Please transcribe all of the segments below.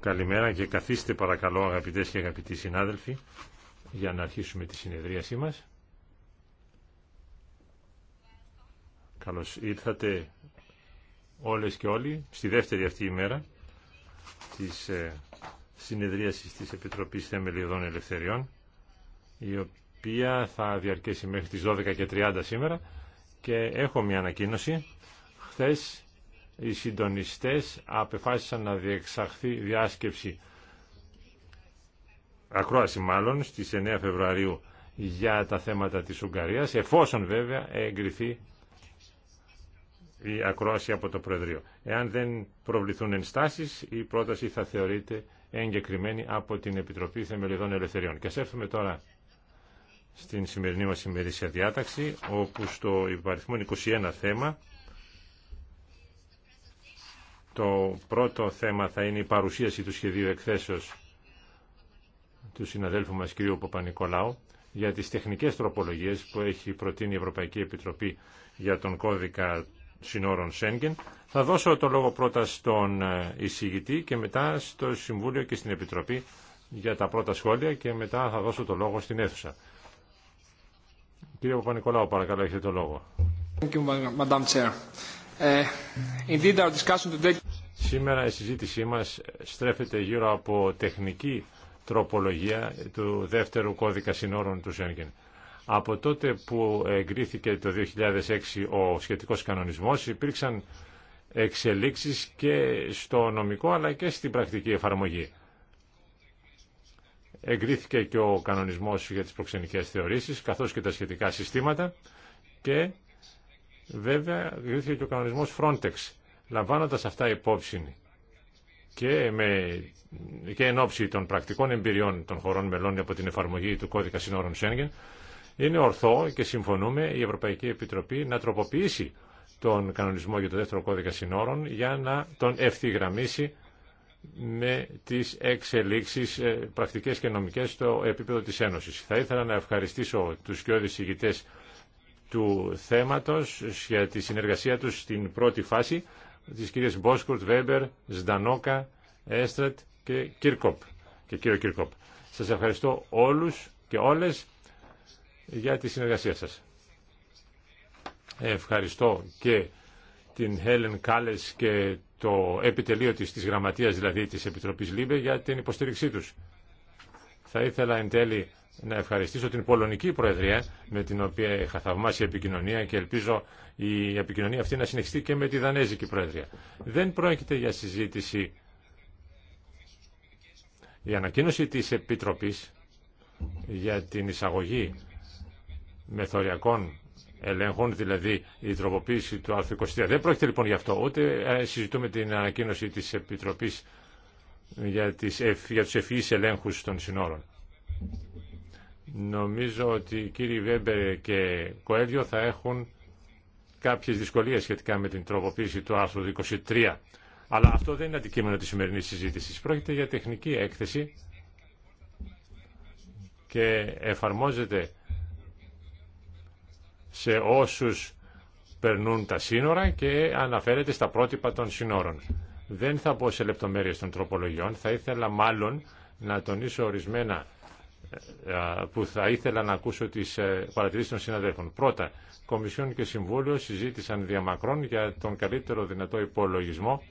Καλημέρα και καθίστε παρακαλώ αγαπητές και αγαπητοί συνάδελφοι για να αρχίσουμε τη συνεδρίασή μας. Καλώς ήρθατε όλες και όλοι στη δεύτερη αυτή ημέρα της ε, συνεδρίασης της Επιτροπής Θεμελιωδών Ελευθεριών η οποία θα διαρκέσει μέχρι τις 12.30 σήμερα και έχω μια ανακοίνωση. Χθες οι συντονιστές απεφάσισαν να διεξαχθεί διάσκεψη ακρόαση μάλλον στις 9 Φεβρουαρίου για τα θέματα της Ουγγαρίας εφόσον βέβαια εγκριθεί η ακρόαση από το Προεδρείο. Εάν δεν προβληθούν ενστάσεις η πρόταση θα θεωρείται εγκεκριμένη από την Επιτροπή Θεμελιδών Ελευθεριών. Και ας έρθουμε τώρα στην σημερινή μας ημερήσια διάταξη, όπου στο υπαριθμό 21 θέμα το πρώτο θέμα θα είναι η παρουσίαση του σχεδίου εκθέσεως του συναδέλφου μας κ. Παπα-Νικολάου για τις τεχνικές τροπολογίες που έχει προτείνει η Ευρωπαϊκή Επιτροπή για τον κώδικα συνόρων Σέγγεν. Θα δώσω το λόγο πρώτα στον ε, εισηγητή και μετά στο Συμβούλιο και στην Επιτροπή για τα πρώτα σχόλια και μετά θα δώσω το λόγο στην αίθουσα. Κύριε Παπα-Νικολάου, παρακαλώ, έχετε το λόγο. Σήμερα η συζήτησή μας στρέφεται γύρω από τεχνική τροπολογία του δεύτερου κώδικα συνόρων του Σέγγεν. Από τότε που εγκρίθηκε το 2006 ο σχετικός κανονισμός υπήρξαν εξελίξεις και στο νομικό αλλά και στην πρακτική εφαρμογή. Εγκρίθηκε και ο κανονισμός για τις προξενικές θεωρήσεις, καθώς και τα σχετικά συστήματα και βέβαια εγκρίθηκε και ο κανονισμός Frontex, λαμβάνοντας αυτά υπόψη και, με, και εν ώψη των πρακτικών εμπειριών των χωρών μελών από την εφαρμογή του κώδικα συνόρων Σέγγεν, είναι ορθό και συμφωνούμε η Ευρωπαϊκή Επιτροπή να τροποποιήσει τον κανονισμό για το δεύτερο κώδικα συνόρων για να τον ευθυγραμμίσει με τις εξελίξεις ε, πρακτικές και νομικές στο επίπεδο της Ένωσης. Θα ήθελα να ευχαριστήσω τους κοιόδης ηγητές του θέματος για τη συνεργασία τους στην πρώτη φάση τις κυρίες Μπόσκουρτ, Βέμπερ, Σντανόκα, Έστρατ και Κίρκοπ και κύριο Κίρκοπ. Σας ευχαριστώ όλους και όλες για τη συνεργασία σας. Ευχαριστώ και την Helen Κάλες και το επιτελείο της, της γραμματείας δηλαδή της Επιτροπής ΛΥΜΕ για την υποστήριξή τους. Θα ήθελα εν τέλει να ευχαριστήσω την Πολωνική Προεδρία με την οποία είχα θαυμάσει επικοινωνία και ελπίζω η επικοινωνία αυτή να συνεχιστεί και με τη Δανέζικη Προεδρία. Δεν πρόκειται για συζήτηση. Η ανακοίνωση της Επιτροπής για την εισαγωγή μεθοριακών ελέγχων, δηλαδή η τροποποίηση του άρθρου 23. Δεν πρόκειται λοιπόν γι' αυτό, ούτε ε, συζητούμε την ανακοίνωση της Επιτροπής για, τις, για τους ευφυείς ελέγχους των συνόρων. Νομίζω ότι οι κύριοι Βέμπερ και Κοέλιο θα έχουν κάποιες δυσκολίες σχετικά με την τροποποίηση του άρθρου 23. Αλλά αυτό δεν είναι αντικείμενο της σημερινής συζήτησης. Πρόκειται για τεχνική έκθεση και εφαρμόζεται σε όσους περνούν τα σύνορα και αναφέρεται στα πρότυπα των σύνορων. Δεν θα πω σε λεπτομέρειες των τροπολογιών, θα ήθελα μάλλον να τονίσω ορισμένα ε, που θα ήθελα να ακούσω τις ε, παρατηρήσεις των συναδέλφων. Πρώτα, Κομισιόν και Συμβούλιο συζήτησαν διαμακρών για τον καλύτερο δυνατό υπολογισμό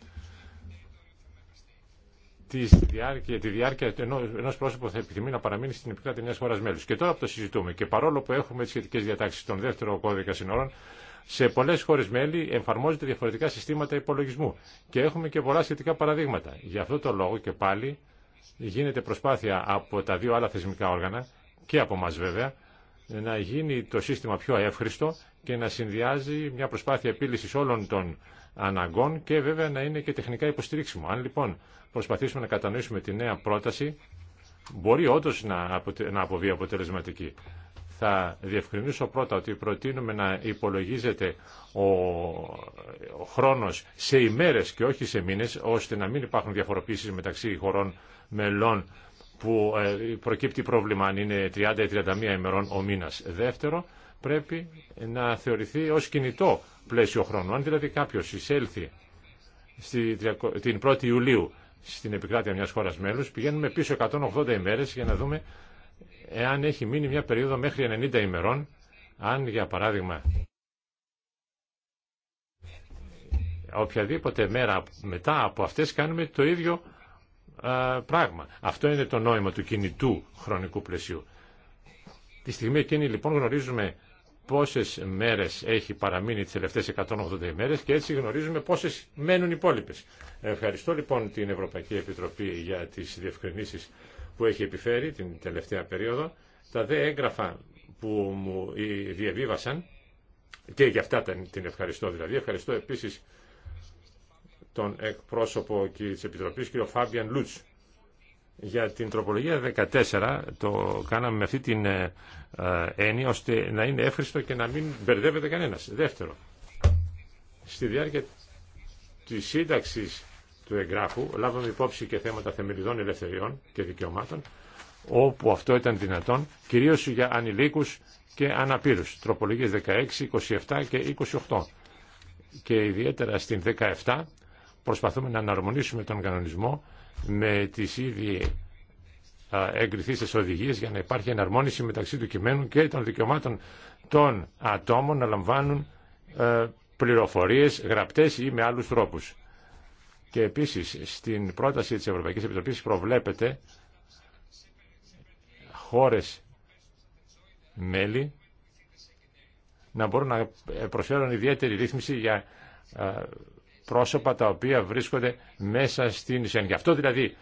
τη διάρκεια, τη διάρκεια ενό ενός πρόσωπου θα επιθυμεί να παραμείνει στην επικράτεια μια χώρα μέλου. Και τώρα που το συζητούμε και παρόλο που έχουμε τι σχετικέ διατάξει στον δεύτερο κώδικα συνόρων, σε πολλέ χώρε μέλη εφαρμόζονται διαφορετικά συστήματα υπολογισμού. Και έχουμε και πολλά σχετικά παραδείγματα. Γι' αυτό το λόγο και πάλι γίνεται προσπάθεια από τα δύο άλλα θεσμικά όργανα και από εμά βέβαια να γίνει το σύστημα πιο εύχριστο και να συνδυάζει μια προσπάθεια επίλυση όλων των αναγκών και βέβαια να είναι και τεχνικά υποστηρίξιμο. Αν λοιπόν προσπαθήσουμε να κατανοήσουμε τη νέα πρόταση, μπορεί όντω να αποβεί αποτελεσματική. Θα διευκρινίσω πρώτα ότι προτείνουμε να υπολογίζεται ο, ο χρόνος σε ημέρες και όχι σε μήνες, ώστε να μην υπάρχουν διαφοροποίησεις μεταξύ χωρών μελών που ε, προκύπτει πρόβλημα αν είναι 30 ή 31 ημερών ο μήνας. Δεύτερο, πρέπει να θεωρηθεί ως κινητό πλαίσιο χρόνου. Αν δηλαδή κάποιος εισέλθει στη, την 1η Ιουλίου στην επικράτεια μιας χώρας μέλους, πηγαίνουμε πίσω 180 ημέρε για να δούμε εάν έχει μείνει μια περίοδο μέχρι 90 ημερών, αν για παράδειγμα οποιαδήποτε μέρα μετά από αυτές κάνουμε το ίδιο πράγμα. Αυτό είναι το νόημα του κινητού χρονικού πλαισίου. Τη στιγμή εκείνη λοιπόν γνωρίζουμε πόσες μέρες έχει παραμείνει τις τελευταίες 180 ημέρες και έτσι γνωρίζουμε πόσες μένουν υπόλοιπες. Ευχαριστώ λοιπόν την Ευρωπαϊκή Επιτροπή για τις διευκρινήσεις που έχει επιφέρει την τελευταία περίοδο. Τα δε έγγραφα που μου διαβίβασαν και για αυτά την ευχαριστώ δηλαδή. Ευχαριστώ επίσης τον εκπρόσωπο της Επιτροπής, κ. Φάμπιαν Λούτς, για την τροπολογία 14 το κάναμε με αυτή την ε, ε, έννοια ώστε να είναι εύχριστο και να μην μπερδεύεται κανένας. Δεύτερο, στη διάρκεια της σύνταξης του εγγράφου λάβαμε υπόψη και θέματα θεμελιδών ελευθεριών και δικαιωμάτων όπου αυτό ήταν δυνατόν, κυρίως για ανηλίκους και αναπήρους, τροπολογίες 16, 27 και 28. Και ιδιαίτερα στην 17 προσπαθούμε να αναρμονίσουμε τον κανονισμό με τις ήδη εγκριθεί οδηγίες για να υπάρχει εναρμόνιση μεταξύ του κειμένου και των δικαιωμάτων των ατόμων να λαμβάνουν ε, πληροφορίες γραπτές ή με άλλους τρόπους. Και επίσης στην πρόταση της Ευρωπαϊκής Επιτροπής προβλέπεται χώρες μέλη να μπορούν να προσφέρουν ιδιαίτερη ρύθμιση για πρόσωπα τα οποία βρίσκονται μέσα στην Ισέν. Γι' αυτό δηλαδή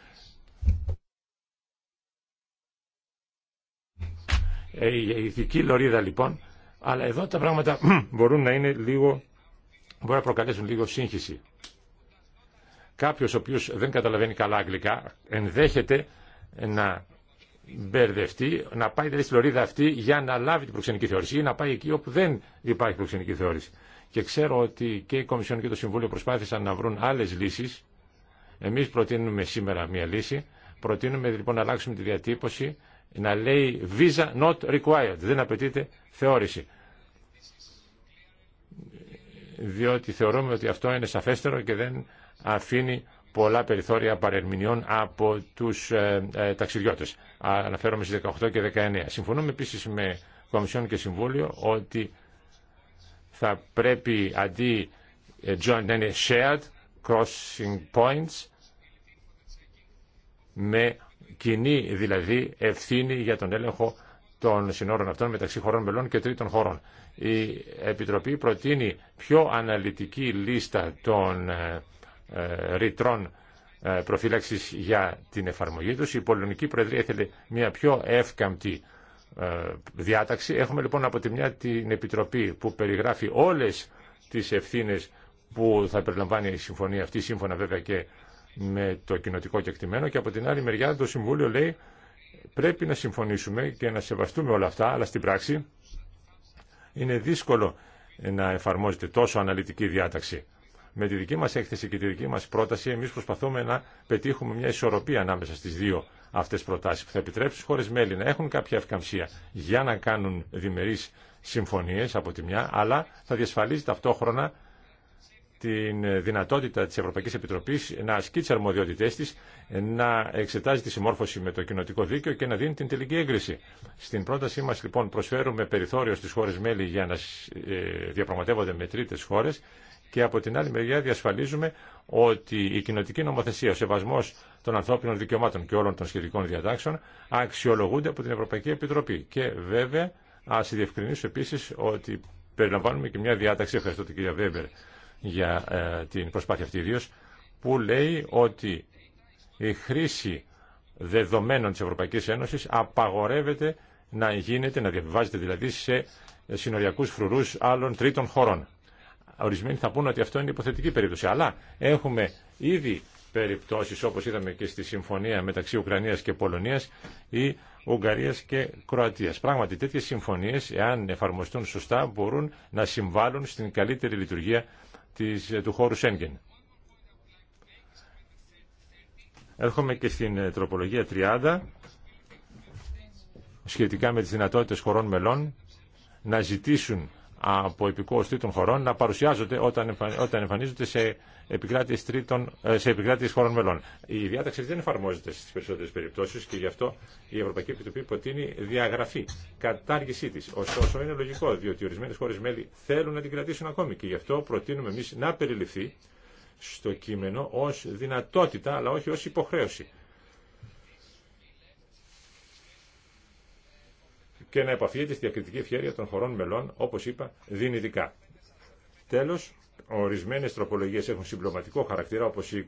ε, η ηθική λωρίδα λοιπόν, αλλά εδώ τα πράγματα μπορούν να είναι λίγο, μπορεί να προκαλέσουν λίγο σύγχυση. Κάποιο ο οποίο δεν καταλαβαίνει καλά αγγλικά ενδέχεται να μπερδευτεί, να πάει δηλαδή στη λωρίδα αυτή για να λάβει την προξενική θεώρηση ή να πάει εκεί όπου δεν υπάρχει προξενική θεώρηση και ξέρω ότι και η Κομισιόν και το Συμβούλιο προσπάθησαν να βρουν άλλες λύσεις. Εμείς προτείνουμε σήμερα μια λύση. Προτείνουμε λοιπόν να αλλάξουμε τη διατύπωση να λέει visa not required. Δεν απαιτείται θεώρηση. Διότι θεωρούμε ότι αυτό είναι σαφέστερο και δεν αφήνει πολλά περιθώρια παρερμηνιών από τους ε, ε ταξιδιώτες. Αναφέρομαι στις 18 και 19. Συμφωνούμε επίσης με Κομισιόν και Συμβούλιο ότι θα πρέπει αντί ε, joint να είναι shared crossing points με κοινή δηλαδή ευθύνη για τον έλεγχο των συνόρων αυτών μεταξύ χωρών μελών και τρίτων χωρών. Η Επιτροπή προτείνει πιο αναλυτική λίστα των ε, ε, ρητρών προφύλαξης για την εφαρμογή τους. Η Πολωνική Προεδρία ήθελε μια πιο εύκαμπτη ε, διάταξη. Έχουμε λοιπόν από τη μια την Επιτροπή που περιγράφει όλες τις ευθύνες που θα περιλαμβάνει η συμφωνία αυτή, σύμφωνα βέβαια και με το κοινοτικό κεκτημένο και από την άλλη μεριά το Συμβούλιο λέει πρέπει να συμφωνήσουμε και να σεβαστούμε όλα αυτά, αλλά στην πράξη είναι δύσκολο να εφαρμόζεται τόσο αναλυτική διάταξη. Με τη δική μας έκθεση και τη δική μας πρόταση εμείς προσπαθούμε να πετύχουμε μια ισορροπία ανάμεσα στις δύο αυτές προτάσεις που θα επιτρέψουν χώρε μέλη να έχουν κάποια ευκαμψία για να κάνουν διμερεί συμφωνίες από τη μια, αλλά θα διασφαλίζει ταυτόχρονα την δυνατότητα της Ευρωπαϊκής Επιτροπής να ασκεί τις αρμοδιότητές της, να εξετάζει τη συμμόρφωση με το κοινοτικό δίκαιο και να δίνει την τελική έγκριση. Στην πρότασή μας λοιπόν προσφέρουμε περιθώριο στις χώρες μέλη για να ε, διαπραγματεύονται με τρίτες χώρες και από την άλλη μεριά διασφαλίζουμε ότι η κοινοτική νομοθεσία, ο σεβασμό των ανθρώπινων δικαιωμάτων και όλων των σχετικών διατάξεων αξιολογούνται από την Ευρωπαϊκή Επιτροπή. Και βέβαια, α διευκρινίσω επίση ότι περιλαμβάνουμε και μια διάταξη, ευχαριστώ την κυρία Βέμπερ για ε, την προσπάθεια αυτή ιδίω, που λέει ότι η χρήση δεδομένων της Ευρωπαϊκής Ένωσης απαγορεύεται να γίνεται, να διαβιβάζεται δηλαδή σε συνοριακούς φρουρού άλλων τρίτων χωρών. Ορισμένοι θα πούνε ότι αυτό είναι υποθετική περίπτωση. Αλλά έχουμε ήδη περιπτώσεις όπως είδαμε και στη συμφωνία μεταξύ Ουκρανίας και Πολωνίας ή Ουγγαρία και Κροατίας. Πράγματι τέτοιε συμφωνίες, εάν εφαρμοστούν σωστά, μπορούν να συμβάλλουν στην καλύτερη λειτουργία της, του χώρου Σέγγεν. Έρχομαι και στην ε, τροπολογία 30 σχετικά με τις δυνατότητες χωρών μελών να ζητήσουν από υπηκόους τρίτων χωρών να παρουσιάζονται όταν, όταν εμφανίζονται σε επικράτειες, τρίτων, ε, χωρών μελών. Η διάταξη δεν εφαρμόζεται στις περισσότερες περιπτώσεις και γι' αυτό η Ευρωπαϊκή Επιτροπή προτείνει διαγραφή, κατάργησή της. Ωστόσο είναι λογικό, διότι ορισμένες χώρες μέλη θέλουν να την κρατήσουν ακόμη και γι' αυτό προτείνουμε εμείς να περιληφθεί στο κείμενο ως δυνατότητα αλλά όχι ως υποχρέωση. και να επαφιέται στη διακριτική ευχαίρεια των χωρών μελών, όπω είπα, δυνητικά. Τέλο, ορισμένε τροπολογίε έχουν συμπληρωματικό χαρακτήρα, όπω η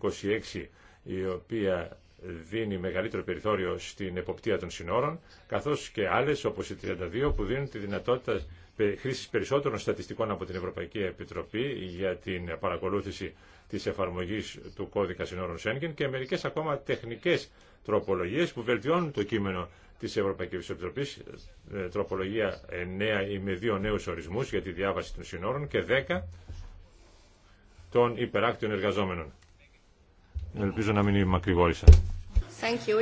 26, η οποία δίνει μεγαλύτερο περιθώριο στην εποπτεία των συνόρων, καθώ και άλλε όπω η 32 που δίνουν τη δυνατότητα χρήση περισσότερων στατιστικών από την Ευρωπαϊκή Επιτροπή για την παρακολούθηση τη εφαρμογή του κώδικα συνόρων Σέγγεν και μερικέ ακόμα τεχνικέ τροπολογίε που βελτιώνουν το κείμενο Τη Ευρωπαϊκή Επιτροπής, ε, τροπολογία 9 με δύο νέους ορισμούς για τη διάβαση των συνόρων και 10 των υπεράκτιων εργαζόμενων. Ελπίζω να μην ειμαι Thank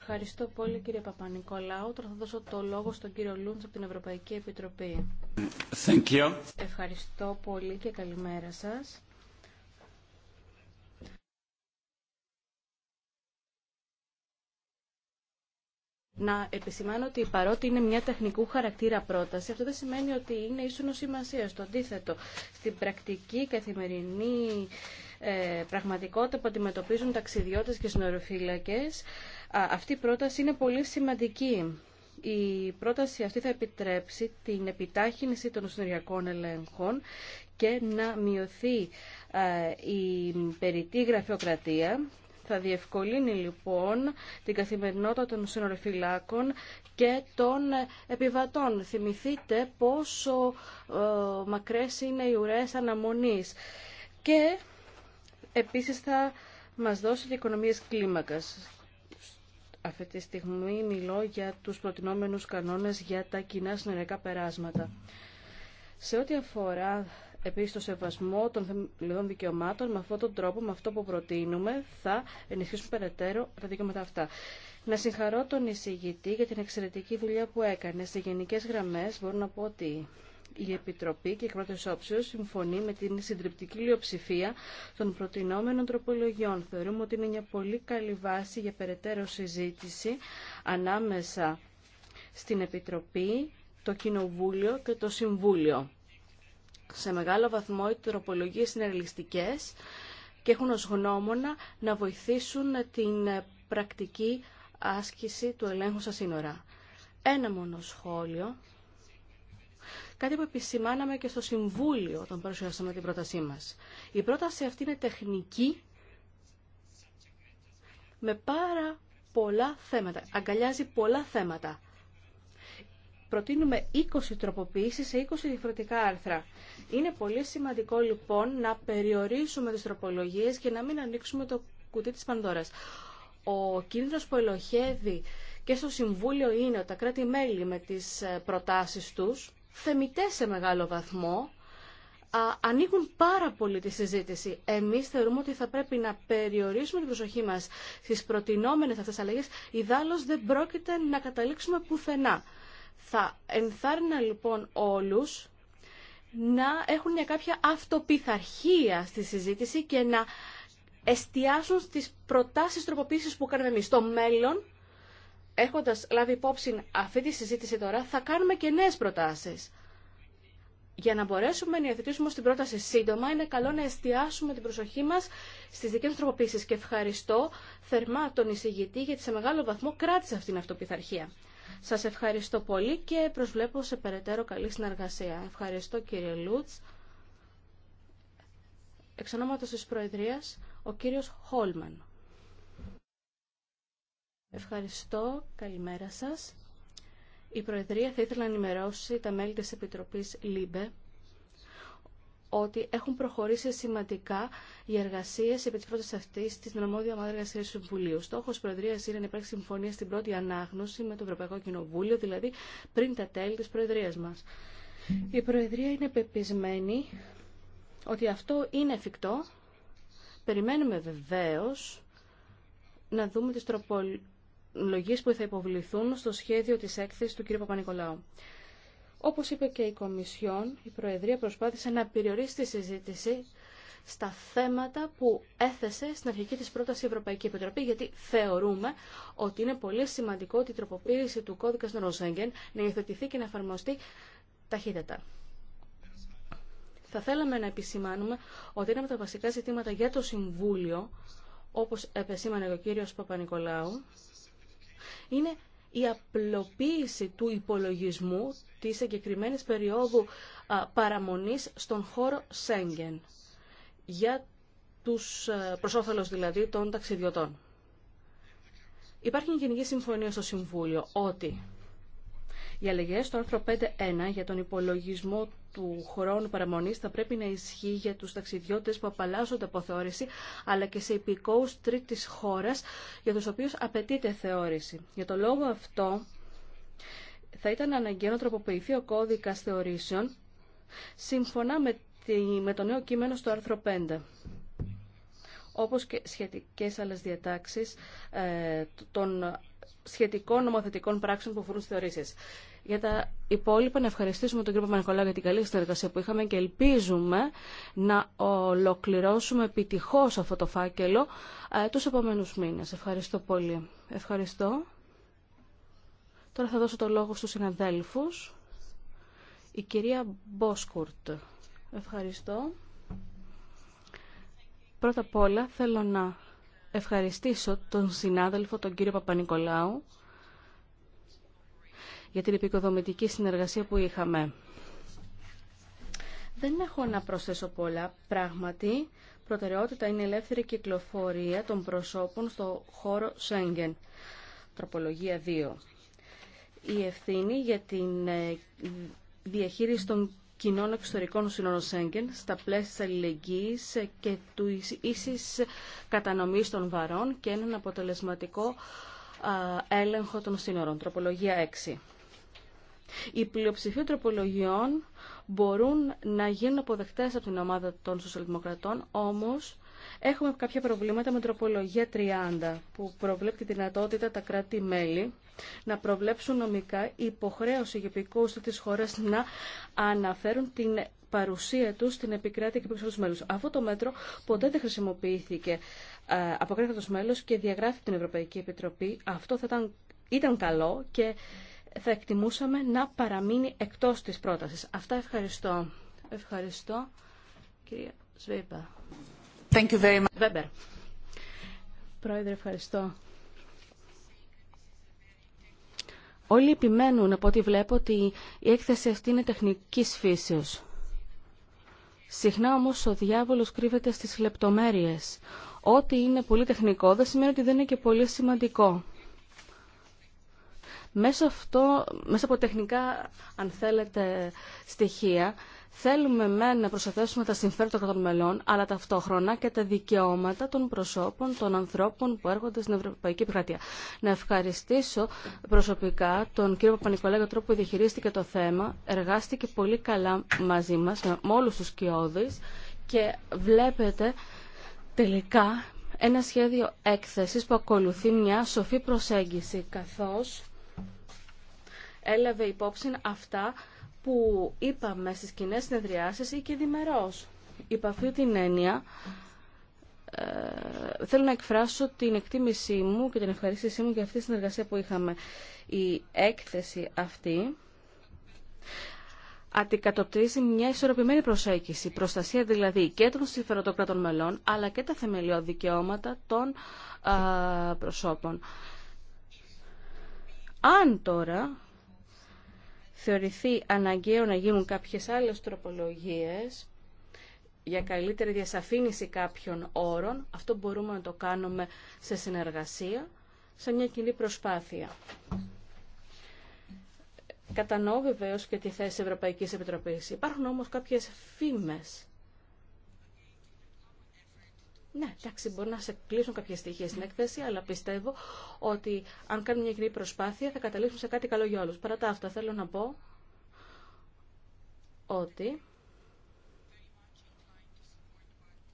Ευχαριστώ πολύ κύριε Παπα-Νικολάου. Τώρα θα δώσω το λόγο στον κύριο Λούντ από την Ευρωπαϊκή Επιτροπή. Thank you. Ευχαριστώ πολύ και καλημέρα σας. να επισημάνω ότι παρότι είναι μια τεχνικού χαρακτήρα πρόταση, αυτό δεν σημαίνει ότι είναι ίσονο σημασία. Στο αντίθετο, στην πρακτική καθημερινή ε, πραγματικότητα που αντιμετωπίζουν ταξιδιώτες και συνοριοφύλακες, αυτή η πρόταση είναι πολύ σημαντική. Η πρόταση αυτή θα επιτρέψει την επιτάχυνση των συνοριακών ελέγχων και να μειωθεί ε, η περιττή γραφειοκρατία θα διευκολύνει λοιπόν την καθημερινότητα των συνοροφυλάκων και των επιβατών. Θυμηθείτε πόσο ε, μακρές είναι οι ουρές αναμονής. Και επίσης θα μας δώσει και οικονομίες κλίμακας. Αυτή τη στιγμή μιλώ για τους προτινόμενους κανόνες για τα κοινά συνοριακά περάσματα. Σε ό,τι αφορά Επίσης, το σεβασμό των θεμελιωδών δικαιωμάτων με αυτόν τον τρόπο, με αυτό που προτείνουμε, θα ενισχύσουν περαιτέρω τα δικαιώματα αυτά. Να συγχαρώ τον εισηγητή για την εξαιρετική δουλειά που έκανε. Σε γενικές γραμμές μπορώ να πω ότι η Επιτροπή και η Κρότες όψεω συμφωνεί με την συντριπτική λιοψηφία των προτινόμενων τροπολογιών. Θεωρούμε ότι είναι μια πολύ καλή βάση για περαιτέρω συζήτηση ανάμεσα στην Επιτροπή, το Κοινοβούλιο και το Συμβούλιο σε μεγάλο βαθμό οι τροπολογίε είναι και έχουν ως γνώμονα να βοηθήσουν την πρακτική άσκηση του ελέγχου στα σύνορα. Ένα μόνο σχόλιο, κάτι που επισημάναμε και στο Συμβούλιο όταν παρουσιάσαμε την πρότασή μας. Η πρόταση αυτή είναι τεχνική με πάρα πολλά θέματα, αγκαλιάζει πολλά θέματα προτείνουμε 20 τροποποιήσεις σε 20 διαφορετικά άρθρα. Είναι πολύ σημαντικό λοιπόν να περιορίσουμε τις τροπολογίες και να μην ανοίξουμε το κουτί της Πανδώρας. Ο κίνδυνος που ελοχεύει και στο Συμβούλιο είναι ότι τα κράτη-μέλη με τις ε, προτάσεις τους, θεμητές σε μεγάλο βαθμό, ανοίγουν πάρα πολύ τη συζήτηση. Εμείς θεωρούμε ότι θα πρέπει να περιορίσουμε την προσοχή μας στις προτινόμενες αυτές αλλαγές, ιδάλλως δεν πρόκειται να καταλήξουμε πουθενά. Θα ενθάρρυνα λοιπόν όλους να έχουν μια κάποια αυτοπιθαρχία στη συζήτηση και να εστιάσουν στις προτάσεις τροποποίησης που κάνουμε εμείς. Στο μέλλον, έχοντας λάβει υπόψη αυτή τη συζήτηση τώρα, θα κάνουμε και νέες προτάσεις. Για να μπορέσουμε να υιοθετήσουμε την πρόταση σύντομα, είναι καλό να εστιάσουμε την προσοχή μας στις δικές μας τροποποίησεις. Και ευχαριστώ θερμά τον εισηγητή γιατί σε μεγάλο βαθμό κράτησε αυτήν την αυτοπιθαρχία. Σας ευχαριστώ πολύ και προσβλέπω σε περαιτέρω καλή συνεργασία. Ευχαριστώ κύριε Λούτς. Εξ ονόματος της Προεδρίας, ο κύριος Χόλμαν. Ευχαριστώ. Καλημέρα σας. Η Προεδρία θα ήθελα να ενημερώσει τα μέλη της Επιτροπής ΛΥΜΠΕ ότι έχουν προχωρήσει σημαντικά οι εργασίε επί τη πρόταση αυτή τη Νομόδια Ομάδα Εργασία του Συμβουλίου. Στόχο Προεδρία είναι να υπάρξει συμφωνία στην πρώτη ανάγνωση με το Ευρωπαϊκό Κοινοβούλιο, δηλαδή πριν τα τέλη τη Προεδρία μα. Η Προεδρία είναι πεπισμένη ότι αυτό είναι εφικτό. Περιμένουμε βεβαίω να δούμε τι τροπολογίε που θα υποβληθούν στο σχέδιο τη έκθεση του κ. Παπα-Νικολάου. Όπως είπε και η Κομισιόν, η Προεδρία προσπάθησε να περιορίσει τη συζήτηση στα θέματα που έθεσε στην αρχική της πρόταση η Ευρωπαϊκή Επιτροπή, γιατί θεωρούμε ότι είναι πολύ σημαντικό ότι η τροποποίηση του κώδικα των να υιοθετηθεί και να εφαρμοστεί ταχύτερα. Θα θέλαμε να επισημάνουμε ότι ένα από τα βασικά ζητήματα για το Συμβούλιο, όπως επεσήμανε ο κύριος Παπα-Νικολάου, είναι η απλοποίηση του υπολογισμού της συγκεκριμένη περίοδου παραμονής στον χώρο Σέγγεν για τους προς δηλαδή των ταξιδιωτών. Υπάρχει μια γενική συμφωνία στο Συμβούλιο ότι οι αλλαγές στο άρθρο 5.1 για τον υπολογισμό του χρόνου παραμονής θα πρέπει να ισχύει για τους ταξιδιώτες που απαλλάσσονται από θεώρηση, αλλά και σε υπηκόους τρίτης χώρας για τους οποίους απαιτείται θεώρηση. Για το λόγο αυτό θα ήταν αναγκαίο να τροποποιηθεί ο κώδικας θεωρήσεων σύμφωνα με, το νέο κείμενο στο άρθρο 5 όπως και σχετικές άλλες διατάξεις ε, των σχετικών νομοθετικών πράξεων που αφορούν στις θεωρήσεις. Για τα υπόλοιπα, να ευχαριστήσουμε τον κύριο Παπα-Νικολάου για την καλή συνεργασία που είχαμε και ελπίζουμε να ολοκληρώσουμε επιτυχώ αυτό το φάκελο ε, του επόμενου μήνε. Ευχαριστώ πολύ. Ευχαριστώ. Τώρα θα δώσω το λόγο στους συναδέλφους. Η κυρία Μπόσκουρτ. Ευχαριστώ. Πρώτα απ' όλα θέλω να ευχαριστήσω τον συνάδελφο, τον κύριο Παπα-Νικολάου, για την επικοδομητική συνεργασία που είχαμε. Δεν έχω να προσθέσω πολλά. Πράγματι, προτεραιότητα είναι η ελεύθερη κυκλοφορία των προσώπων στο χώρο Σέγγεν. Τροπολογία 2. Η ευθύνη για την ε, διαχείριση των κοινών εξωτερικών σύνορων Σέγγεν στα πλαίσια της αλληλεγγύης και του ίσης κατανομής των βαρών και έναν αποτελεσματικό έλεγχο των σύνορων. Τροπολογία 6. Η πλειοψηφία τροπολογιών μπορούν να γίνουν αποδεκτές από την ομάδα των σοσιαλδημοκρατών, όμως έχουμε κάποια προβλήματα με τροπολογία 30, που προβλέπει τη δυνατότητα τα κράτη-μέλη να προβλέψουν νομικά υποχρέωση για επικούς της χώρας να αναφέρουν την παρουσία του στην επικράτεια και επικράτεια του μέλους. Αυτό το μέτρο ποτέ δεν χρησιμοποιήθηκε ε, από κράτος μέλος και διαγράφει την Ευρωπαϊκή Επιτροπή. Αυτό ήταν, ήταν καλό και θα εκτιμούσαμε να παραμείνει εκτός της πρότασης. Αυτά ευχαριστώ. Ευχαριστώ, κυρία Σβέμπα. Thank you very much. Πρόεδρε, ευχαριστώ. Όλοι επιμένουν από ό,τι βλέπω ότι η έκθεση αυτή είναι τεχνικής φύσεως. Συχνά όμως ο διάβολος κρύβεται στις λεπτομέρειες. Ό,τι είναι πολύ τεχνικό δεν σημαίνει ότι δεν είναι και πολύ σημαντικό. Μέσα, αυτό, μέσα από τεχνικά, αν θέλετε, στοιχεία, θέλουμε με να προσθέσουμε τα συμφέροντα των μελών, αλλά ταυτόχρονα και τα δικαιώματα των προσώπων, των ανθρώπων που έρχονται στην Ευρωπαϊκή Επικρατεία. Να ευχαριστήσω προσωπικά τον κύριο για τον τρόπο που διαχειρίστηκε το θέμα. Εργάστηκε πολύ καλά μαζί μα, με όλου του κοιόδη και βλέπετε τελικά ένα σχέδιο έκθεσης που ακολουθεί μια σοφή προσέγγιση καθώς έλαβε υπόψη αυτά που είπαμε στις κοινέ συνεδριάσεις ή και διμερώς. Υπ' αυτή την έννοια ε, θέλω να εκφράσω την εκτίμησή μου και την ευχαρίστησή μου για αυτή τη συνεργασία που είχαμε. Η έκθεση αυτή αντικατοπτρίζει μια ισορροπημένη προσέγγιση, προστασία δηλαδή και των συμφεροτοκράτων μελών, αλλά και τα θεμελιώδη δικαιώματα των ε, προσώπων. Αν τώρα θεωρηθεί αναγκαίο να γίνουν κάποιες άλλες τροπολογίες για καλύτερη διασαφήνιση κάποιων όρων, αυτό μπορούμε να το κάνουμε σε συνεργασία, σε μια κοινή προσπάθεια. Κατανοώ βεβαίω και τη θέση Ευρωπαϊκής Επιτροπής. Υπάρχουν όμως κάποιες φήμες ναι, εντάξει, μπορεί να σε κλείσουν κάποια στοιχεία στην έκθεση, αλλά πιστεύω ότι αν κάνουμε μια κοινή προσπάθεια θα καταλήξουμε σε κάτι καλό για όλους. Παρά τα αυτά θέλω να πω ότι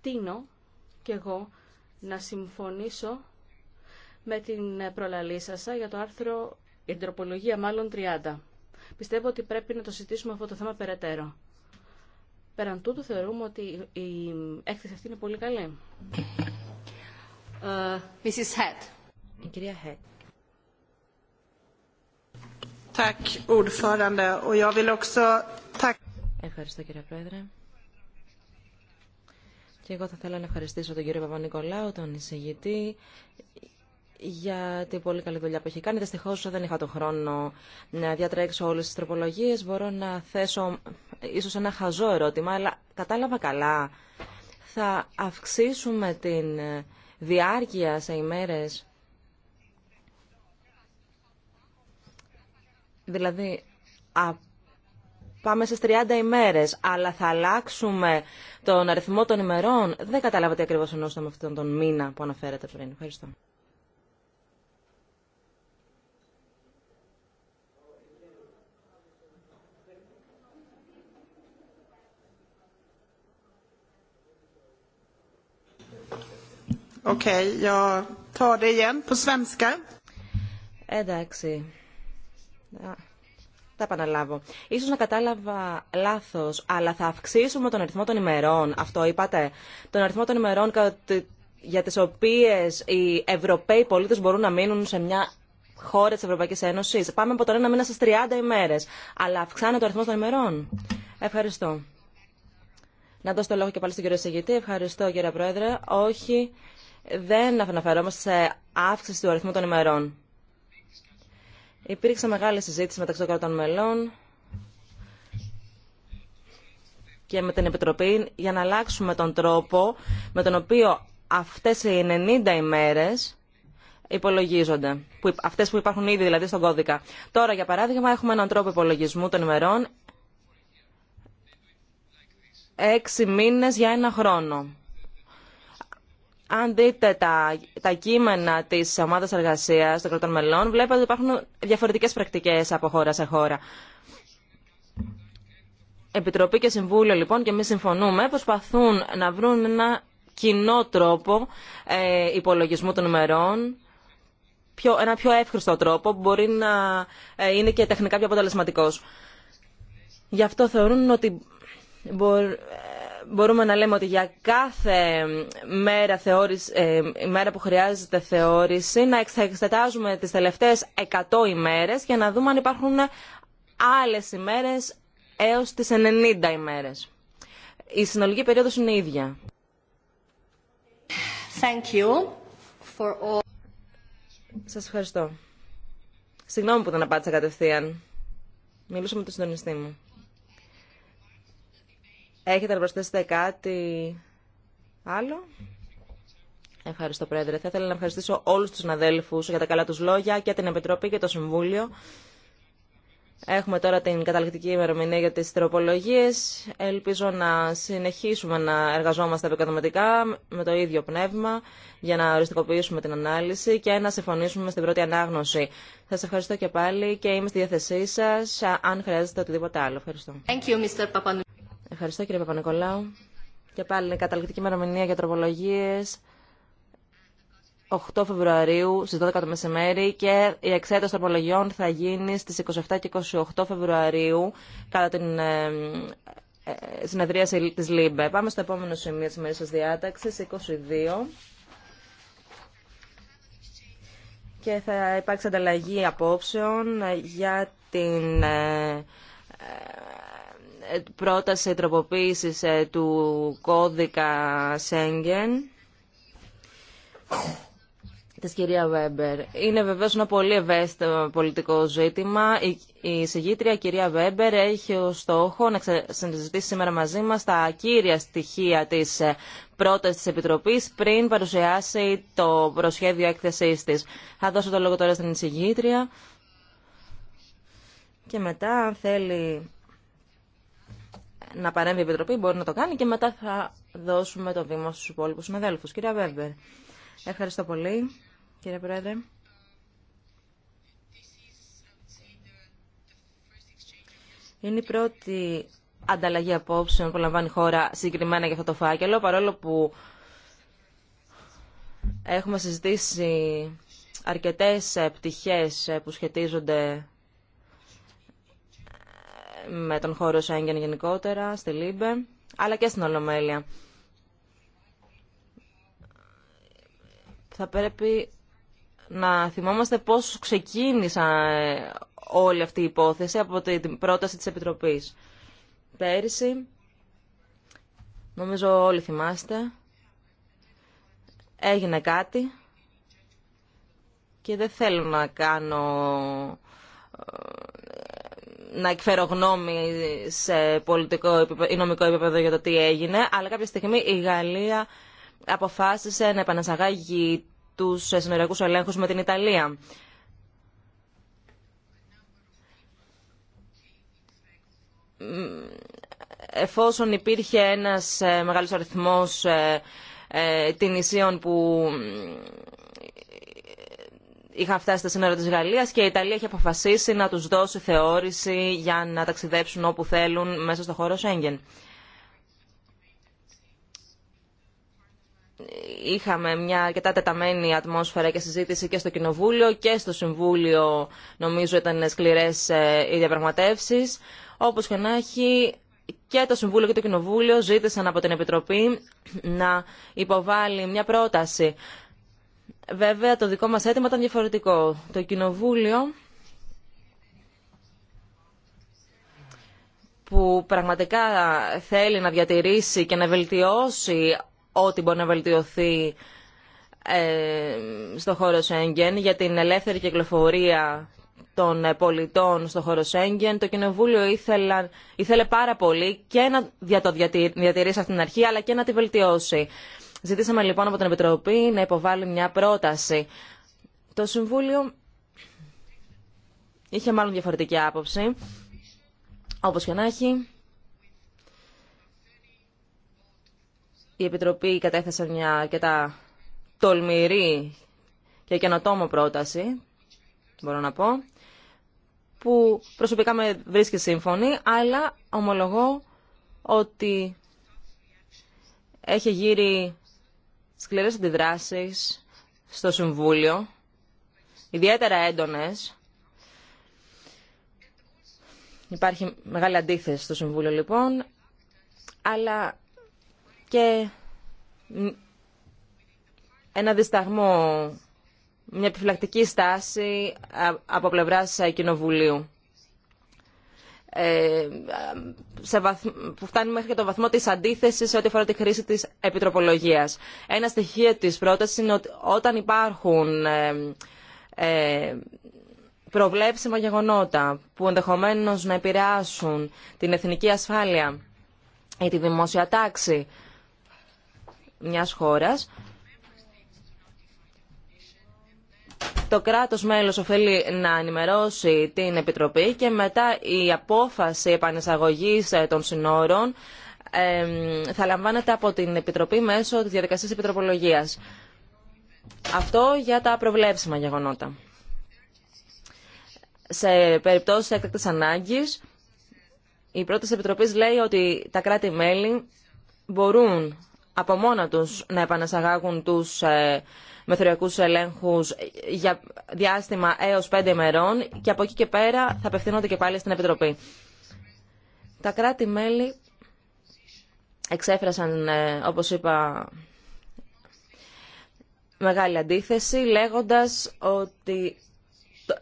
τίνω και εγώ να συμφωνήσω με την προλαλή σας για το άρθρο, η μάλλον 30. Πιστεύω ότι πρέπει να το συζητήσουμε αυτό το θέμα περαιτέρω. Πέραν τούτου θεωρούμε ότι η έκθεση αυτή είναι πολύ καλή. Ε, Mrs. κυρία Head. Ευχαριστώ κύριε Πρόεδρε. Και εγώ θα θέλω να ευχαριστήσω τον κύριο Παπα-Νικολάου, τον εισηγητή, για την πολύ καλή δουλειά που έχει κάνει. Δυστυχώ δεν είχα τον χρόνο να διατρέξω όλε τι τροπολογίε. Μπορώ να θέσω ίσω ένα χαζό ερώτημα, αλλά κατάλαβα καλά. Θα αυξήσουμε την διάρκεια σε ημέρες. Δηλαδή, πάμε στις 30 ημέρες, αλλά θα αλλάξουμε τον αριθμό των ημερών. Δεν τι ακριβώς εννοούσαμε αυτόν τον μήνα που αναφέρατε πριν. Ευχαριστώ. Εντάξει. Θα επαναλάβω. Ίσως να κατάλαβα λάθος, αλλά θα αυξήσουμε τον αριθμό των ημερών. Αυτό είπατε. Τον αριθμό των ημερών για τις οποίες οι Ευρωπαίοι πολίτες μπορούν να μείνουν σε μια χώρα της Ευρωπαϊκής Ένωσης. Πάμε από τώρα ένα μήνα στις 30 ημέρες. Αλλά αυξάνεται ο αριθμό των ημερών. Ευχαριστώ. Να δώσω το λόγο και πάλι στον κύριο Σεγητή. Ευχαριστώ κύριε Πρόεδρε. Όχι, δεν αναφερόμαστε σε αύξηση του αριθμού των ημερών. Υπήρξε μεγάλη συζήτηση μεταξύ των κρατών μελών και με την Επιτροπή για να αλλάξουμε τον τρόπο με τον οποίο αυτές οι 90 ημέρες υπολογίζονται, που, αυτές που υπάρχουν ήδη δηλαδή στον κώδικα. Τώρα, για παράδειγμα, έχουμε έναν τρόπο υπολογισμού των ημερών έξι μήνες για ένα χρόνο αν δείτε τα, κείμενα της ομάδα εργασίας των κρατών μελών, βλέπετε ότι υπάρχουν διαφορετικές πρακτικές από χώρα σε χώρα. Επιτροπή και Συμβούλιο, λοιπόν, και εμεί συμφωνούμε, προσπαθούν να βρουν ένα κοινό τρόπο ε, υπολογισμού των ημερών, πιο, ένα πιο εύχριστο τρόπο που μπορεί να ε, είναι και τεχνικά πιο αποτελεσματικό. Γι' αυτό θεωρούν ότι μπορούμε να λέμε ότι για κάθε μέρα, θεώρηση, ε, μέρα που χρειάζεται θεώρηση να εξετάζουμε τις τελευταίες 100 ημέρες για να δούμε αν υπάρχουν άλλες ημέρες έως τις 90 ημέρες. Η συνολική περίοδος είναι η ίδια. Thank you for all... Σας ευχαριστώ. Συγγνώμη που δεν απάντησα κατευθείαν. Μιλούσα με τον συντονιστή μου. Έχετε να προσθέσετε κάτι άλλο. Ευχαριστώ, Πρόεδρε. Θα ήθελα να ευχαριστήσω όλους τους συναδέλφους για τα καλά τους λόγια και την Επιτροπή και το Συμβούλιο. Έχουμε τώρα την καταληκτική ημερομηνία για τις τροπολογίες. Ελπίζω να συνεχίσουμε να εργαζόμαστε επικοδομητικά με το ίδιο πνεύμα για να οριστικοποιήσουμε την ανάλυση και να συμφωνήσουμε στην πρώτη ανάγνωση. Σας ευχαριστώ και πάλι και είμαι στη διάθεσή σας αν χρειάζεται οτιδήποτε άλλο. Ευχαριστώ. Thank you, Mr. Ευχαριστώ κύριε Και πάλι είναι καταληκτική ημερομηνία για τροπολογίε 8 Φεβρουαρίου στι 12 το μεσημέρι και η εξέταση τροπολογιών θα γίνει στι 27 και 28 Φεβρουαρίου κατά την ε, ε, συνεδρία τη ΛΥΜΠΕ. Πάμε στο επόμενο σημείο τη ημερήσια διάταξη, 22. Και θα υπάρξει ανταλλαγή απόψεων για την ε, πρόταση τροποποίησης ε, του κώδικα Σέγγεν της κυρία Βέμπερ. Είναι βεβαίως ένα πολύ ευαίσθητο πολιτικό ζήτημα. Η συγγήτρια κυρία Βέμπερ έχει ως στόχο να συζητήσει σήμερα μαζί μας τα κύρια στοιχεία της ε, πρόταση της Επιτροπής πριν παρουσιάσει το προσχέδιο έκθεσής της. Θα δώσω το λόγο τώρα στην συγγήτρια και μετά αν θέλει να παρέμβει η Επιτροπή, μπορεί να το κάνει και μετά θα δώσουμε το βήμα στους υπόλοιπους συναδέλφους. Κυρία Βέμπερ, ευχαριστώ πολύ, κύριε Πρόεδρε. Είναι η πρώτη ανταλλαγή απόψεων που λαμβάνει η χώρα συγκεκριμένα για αυτό το φάκελο, παρόλο που έχουμε συζητήσει αρκετές πτυχές που σχετίζονται με τον χώρο Σέγγεν γενικότερα, στη Λίμπε, αλλά και στην Ολομέλεια. Θα πρέπει να θυμόμαστε πώς ξεκίνησα ε, όλη αυτή η υπόθεση από την πρόταση της Επιτροπής. Πέρυσι, νομίζω όλοι θυμάστε, έγινε κάτι και δεν θέλω να κάνω ε, να εκφέρω γνώμη σε πολιτικό ή νομικό επίπεδο για το τι έγινε, αλλά κάποια στιγμή η Γαλλία αποφάσισε να επανασαγάγει τους συνοριακούς ελέγχους με την Ιταλία. Εφόσον υπήρχε ένας ε, μεγάλος αριθμός ε, ε, την νησίων που είχαν φτάσει στα σύνορα τη Γαλλία και η Ιταλία έχει αποφασίσει να του δώσει θεώρηση για να ταξιδέψουν όπου θέλουν μέσα στο χώρο Σέγγεν. Είχαμε μια αρκετά τεταμένη ατμόσφαιρα και συζήτηση και στο Κοινοβούλιο και στο Συμβούλιο νομίζω ήταν σκληρές ε, οι διαπραγματεύσεις. Όπως και να έχει και το Συμβούλιο και το Κοινοβούλιο ζήτησαν από την Επιτροπή να υποβάλει μια πρόταση Βέβαια το δικό μας αίτημα ήταν διαφορετικό. Το Κοινοβούλιο που πραγματικά θέλει να διατηρήσει και να βελτιώσει ό,τι μπορεί να βελτιωθεί ε, στο χώρο Σέγγεν για την ελεύθερη κυκλοφορία των πολιτών στο χώρο Σέγγεν. Το Κοινοβούλιο ήθελα, ήθελε πάρα πολύ και να το διατηρήσει αυτήν την αρχή αλλά και να τη βελτιώσει. Ζητήσαμε λοιπόν από την Επιτροπή να υποβάλει μια πρόταση. Το Συμβούλιο είχε μάλλον διαφορετική άποψη. Όπως και να έχει, η Επιτροπή κατέθεσε μια αρκετά τολμηρή και καινοτόμο πρόταση, μπορώ να πω, που προσωπικά με βρίσκει σύμφωνη, αλλά ομολογώ ότι έχει γύρει σκληρές αντιδράσεις στο Συμβούλιο, ιδιαίτερα έντονες. Υπάρχει μεγάλη αντίθεση στο Συμβούλιο λοιπόν, αλλά και ένα δισταγμό, μια επιφυλακτική στάση από πλευράς Κοινοβουλίου. Ε, που φτάνει μέχρι και το βαθμό της αντίθεσης σε ό,τι αφορά τη χρήση της επιτροπολογίας. Ένα στοιχείο της πρότασης είναι ότι όταν υπάρχουν ε, ε, προβλέψιμα γεγονότα που ενδεχομένως να επηρεάσουν την εθνική ασφάλεια ή τη δημόσια τάξη μιας χώρας, το κράτος μέλος οφείλει να ενημερώσει την Επιτροπή και μετά η απόφαση επανεισαγωγής ε, των συνόρων θα λαμβάνεται από την Επιτροπή μέσω της διαδικασίας επιτροπολογίας. Αυτό για τα προβλέψιμα γεγονότα. Σε περιπτώσεις έκτακτης ανάγκης, η πρόταση Επιτροπής λέει ότι τα κράτη-μέλη μπορούν από μόνα τους να επανασαγάγουν τους ε, μεθοριακού ελέγχου για διάστημα έω πέντε ημερών και από εκεί και πέρα θα απευθύνονται και πάλι στην Επιτροπή. Τα κράτη-μέλη εξέφρασαν, ε, όπως είπα, μεγάλη αντίθεση, λέγοντας ότι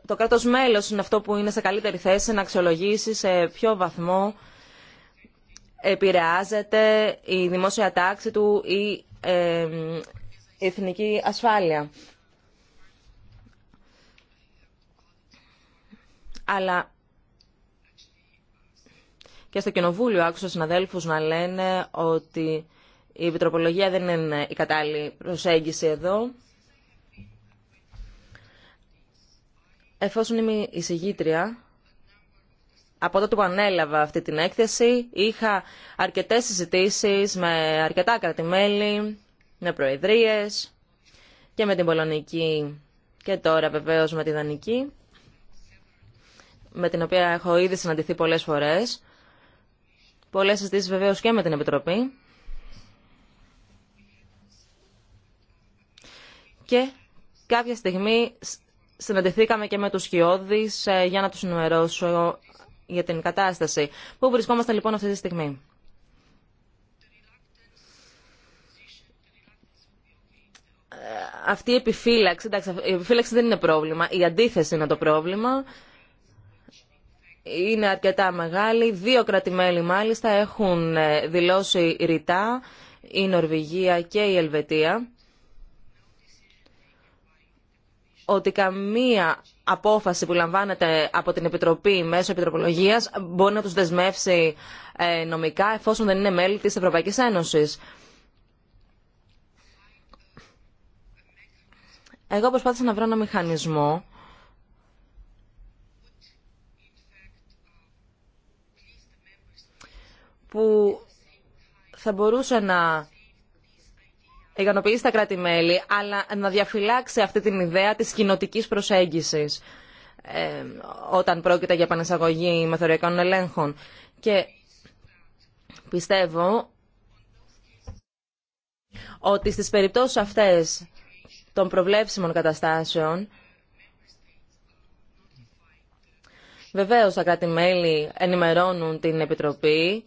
το κράτος μέλος είναι αυτό που είναι σε καλύτερη θέση να αξιολογήσει σε ποιο βαθμό επηρεάζεται η δημόσια τάξη του ή ε, εθνική ασφάλεια. Αλλά και στο Κοινοβούλιο άκουσα συναδέλφου να λένε ότι η επιτροπολογία δεν είναι η κατάλληλη προσέγγιση εδώ. Εφόσον είμαι εισηγήτρια, από τότε που ανέλαβα αυτή την έκθεση, είχα αρκετές συζητήσεις με αρκετά κρατημέλη, με προεδρίες και με την Πολωνική και τώρα βεβαίως με τη Δανική, με την οποία έχω ήδη συναντηθεί πολλές φορές. Πολλές συζητήσεις βεβαίως και με την Επιτροπή. Και κάποια στιγμή συναντηθήκαμε και με τους Χιώδης ε, για να τους ενημερώσω για την κατάσταση. Πού βρισκόμαστε λοιπόν αυτή τη στιγμή. αυτή η επιφύλαξη, εντάξει, η επιφύλαξη δεν είναι πρόβλημα, η αντίθεση είναι το πρόβλημα, είναι αρκετά μεγάλη. Δύο κρατημέλη μάλιστα έχουν ε, δηλώσει ρητά, η Νορβηγία και η Ελβετία, ότι καμία απόφαση που λαμβάνεται από την Επιτροπή μέσω επιτροπολογίας μπορεί να τους δεσμεύσει ε, νομικά εφόσον δεν είναι μέλη της Ευρωπαϊκής Ένωσης. Εγώ προσπάθησα να βρω ένα μηχανισμό που θα μπορούσε να ικανοποιήσει τα κράτη-μέλη, αλλά να διαφυλάξει αυτή την ιδέα της κοινοτική προσέγγισης ε, όταν πρόκειται για επανεσαγωγή μεθοριακών ελέγχων. Και πιστεύω ότι στις περιπτώσεις αυτές των προβλέψιμων καταστάσεων. Βεβαίω τα κράτη-μέλη ενημερώνουν την Επιτροπή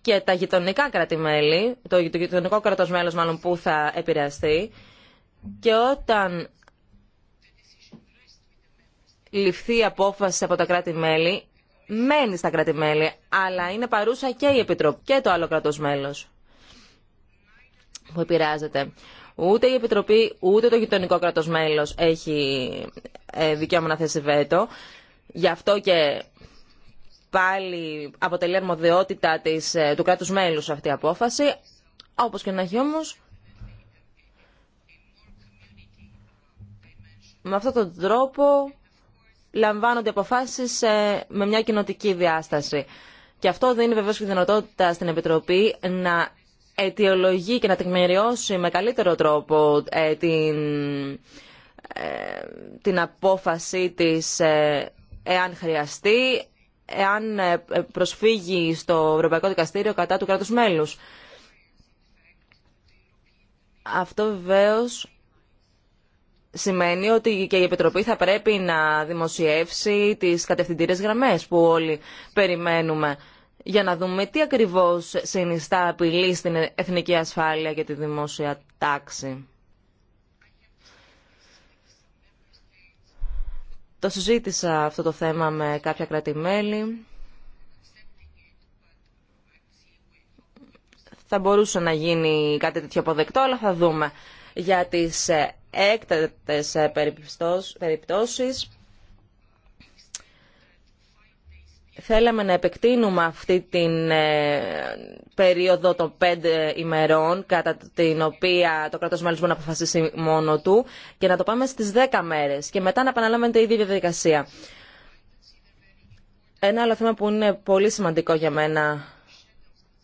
και τα γειτονικά κράτη-μέλη, το γειτονικό κράτος μέλος μάλλον που θα επηρεαστεί, και όταν ληφθεί η απόφαση από τα κράτη-μέλη, μένει στα κράτη-μέλη, αλλά είναι παρούσα και η Επιτροπή και το άλλο κράτος μέλος που επηρεάζεται. Ούτε η Επιτροπή, ούτε το γειτονικό κράτος μέλος έχει ε, δικαίωμα να θέσει βέτο. Γι' αυτό και πάλι αποτελεί αρμοδιότητα της, ε, του κράτους μέλους αυτή η απόφαση. Όπως και να έχει όμως, με αυτόν τον τρόπο λαμβάνονται αποφάσεις ε, με μια κοινοτική διάσταση. Και αυτό δίνει βεβαίως και δυνατότητα στην Επιτροπή να αιτιολογεί και να τεκμηριώσει με καλύτερο τρόπο ε, την, ε, την απόφαση της ε, εάν χρειαστεί, εάν προσφύγει στο Ευρωπαϊκό Δικαστήριο κατά του κράτους μέλους. Αυτό βεβαίω σημαίνει ότι και η Επιτροπή θα πρέπει να δημοσιεύσει τις κατευθυντήρες γραμμές που όλοι περιμένουμε για να δούμε τι ακριβώς συνιστά απειλή στην εθνική ασφάλεια και τη δημόσια τάξη. Το συζήτησα αυτό το θέμα με κάποια κρατημέλη. Θα μπορούσε να γίνει κάτι τέτοιο αποδεκτό, αλλά θα δούμε. Για τις ε, έκτατες ε, περιπτώσεις, Θέλαμε να επεκτείνουμε αυτή την ε, περίοδο των πέντε ημερών κατά την οποία το κράτος μέλος να αποφασίσει μόνο του και να το πάμε στις δέκα μέρες και μετά να επαναλάβουμε την ίδια διαδικασία. Ένα άλλο θέμα που είναι πολύ σημαντικό για μένα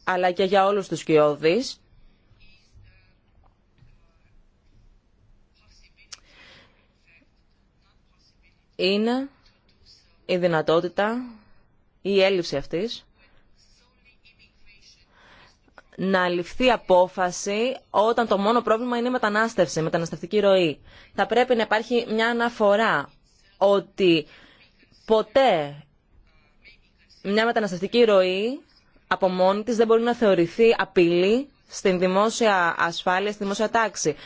αλλά και για όλους τους κοιόδης είναι η δυνατότητα η έλλειψη αυτής να ληφθεί απόφαση όταν το μόνο πρόβλημα είναι η μετανάστευση, μεταναστευτική ροή. Θα πρέπει να υπάρχει μια αναφορά ότι ποτέ μια μεταναστευτική ροή από μόνη της δεν μπορεί να θεωρηθεί απειλή στην δημόσια ασφάλεια, στη δημόσια τάξη.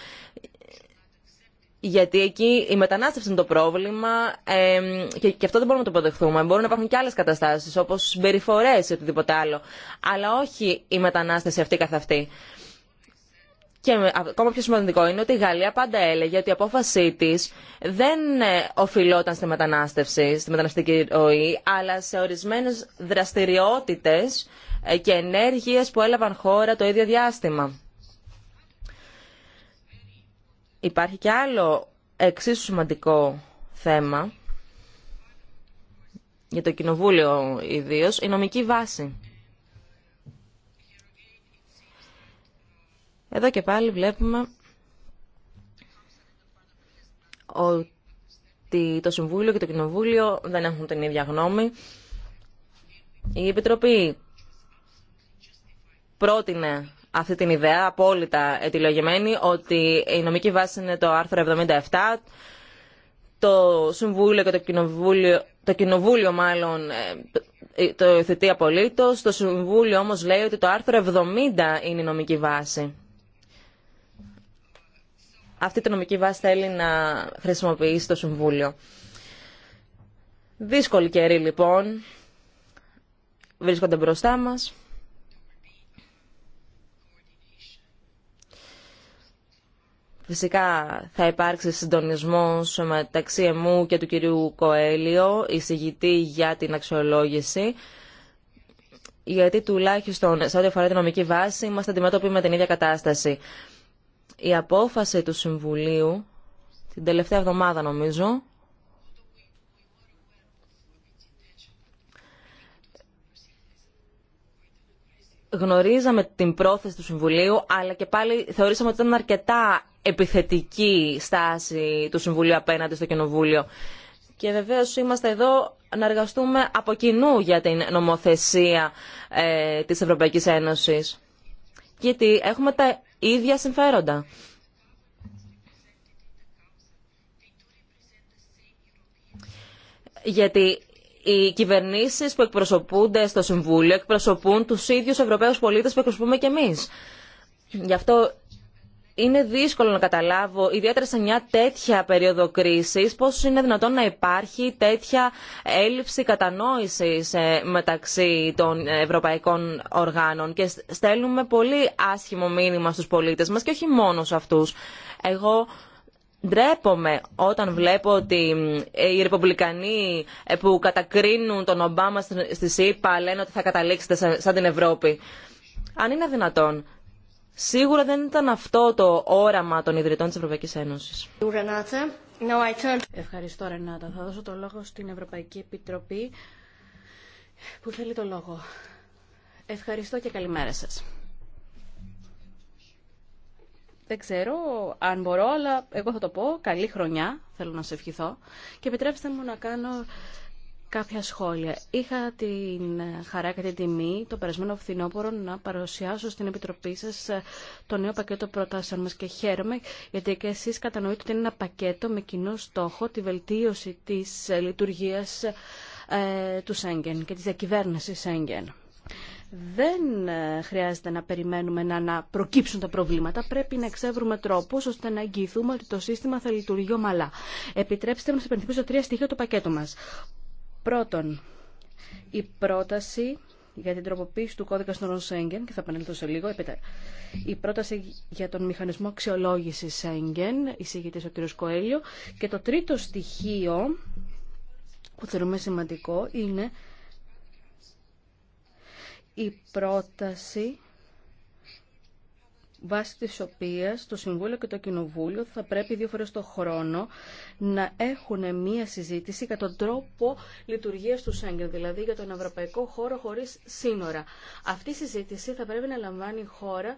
Γιατί εκεί η μετανάστευση είναι το πρόβλημα ε, και, και αυτό δεν μπορούμε να το υποδεχθούμε. Μπορούν να υπάρχουν και άλλε καταστάσει, όπω συμπεριφορέ ή οτιδήποτε άλλο. Αλλά όχι η μετανάστευση αυτή καθ' αυτή. Και ακόμα πιο σημαντικό είναι ότι η Γαλλία πάντα έλεγε ότι η απόφασή τη δεν ε, οφειλόταν στη μετανάστευση, στη μεταναστευτική ροή, αλλά σε ορισμένε δραστηριότητε ε, και ενέργειε που έλαβαν χώρα το ίδιο διάστημα. Υπάρχει και άλλο εξίσου σημαντικό θέμα για το Κοινοβούλιο ιδίω, η νομική βάση. Εδώ και πάλι βλέπουμε ότι το Συμβούλιο και το Κοινοβούλιο δεν έχουν την ίδια γνώμη. Η Επιτροπή πρότεινε αυτή την ιδέα απόλυτα ετηλογημένη ότι η νομική βάση είναι το άρθρο 77 το Συμβούλιο και το Κοινοβούλιο, το Κοινοβούλιο μάλλον ε, το υιοθετεί απολύτω. Το Συμβούλιο όμως λέει ότι το άρθρο 70 είναι η νομική βάση. Αυτή τη νομική βάση θέλει να χρησιμοποιήσει το Συμβούλιο. Δύσκολη καιρή λοιπόν βρίσκονται μπροστά μας. Φυσικά θα υπάρξει συντονισμό μεταξύ εμού και του κυρίου Κοέλιο, εισηγητή για την αξιολόγηση, γιατί τουλάχιστον σε ό,τι αφορά την νομική βάση είμαστε αντιμέτωποι με την ίδια κατάσταση. Η απόφαση του Συμβουλίου, την τελευταία εβδομάδα νομίζω, γνωρίζαμε την πρόθεση του Συμβουλίου, αλλά και πάλι θεωρήσαμε ότι ήταν αρκετά επιθετική στάση του Συμβουλίου απέναντι στο Κοινοβούλιο. Και βεβαίως είμαστε εδώ να εργαστούμε από κοινού για την νομοθεσία ε, της Ευρωπαϊκής Ένωσης. Γιατί έχουμε τα ίδια συμφέροντα. Γιατί οι κυβερνήσεις που εκπροσωπούνται στο Συμβούλιο εκπροσωπούν τους ίδιους Ευρωπαίους πολίτες που εκπροσωπούμε και εμείς. Γι' αυτό είναι δύσκολο να καταλάβω, ιδιαίτερα σε μια τέτοια περίοδο κρίση, πώ είναι δυνατόν να υπάρχει τέτοια έλλειψη κατανόηση ε, μεταξύ των ευρωπαϊκών οργάνων και στέλνουμε πολύ άσχημο μήνυμα στου πολίτε μα και όχι μόνο σε αυτού. Εγώ ντρέπομαι όταν βλέπω ότι ε, οι ρεπουμπλικανοί ε, που κατακρίνουν τον Ομπάμα στη ΣΥΠΑ λένε ότι θα καταλήξετε σαν την Ευρώπη. Αν είναι δυνατόν Σίγουρα δεν ήταν αυτό το όραμα των ιδρυτών της Ευρωπαϊκής Ένωσης. Ευχαριστώ Ρενάτα. Θα δώσω το λόγο στην Ευρωπαϊκή Επιτροπή που θέλει το λόγο. Ευχαριστώ και καλημέρα σας. Δεν ξέρω αν μπορώ, αλλά εγώ θα το πω. Καλή χρονιά, θέλω να σε ευχηθώ. Και επιτρέψτε μου να κάνω κάποια σχόλια. Είχα την χαρά και την τιμή το περασμένο φθινόπωρο να παρουσιάσω στην Επιτροπή σα ε, το νέο πακέτο προτάσεων μα και χαίρομαι γιατί και εσεί κατανοείτε ότι είναι ένα πακέτο με κοινό στόχο τη βελτίωση τη ε, λειτουργία ε, του Σέγγεν και τη διακυβέρνηση Σέγγεν. Δεν ε, χρειάζεται να περιμένουμε να, να προκύψουν τα προβλήματα. Πρέπει να εξεύρουμε τρόπου ώστε να εγγυηθούμε ότι το σύστημα θα λειτουργεί ομαλά. Επιτρέψτε μου να σα υπενθυμίσω τρία στοιχεία του πακέτου μα. Πρώτον, η πρόταση για την τροποποίηση του κώδικα στον Σέγγεν, και θα επανέλθω σε λίγο, η πρόταση για τον μηχανισμό αξιολόγηση Σέγγεν, εισηγητή ο κ. Κοέλιο. Και το τρίτο στοιχείο που θεωρούμε σημαντικό είναι η πρόταση βάσει της οποίας το Συμβούλιο και το Κοινοβούλιο θα πρέπει δύο φορές το χρόνο να έχουν μία συζήτηση για τον τρόπο λειτουργίας του Σέγγεν, δηλαδή για τον Ευρωπαϊκό χώρο χωρίς σύνορα. Αυτή η συζήτηση θα πρέπει να λαμβάνει χώρα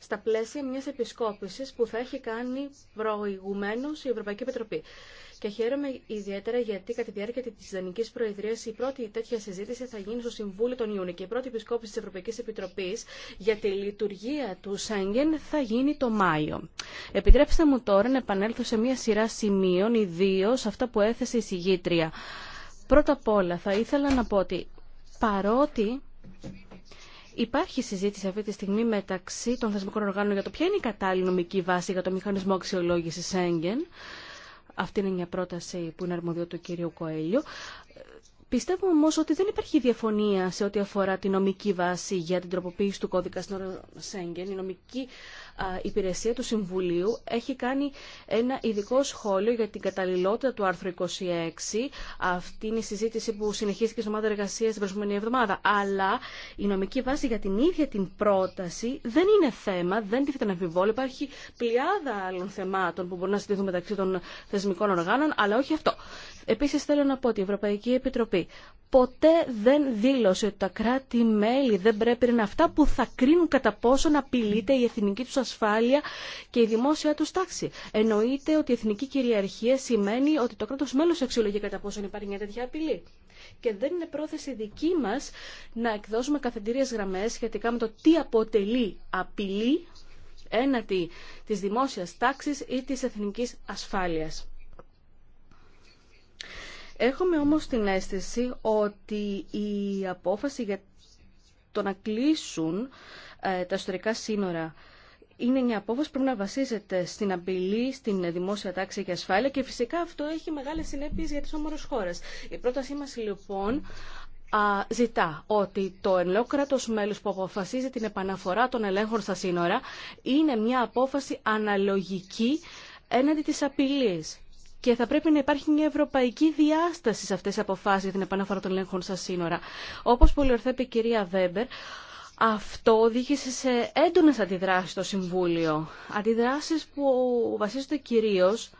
στα πλαίσια μιας επισκόπησης που θα έχει κάνει προηγουμένως η Ευρωπαϊκή Επιτροπή. Και χαίρομαι ιδιαίτερα γιατί κατά τη διάρκεια τη Ιδανική Προεδρία η πρώτη τέτοια συζήτηση θα γίνει στο Συμβούλιο τον Ιούνιο και η πρώτη επισκόπηση τη Ευρωπαϊκή Επιτροπή για τη λειτουργία του Σάγκεν θα γίνει το Μάιο. Επιτρέψτε μου τώρα να επανέλθω σε μία σειρά σημείων, ιδίω αυτά που έθεσε η συγγήτρια. Πρώτα απ' όλα θα ήθελα να πω ότι παρότι Υπάρχει συζήτηση αυτή τη στιγμή μεταξύ των θεσμικών οργάνων για το ποια είναι η κατάλληλη νομική βάση για το μηχανισμό αξιολόγηση Σέγγεν. Αυτή είναι μια πρόταση που είναι αρμοδιό του κυρίου Κοέλιο. Πιστεύω όμω ότι δεν υπάρχει διαφωνία σε ό,τι αφορά τη νομική βάση για την τροποποίηση του κώδικα Σέγγεν. Η νομική υπηρεσία του Συμβουλίου έχει κάνει ένα ειδικό σχόλιο για την καταλληλότητα του άρθρου 26. Αυτή είναι η συζήτηση που συνεχίστηκε στην ομάδα εργασία την προηγούμενη εβδομάδα. Αλλά η νομική βάση για την ίδια την πρόταση δεν είναι θέμα, δεν τίθεται να επιβόλει Υπάρχει πλειάδα άλλων θεμάτων που μπορούν να συζητηθούν μεταξύ των θεσμικών οργάνων, αλλά όχι αυτό. Επίση, θέλω να πω ότι η Ευρωπαϊκή Επιτροπή ποτέ δεν δήλωσε ότι τα κράτη-μέλη δεν πρέπει να είναι αυτά που θα κρίνουν κατά πόσο απειλείται η εθνική του ασφάλεια και η δημόσια του τάξη. Εννοείται ότι η εθνική κυριαρχία σημαίνει ότι το κράτο μέλο αξιολογεί κατά πόσον υπάρχει μια τέτοια απειλή. Και δεν είναι πρόθεση δική μα να εκδώσουμε καθεντήριε γραμμέ σχετικά με το τι αποτελεί απειλή ένατη της δημόσιας τάξης ή της εθνικής ασφάλειας. Έχουμε όμως την αίσθηση ότι η απόφαση για το να κλείσουν ε, τα ιστορικά σύνορα είναι μια απόφαση που πρέπει να βασίζεται στην απειλή, στην δημόσια τάξη και ασφάλεια και φυσικά αυτό έχει μεγάλες συνέπειες για τις όμορες χώρες. Η πρότασή μας λοιπόν ζητά ότι το εν λόγω κράτος μέλος που αποφασίζει την επαναφορά των ελέγχων στα σύνορα είναι μια απόφαση αναλογική έναντι της απειλής. Και θα πρέπει να υπάρχει μια ευρωπαϊκή διάσταση σε αυτές τις αποφάσεις για την επαναφορά των ελέγχων στα σύνορα. Όπως πολιορθέπει η κυρία Βέμπερ, αυτό οδήγησε σε έντονες αντιδράσεις στο Συμβούλιο. Αντιδράσεις που βασίζονται κυρίως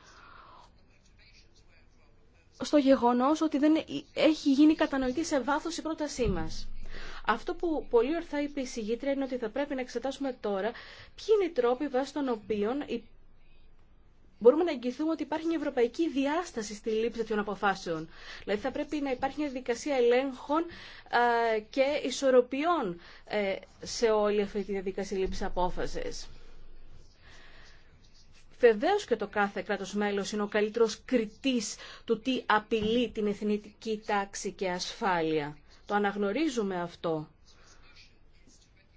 στο γεγονός ότι δεν έχει γίνει κατανοητή σε βάθος η πρότασή μας. Αυτό που πολύ ορθά είπε η συγγήτρια είναι ότι θα πρέπει να εξετάσουμε τώρα ποιοι είναι οι τρόποι βάσει των οποίων μπορούμε να εγγυηθούμε ότι υπάρχει μια ευρωπαϊκή διάσταση στη λήψη τέτοιων αποφάσεων. Δηλαδή θα πρέπει να υπάρχει μια διαδικασία ελέγχων και ισορροπιών ε, σε όλη αυτή τη διαδικασία λήψη απόφαση. Βεβαίω και το κάθε κράτο μέλο είναι ο καλύτερο κριτή του τι απειλεί την εθνική τάξη και ασφάλεια. Το αναγνωρίζουμε αυτό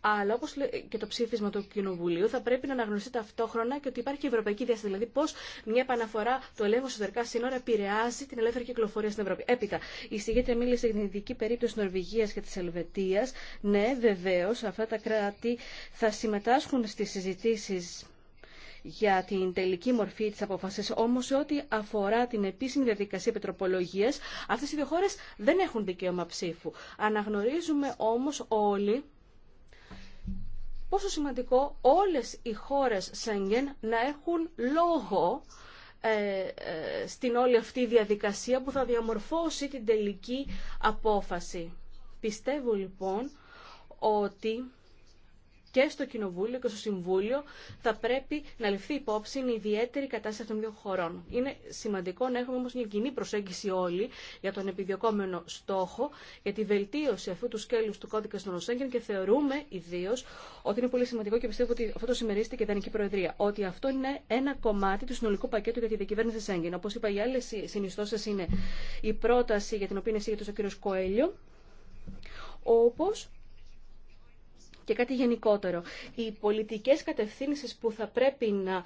αλλά όπω και το ψήφισμα του Κοινοβουλίου θα πρέπει να αναγνωριστεί ταυτόχρονα και ότι υπάρχει και η ευρωπαϊκή διάσταση, δηλαδή πώ μια επαναφορά του ελέγχου εσωτερικά σύνορα επηρεάζει την ελεύθερη κυκλοφορία στην Ευρώπη. Έπειτα, η συγκέντρια μίλησε για την ειδική περίπτωση Νορβηγία και τη Ελβετία. Ναι, βεβαίω αυτά τα κράτη θα συμμετάσχουν στι συζητήσει για την τελική μορφή της απόφασης. Όμως, ό,τι αφορά την επίσημη διαδικασία επιτροπολογίας, αυτές οι δύο χώρες δεν έχουν δικαίωμα ψήφου. Αναγνωρίζουμε όμως όλοι πόσο σημαντικό όλες οι χώρες Σέγγεν να έχουν λόγο ε, ε, στην όλη αυτή διαδικασία που θα διαμορφώσει την τελική απόφαση. Πιστεύω λοιπόν ότι και στο Κοινοβούλιο και στο Συμβούλιο θα πρέπει να ληφθεί υπόψη η ιδιαίτερη κατάσταση αυτών των δύο χωρών. Είναι σημαντικό να έχουμε όμω μια κοινή προσέγγιση όλοι για τον επιδιωκόμενο στόχο, για τη βελτίωση αυτού του σκέλου του κώδικα των Οσέγγεν και θεωρούμε ιδίω ότι είναι πολύ σημαντικό και πιστεύω ότι αυτό το συμμερίζεται και η Δανική Προεδρία. Ότι αυτό είναι ένα κομμάτι του συνολικού πακέτου για τη διακυβέρνηση Σέγγεν. Όπω είπα, οι άλλε συνιστώσει είναι η πρόταση για την οποία είναι ο κ. Κοέλιο, όπως και κάτι γενικότερο. Οι πολιτικές κατευθύνσεις που θα πρέπει να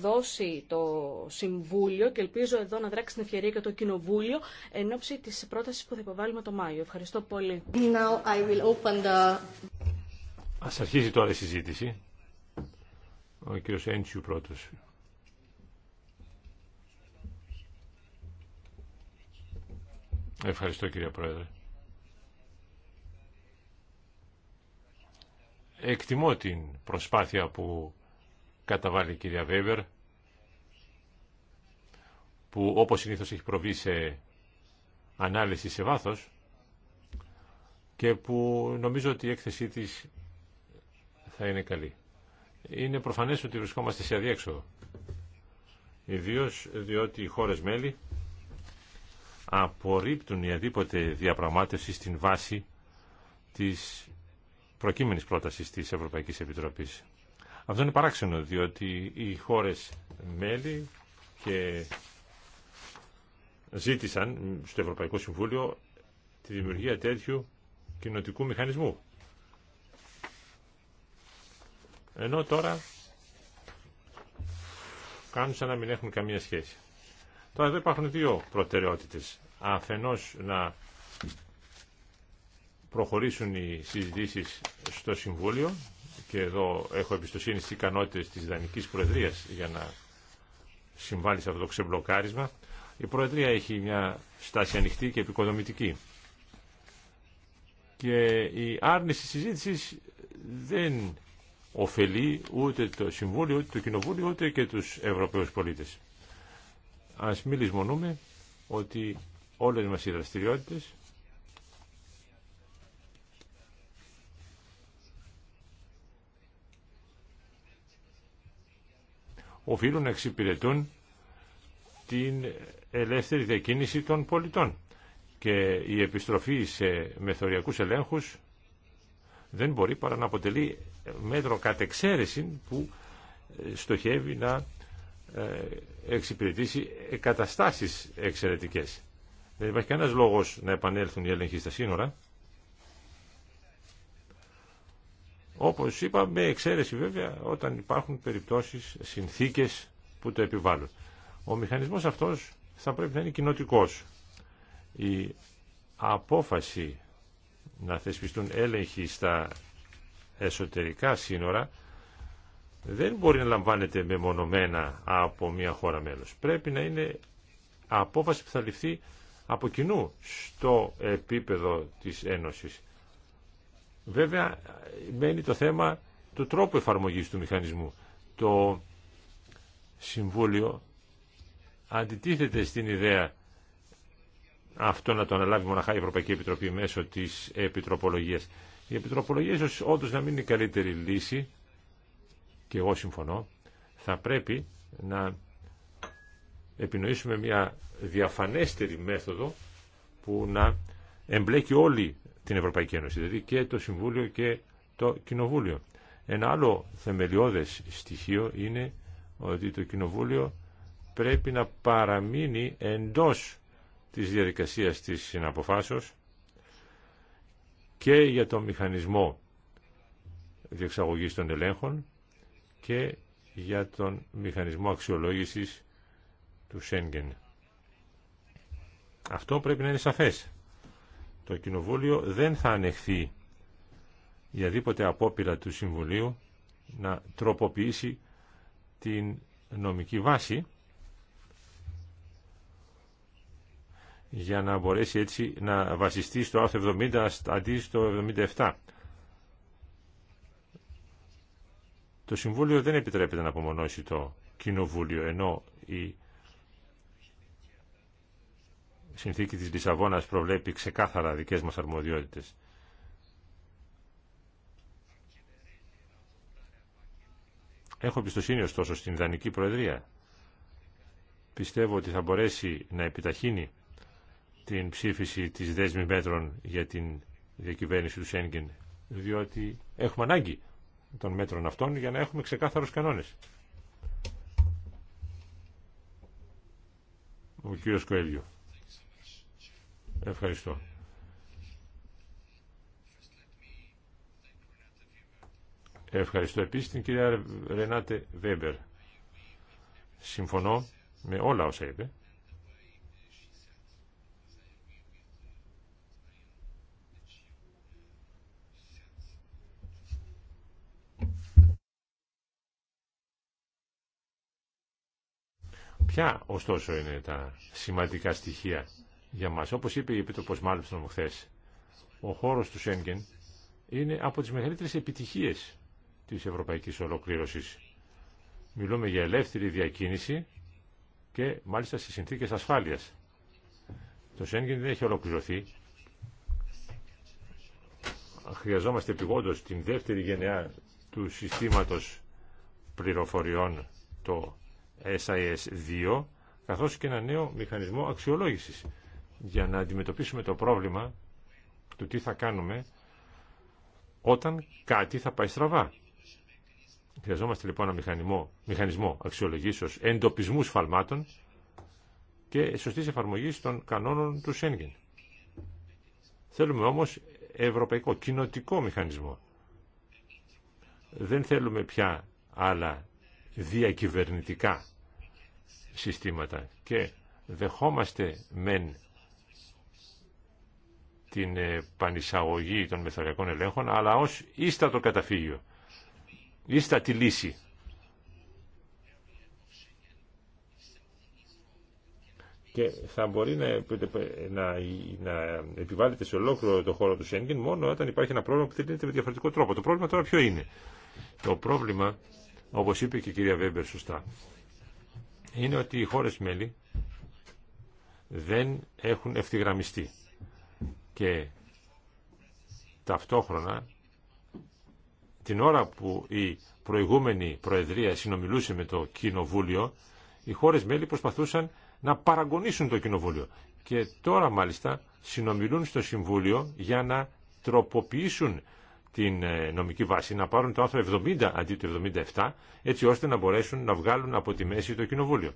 δώσει το Συμβούλιο και ελπίζω εδώ να δράξει την ευκαιρία και το Κοινοβούλιο εν ώψη της πρότασης που θα υποβάλουμε το Μάιο. Ευχαριστώ πολύ. Now I the... Ας αρχίσει τώρα η συζήτηση. Ο κύριος Έντσιου πρώτος. Ευχαριστώ κύριε Πρόεδρε. εκτιμώ την προσπάθεια που καταβάλει η κυρία Βέβερ, που όπως συνήθως έχει προβεί σε ανάλυση σε βάθος και που νομίζω ότι η έκθεσή της θα είναι καλή. Είναι προφανές ότι βρισκόμαστε σε αδιέξοδο. Ιδίως διότι οι χώρες μέλη απορρίπτουν η αδίποτε διαπραγμάτευση στην βάση της Προκείμενη πρόταση τη Ευρωπαϊκή Επιτροπή. Αυτό είναι παράξενο, διότι οι χώρες μέλη και ζήτησαν στο Ευρωπαϊκό Συμβούλιο τη δημιουργία τέτοιου κοινοτικού μηχανισμού. Ενώ τώρα κάνουν σαν να μην έχουν καμία σχέση. Τώρα εδώ υπάρχουν δύο προτεραιότητες. Αφενός να προχωρήσουν οι συζητήσεις στο Συμβούλιο και εδώ έχω εμπιστοσύνη στις ικανότητες της Δανικής Προεδρίας για να συμβάλλει σε αυτό το ξεμπλοκάρισμα. Η Προεδρία έχει μια στάση ανοιχτή και επικοδομητική. Και η άρνηση συζήτησης δεν ωφελεί ούτε το Συμβούλιο, ούτε το Κοινοβούλιο, ούτε και τους Ευρωπαίους πολίτες. Ας μην ότι όλες μας οι δραστηριότητες οφείλουν να εξυπηρετούν την ελεύθερη διακίνηση των πολιτών. Και η επιστροφή σε μεθοριακούς ελέγχους δεν μπορεί παρά να αποτελεί μέτρο κατεξαίρεση που στοχεύει να ε, εξυπηρετήσει καταστάσεις εξαιρετικές. Δεν υπάρχει κανένας λόγος να επανέλθουν οι έλεγχοι στα σύνορα. όπως είπα με εξαίρεση βέβαια όταν υπάρχουν περιπτώσεις, συνθήκες που το επιβάλλουν. Ο μηχανισμός αυτός θα πρέπει να είναι κοινοτικό. Η απόφαση να θεσπιστούν έλεγχοι στα εσωτερικά σύνορα δεν μπορεί να λαμβάνεται μεμονωμένα από μια χώρα μέλος. Πρέπει να είναι απόφαση που θα ληφθεί από κοινού στο επίπεδο της Ένωσης. Βέβαια, μένει το θέμα του τρόπου εφαρμογής του μηχανισμού. Το Συμβούλιο αντιτίθεται στην ιδέα αυτό να το αναλάβει μοναχά η Ευρωπαϊκή Επιτροπή μέσω της Επιτροπολογίας. Η Επιτροπολογία ίσως όντως να μην είναι η καλύτερη λύση και εγώ συμφωνώ. Θα πρέπει να επινοήσουμε μια διαφανέστερη μέθοδο που να εμπλέκει όλη την Ευρωπαϊκή Ένωση, δηλαδή και το Συμβούλιο και το Κοινοβούλιο. Ένα άλλο θεμελιώδες στοιχείο είναι ότι το Κοινοβούλιο πρέπει να παραμείνει εντός της διαδικασίας της συναποφάσεως και για το μηχανισμό διεξαγωγής των ελέγχων και για τον μηχανισμό αξιολόγησης του Σέγγεν. Αυτό πρέπει να είναι σαφές. Το Κοινοβούλιο δεν θα ανεχθεί οποιαδήποτε απόπειρα του Συμβουλίου να τροποποιήσει την νομική βάση για να μπορέσει έτσι να βασιστεί στο άρθρο 70 αντί στο 77. Το Συμβούλιο δεν επιτρέπεται να απομονώσει το Κοινοβούλιο, ενώ η συνθήκη της Λισαβόνας προβλέπει ξεκάθαρα δικές μας αρμοδιότητες. Έχω πιστοσύνη ωστόσο στην Ιδανική Προεδρία. Πιστεύω ότι θα μπορέσει να επιταχύνει την ψήφιση της δέσμη μέτρων για την διακυβέρνηση του Σέγγεν, διότι έχουμε ανάγκη των μέτρων αυτών για να έχουμε ξεκάθαρους κανόνες. Ο κύριος Κοέλιο. Ευχαριστώ. Ευχαριστώ επίσης την κυρία Ρενάτε Βέμπερ. Συμφωνώ με όλα όσα είπε. Ποια ωστόσο είναι τα σημαντικά στοιχεία για μας. Όπως είπε η Επίτροπος Μάλιστον χθε, ο χώρος του Σέγγεν είναι από τις μεγαλύτερες επιτυχίες της ευρωπαϊκής ολοκλήρωσης. Μιλούμε για ελεύθερη διακίνηση και μάλιστα σε συνθήκες ασφάλειας. Το Σέγγεν δεν έχει ολοκληρωθεί. Χρειαζόμαστε επιγόντως την δεύτερη γενεά του συστήματος πληροφοριών το SIS-2 καθώς και ένα νέο μηχανισμό αξιολόγησης για να αντιμετωπίσουμε το πρόβλημα του τι θα κάνουμε όταν κάτι θα πάει στραβά. Χρειαζόμαστε λοιπόν ένα μηχανισμό, μηχανισμό αξιολογήσεως εντοπισμού σφαλμάτων και σωστή εφαρμογή των κανόνων του Σέγγεν. Θέλουμε όμως ευρωπαϊκό, κοινοτικό μηχανισμό. Δεν θέλουμε πια άλλα διακυβερνητικά συστήματα και δεχόμαστε μεν την ε, πανισαγωγή των μεθαριακών ελέγχων, αλλά ως ίστατο καταφύγιο, ίστατη λύση. Και θα μπορεί να, να, να επιβάλλεται σε ολόκληρο το χώρο του Σέγγεν μόνο όταν υπάρχει ένα πρόβλημα που θέλετε με διαφορετικό τρόπο. Το πρόβλημα τώρα ποιο είναι. Το πρόβλημα, όπως είπε και η κυρία Βέμπερ σωστά, είναι ότι οι χώρες μέλη δεν έχουν ευθυγραμμιστεί και ταυτόχρονα την ώρα που η προηγούμενη Προεδρία συνομιλούσε με το Κοινοβούλιο, οι χώρες μέλη προσπαθούσαν να παραγωνίσουν το Κοινοβούλιο. Και τώρα μάλιστα συνομιλούν στο Συμβούλιο για να τροποποιήσουν την ε, νομική βάση, να πάρουν το άρθρο 70 αντί του 77, έτσι ώστε να μπορέσουν να βγάλουν από τη μέση το Κοινοβούλιο.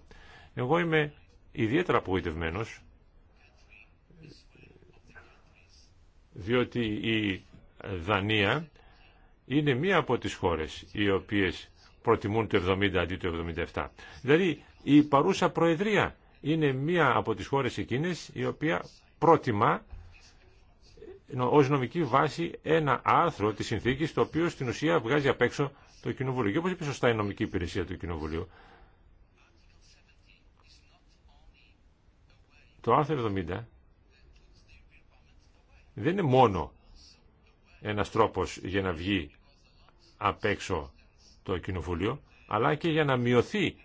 Εγώ είμαι ιδιαίτερα απογοητευμένος διότι η Δανία είναι μία από τις χώρες οι οποίες προτιμούν το 70 αντί το 77. Δηλαδή η παρούσα Προεδρία είναι μία από τις χώρες εκείνες η οποία πρότιμα ως νομική βάση ένα άρθρο της συνθήκης το οποίο στην ουσία βγάζει απ' έξω το Κοινοβούλιο. Και όπως είπε σωστά η νομική υπηρεσία του Κοινοβουλίου, το άρθρο 70 δεν είναι μόνο ένας τρόπος για να βγει απ' έξω το Κοινοβούλιο, αλλά και για να μειωθεί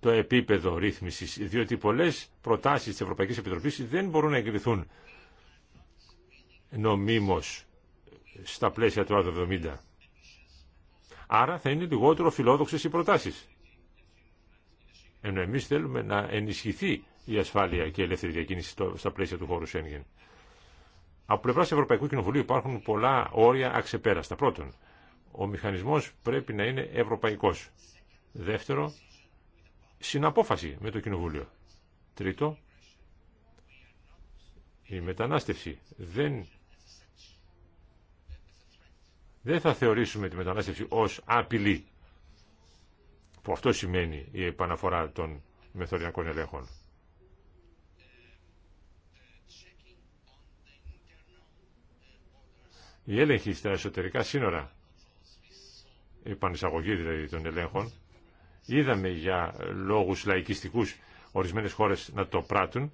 το επίπεδο ρύθμισης, διότι πολλές προτάσεις της Ευρωπαϊκής Επιτροπής δεν μπορούν να εγκριθούν νομίμως στα πλαίσια του άρθρου 70. Άρα θα είναι λιγότερο φιλόδοξες οι προτάσεις. Ενώ εμείς θέλουμε να ενισχυθεί η ασφάλεια και η ελεύθερη διακίνηση στα πλαίσια του χώρου Σένγεν. Από πλευρά Ευρωπαϊκού Κοινοβουλίου υπάρχουν πολλά όρια αξεπέραστα. Πρώτον, ο μηχανισμό πρέπει να είναι ευρωπαϊκό. Δεύτερο, συναπόφαση με το Κοινοβούλιο. Τρίτο, η μετανάστευση. Δεν, δεν θα θεωρήσουμε τη μετανάστευση ως απειλή, που αυτό σημαίνει η επαναφορά των μεθοριακών ελέγχων. Η έλεγχοι στα εσωτερικά σύνορα, η πανεισαγωγή δηλαδή των ελέγχων, είδαμε για λόγους λαϊκιστικούς ορισμένες χώρες να το πράττουν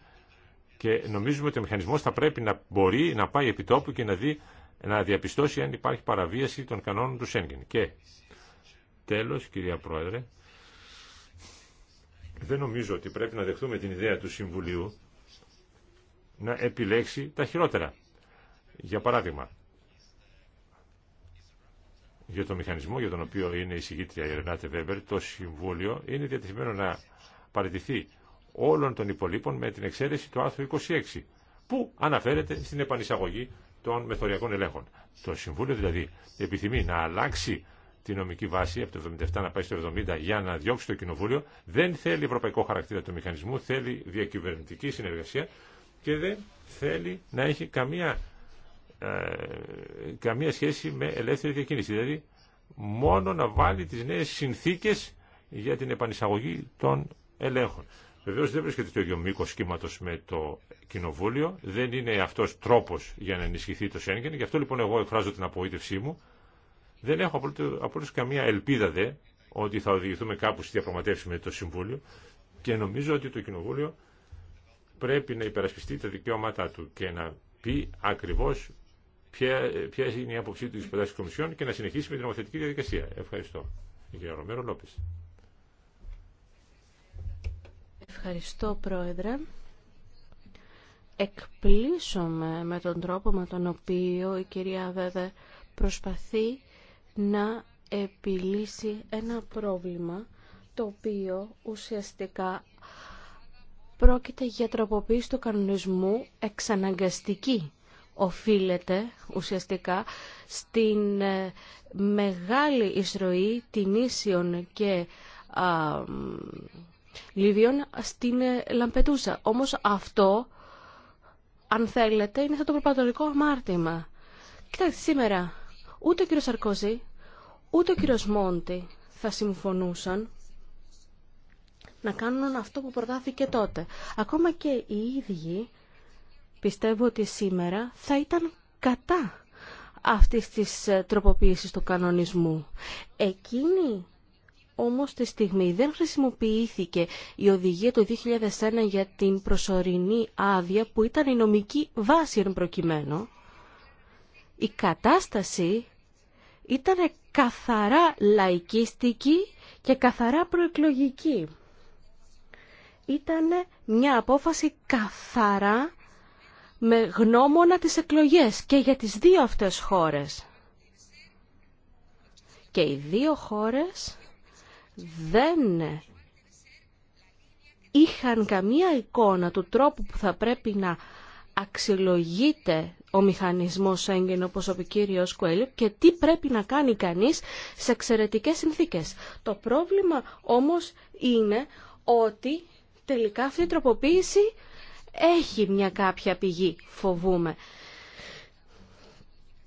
και νομίζουμε ότι ο μηχανισμός θα πρέπει να μπορεί να πάει επί τόπου και να, δει, να διαπιστώσει αν υπάρχει παραβίαση των κανόνων του Σέγγεν. Και τέλος, κυρία Πρόεδρε, δεν νομίζω ότι πρέπει να δεχτούμε την ιδέα του Συμβουλίου να επιλέξει τα χειρότερα. Για παράδειγμα, για τον μηχανισμό για τον οποίο είναι η συγκήτρια η Ρενάτε Βέμπερ, το Συμβούλιο είναι διατεθειμένο να παραιτηθεί όλων των υπολείπων με την εξαίρεση του άρθρου 26, που αναφέρεται στην επανεισαγωγή των μεθοριακών ελέγχων. Το Συμβούλιο δηλαδή επιθυμεί να αλλάξει τη νομική βάση από το 77 να πάει στο 70 για να διώξει το Κοινοβούλιο, δεν θέλει ευρωπαϊκό χαρακτήρα του μηχανισμού, θέλει διακυβερνητική συνεργασία και δεν θέλει να έχει καμία ε, καμία σχέση με ελεύθερη διακίνηση. Δηλαδή μόνο να βάλει τις νέες συνθήκες για την επανεισαγωγή των ελέγχων. Βεβαίω δεν βρίσκεται το ίδιο μήκο κύματο με το Κοινοβούλιο. Δεν είναι αυτό τρόπο για να ενισχυθεί το Σέγγεν. Γι' αυτό λοιπόν εγώ εκφράζω την απογοήτευσή μου. Δεν έχω απολύτω καμία ελπίδα δε ότι θα οδηγηθούμε κάπου στη διαπραγματεύση με το Συμβούλιο και νομίζω ότι το Κοινοβούλιο πρέπει να υπερασπιστεί τα δικαιώματά του και να πει ακριβώς ποια, ποια είναι η άποψή του τη προτάσει Κομισιόν και να συνεχίσει με την νομοθετική διαδικασία. Ευχαριστώ. Ρομέρο Ευχαριστώ, Πρόεδρε. Εκπλήσωμαι με τον τρόπο με τον οποίο η κυρία Βέβε προσπαθεί να επιλύσει ένα πρόβλημα το οποίο ουσιαστικά πρόκειται για τροποποίηση του κανονισμού εξαναγκαστική οφείλεται ουσιαστικά στην ε, μεγάλη εισρωή την Ίσιον και α, στην ε, Λαμπετούσα. Όμως αυτό, αν θέλετε, είναι αυτό το προπατορικό αμάρτημα. Κοιτάξτε, σήμερα ούτε ο κύριος Σαρκόζη, ούτε ο κύριος Μόντι θα συμφωνούσαν να κάνουν αυτό που προτάθηκε τότε. Ακόμα και οι ίδιοι πιστεύω ότι σήμερα θα ήταν κατά αυτής της ε, τροποποίησης του κανονισμού. Εκείνη όμως τη στιγμή δεν χρησιμοποιήθηκε η οδηγία του 2001 για την προσωρινή άδεια που ήταν η νομική βάση εν προκειμένου. Η κατάσταση ήταν καθαρά λαϊκίστικη και καθαρά προεκλογική. Ήταν μια απόφαση καθαρά με γνώμονα τις εκλογές και για τις δύο αυτές χώρες. Και οι δύο χώρες δεν είχαν καμία εικόνα του τρόπου που θα πρέπει να αξιολογείται ο μηχανισμός Σέγγεν όπως ο κύριος Κουέλιο και τι πρέπει να κάνει κανείς σε εξαιρετικέ συνθήκες. Το πρόβλημα όμως είναι ότι τελικά αυτή η τροποποίηση έχει μια κάποια πηγή, φοβούμε.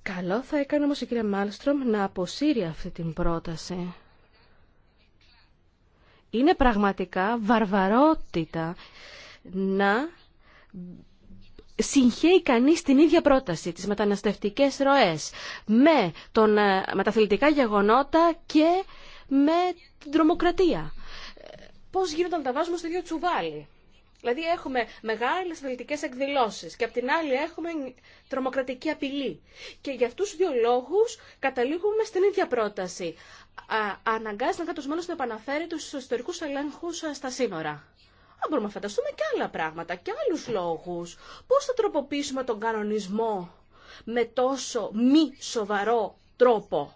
Καλό θα έκανε όμως η κυρία Μάλστρομ να αποσύρει αυτή την πρόταση. Είναι πραγματικά βαρβαρότητα να συγχαίει κανείς την ίδια πρόταση, τις μεταναστευτικές ροές, με, τον, ε, με τα γεγονότα και με την τρομοκρατία. Πώς γίνονταν τα βάζουμε στο ίδιο τσουβάλι. Δηλαδή έχουμε μεγάλες πολιτικές εκδηλώσεις και απ' την άλλη έχουμε τρομοκρατική απειλή. Και για αυτούς τους δύο λόγους καταλήγουμε στην ίδια πρόταση. Α, αναγκάζει να κάτω να επαναφέρει τους ιστορικούς ελέγχου στα σύνορα. Αν μπορούμε να φανταστούμε και άλλα πράγματα και άλλους λόγους. Πώς θα τροποποιήσουμε τον κανονισμό με τόσο μη σοβαρό τρόπο.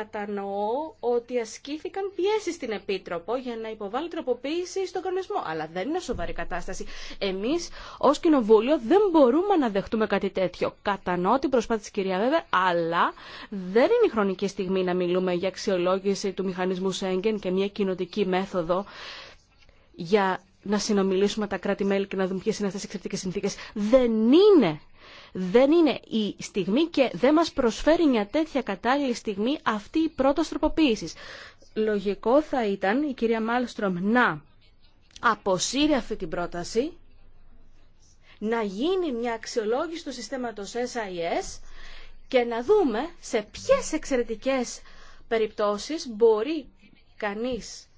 κατανοώ ότι ασκήθηκαν πιέσει στην Επίτροπο για να υποβάλει τροποποίηση στον κανονισμό. Αλλά δεν είναι σοβαρή κατάσταση. Εμεί ω Κοινοβούλιο δεν μπορούμε να δεχτούμε κάτι τέτοιο. Κατανοώ την προσπάθεια τη κυρία βέβαια, αλλά δεν είναι η χρονική στιγμή να μιλούμε για αξιολόγηση του μηχανισμού Σέγγεν και μια κοινοτική μέθοδο για να συνομιλήσουμε τα κράτη-μέλη και να δούμε ποιε είναι αυτέ οι εξαιρετικέ συνθήκε. Δεν είναι δεν είναι η στιγμή και δεν μας προσφέρει μια τέτοια κατάλληλη στιγμή αυτή η πρώτος τροποποίησης. Λογικό θα ήταν η κυρία Μάλστρομ να αποσύρει αυτή την πρόταση, να γίνει μια αξιολόγηση του συστήματος SIS και να δούμε σε ποιες εξαιρετικές περιπτώσεις μπορεί κανείς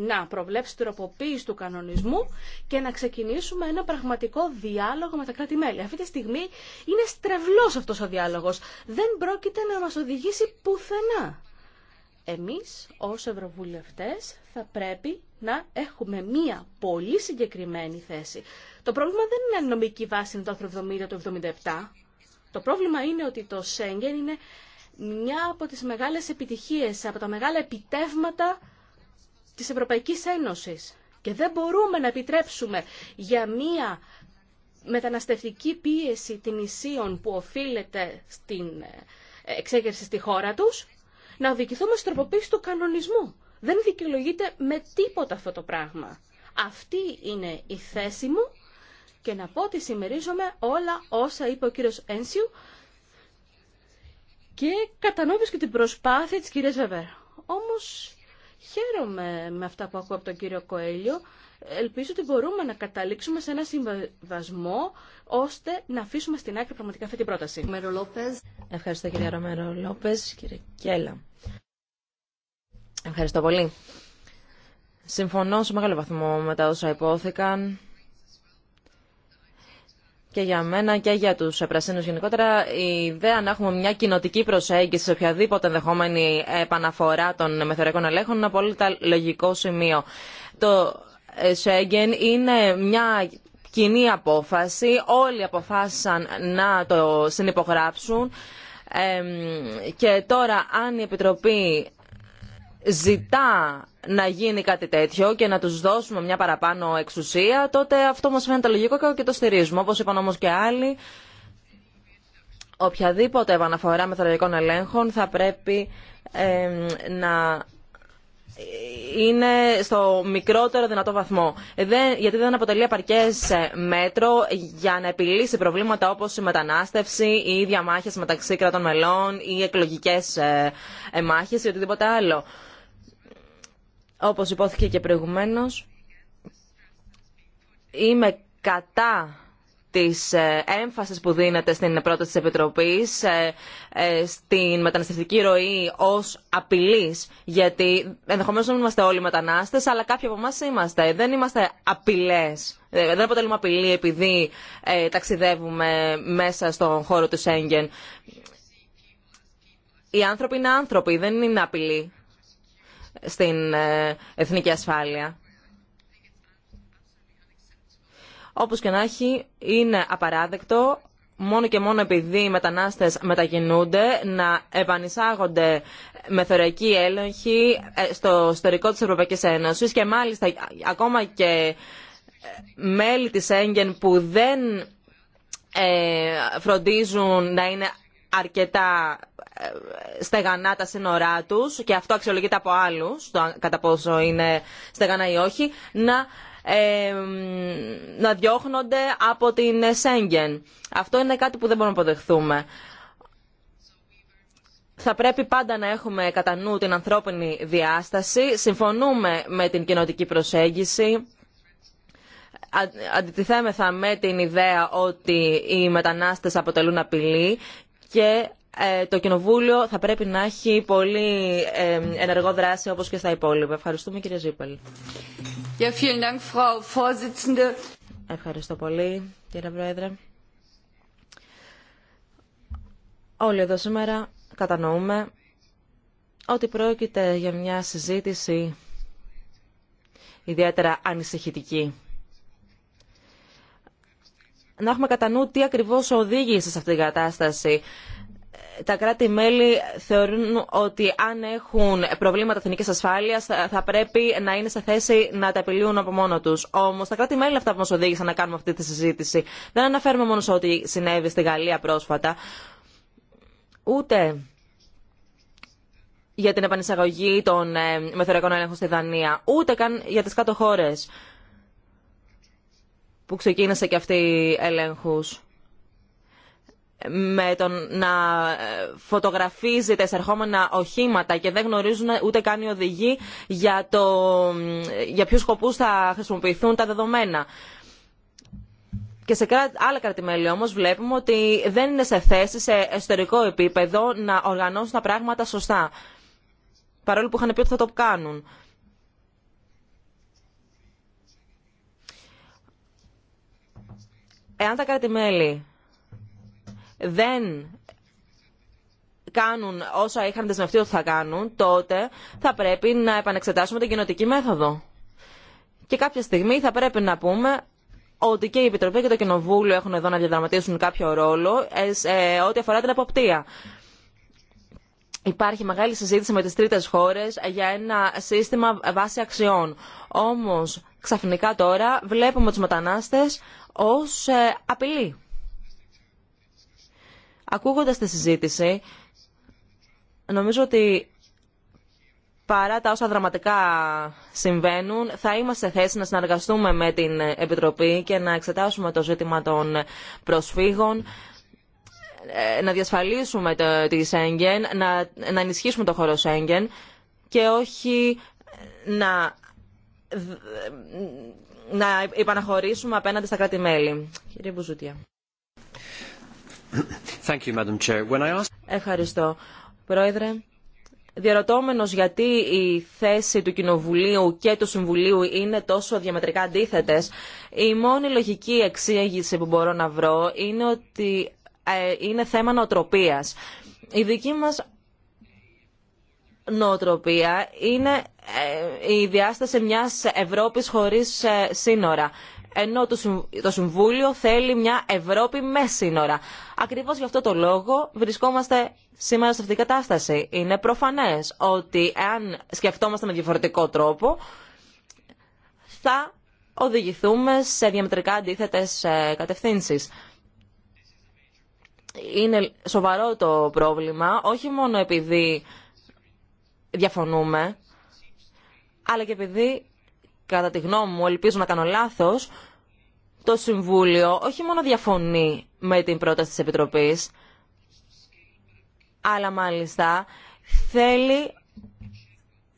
να προβλέψει τροποποίηση του κανονισμού και να ξεκινήσουμε ένα πραγματικό διάλογο με τα κράτη-μέλη. Αυτή τη στιγμή είναι στρεβλός αυτός ο διάλογος. Δεν πρόκειται να μας οδηγήσει πουθενά. Εμείς ως Ευρωβουλευτές θα πρέπει να έχουμε μία πολύ συγκεκριμένη θέση. Το πρόβλημα δεν είναι η νομική βάση είναι το άρθρο 70 του 77. Το πρόβλημα είναι ότι το Σέγγεν είναι μια από τις μεγάλες επιτυχίες, από τα μεγάλα επιτεύγματα της Ευρωπαϊκής Ένωσης. Και δεν μπορούμε να επιτρέψουμε για μία μεταναστευτική πίεση την νησίων που οφείλεται στην ε, εξέγερση στη χώρα τους, να οδηγηθούμε στην τροποποίηση του κανονισμού. Δεν δικαιολογείται με τίποτα αυτό το πράγμα. Αυτή είναι η θέση μου και να πω ότι συμμερίζομαι όλα όσα είπε ο κύριος Ένσιου και κατανόησα και την προσπάθεια της κυρίας Βεβέρ. Όμως Χαίρομαι με αυτά που ακούω από τον κύριο Κοέλιο. Ελπίζω ότι μπορούμε να καταλήξουμε σε ένα συμβασμό ώστε να αφήσουμε στην άκρη πραγματικά αυτή την πρόταση. Ευχαριστώ κύριε Ρομέρο Λόπε, κύριε Κέλλα. Ευχαριστώ πολύ. Συμφωνώ σε μεγάλο βαθμό με τα όσα υπόθηκαν και για μένα και για του πρασίνου γενικότερα η ιδέα να έχουμε μια κοινοτική προσέγγιση σε οποιαδήποτε ενδεχόμενη επαναφορά των μεθοριακών ελέγχων είναι ένα πολύ λογικό σημείο. Το Σέγγεν είναι μια κοινή απόφαση, όλοι αποφάσισαν να το συνυπογράψουν και τώρα αν η Επιτροπή ζητά να γίνει κάτι τέτοιο και να τους δώσουμε μια παραπάνω εξουσία, τότε αυτό μας φαίνεται λογικό και το στηρίζουμε. Όπως είπαν όμω και άλλοι, οποιαδήποτε επαναφορά μεθοδολογικών ελέγχων θα πρέπει ε, να είναι στο μικρότερο δυνατό βαθμό. Δεν, γιατί δεν αποτελεί επαρκέ ε, μέτρο για να επιλύσει προβλήματα όπως η μετανάστευση ή διαμάχες μεταξύ κρατών μελών ή εκλογικές ε, ε, μάχε ή οτιδήποτε άλλο. Όπως υπόθηκε και προηγουμένως, είμαι κατά της ε, έμφασης που δίνεται στην πρόταση της Επιτροπής ε, ε, στην μεταναστευτική ροή ως απειλής γιατί ενδεχομένως δεν είμαστε όλοι μετανάστες αλλά κάποιοι από εμά είμαστε. Δεν είμαστε απειλές. Δεν αποτελούμε απειλή επειδή ταξιδεύουμε μέσα στον χώρο του Σέγγεν. Οι άνθρωποι είναι άνθρωποι, δεν είναι απειλή στην ε, εθνική ασφάλεια. Όπως και να έχει, είναι απαράδεκτο μόνο και μόνο επειδή οι μετανάστες μετακινούνται να επανεισάγονται με θεωριακή έλεγχη ε, στο ιστορικό της Ευρωπαϊκής Ένωσης και μάλιστα ακόμα και ε, μέλη της Έγγεν που δεν φροντίζουν να είναι αρκετά στεγανά τα σύνορά του και αυτό αξιολογείται από άλλους, κατά πόσο είναι στεγανά ή όχι, να, να διώχνονται από την Σέγγεν. Αυτό είναι κάτι που δεν μπορούμε να αποδεχθούμε. Θα πρέπει πάντα να έχουμε κατά νου την ανθρώπινη διάσταση. Συμφωνούμε με την κοινοτική προσέγγιση. Αντιτιθέμεθα με την ιδέα ότι οι μετανάστες αποτελούν απειλή και ε, το Κοινοβούλιο θα πρέπει να έχει πολύ ε, ενεργό δράση όπως και στα υπόλοιπα. Ευχαριστούμε κύριε Ζήπελ. Ευχαριστώ πολύ κύριε Πρόεδρε. Όλοι εδώ σήμερα κατανοούμε ότι πρόκειται για μια συζήτηση ιδιαίτερα ανησυχητική. Να έχουμε κατά νου τι ακριβώς οδήγησε σε αυτήν την κατάσταση τα κράτη-μέλη θεωρούν ότι αν έχουν προβλήματα εθνική ασφάλεια θα πρέπει να είναι σε θέση να τα επιλύουν από μόνο του. Όμω τα κράτη-μέλη αυτά που μα οδήγησαν να κάνουμε αυτή τη συζήτηση δεν αναφέρουμε μόνο σε ό,τι συνέβη στη Γαλλία πρόσφατα, ούτε για την επανεισαγωγή των ε, μεθοριακών έλεγχων στη Δανία, ούτε καν για τι κάτω χώρε που ξεκίνησε και αυτή ελέγχου με τον να ε, φωτογραφίζει τα εισερχόμενα οχήματα και δεν γνωρίζουν ούτε καν οι οδηγοί για, το, για ποιους σκοπούς θα χρησιμοποιηθούν τα δεδομένα. Και σε άλλα κρατημέλη όμως βλέπουμε ότι δεν είναι σε θέση σε εσωτερικό επίπεδο να οργανώσουν τα πράγματα σωστά. Παρόλο που είχαν πει ότι θα το κάνουν. Εάν τα κρατημέλη δεν κάνουν όσα είχαν δεσμευτεί ότι θα κάνουν, τότε θα πρέπει να επανεξετάσουμε την κοινοτική μέθοδο. Και κάποια στιγμή θα πρέπει να πούμε ότι και η Επιτροπή και το Κοινοβούλιο έχουν εδώ να διαδραματίσουν κάποιο ρόλο ε, ε, ό,τι αφορά την αποπτία. Υπάρχει μεγάλη συζήτηση με τις τρίτες χώρες για ένα σύστημα βάση αξιών. Όμως ξαφνικά τώρα βλέπουμε τους μετανάστες ως ε, απειλή. Ακούγοντα τη συζήτηση, νομίζω ότι παρά τα όσα δραματικά συμβαίνουν, θα είμαστε σε θέση να συνεργαστούμε με την Επιτροπή και να εξετάσουμε το ζήτημα των προσφύγων, ε, να διασφαλίσουμε τη Σέγγεν, να, ενισχύσουμε το χώρο Σέγγεν και όχι ε, να, ε, να υπαναχωρήσουμε απέναντι στα κράτη-μέλη. Ευχαριστώ. Πρόεδρε, διαρωτώμενος γιατί η θέση του Κοινοβουλίου και του Συμβουλίου είναι τόσο διαμετρικά αντίθετες, η μόνη λογική εξήγηση που μπορώ να βρω είναι ότι ε, είναι θέμα νοοτροπίας. Η δική μας νοοτροπία είναι ε, η διάσταση μιας Ευρώπης χωρίς ε, σύνορα ενώ το Συμβούλιο θέλει μια Ευρώπη με σύνορα. Ακριβώς γι' αυτό το λόγο βρισκόμαστε σήμερα σε αυτή την κατάσταση. Είναι προφανές ότι αν σκεφτόμαστε με διαφορετικό τρόπο θα οδηγηθούμε σε διαμετρικά αντίθετε ε, κατευθύνσεις. Είναι σοβαρό το πρόβλημα, όχι μόνο επειδή διαφωνούμε, αλλά και επειδή κατά τη γνώμη μου, ελπίζω να κάνω λάθος, το Συμβούλιο όχι μόνο διαφωνεί με την πρόταση της Επιτροπής, αλλά μάλιστα θέλει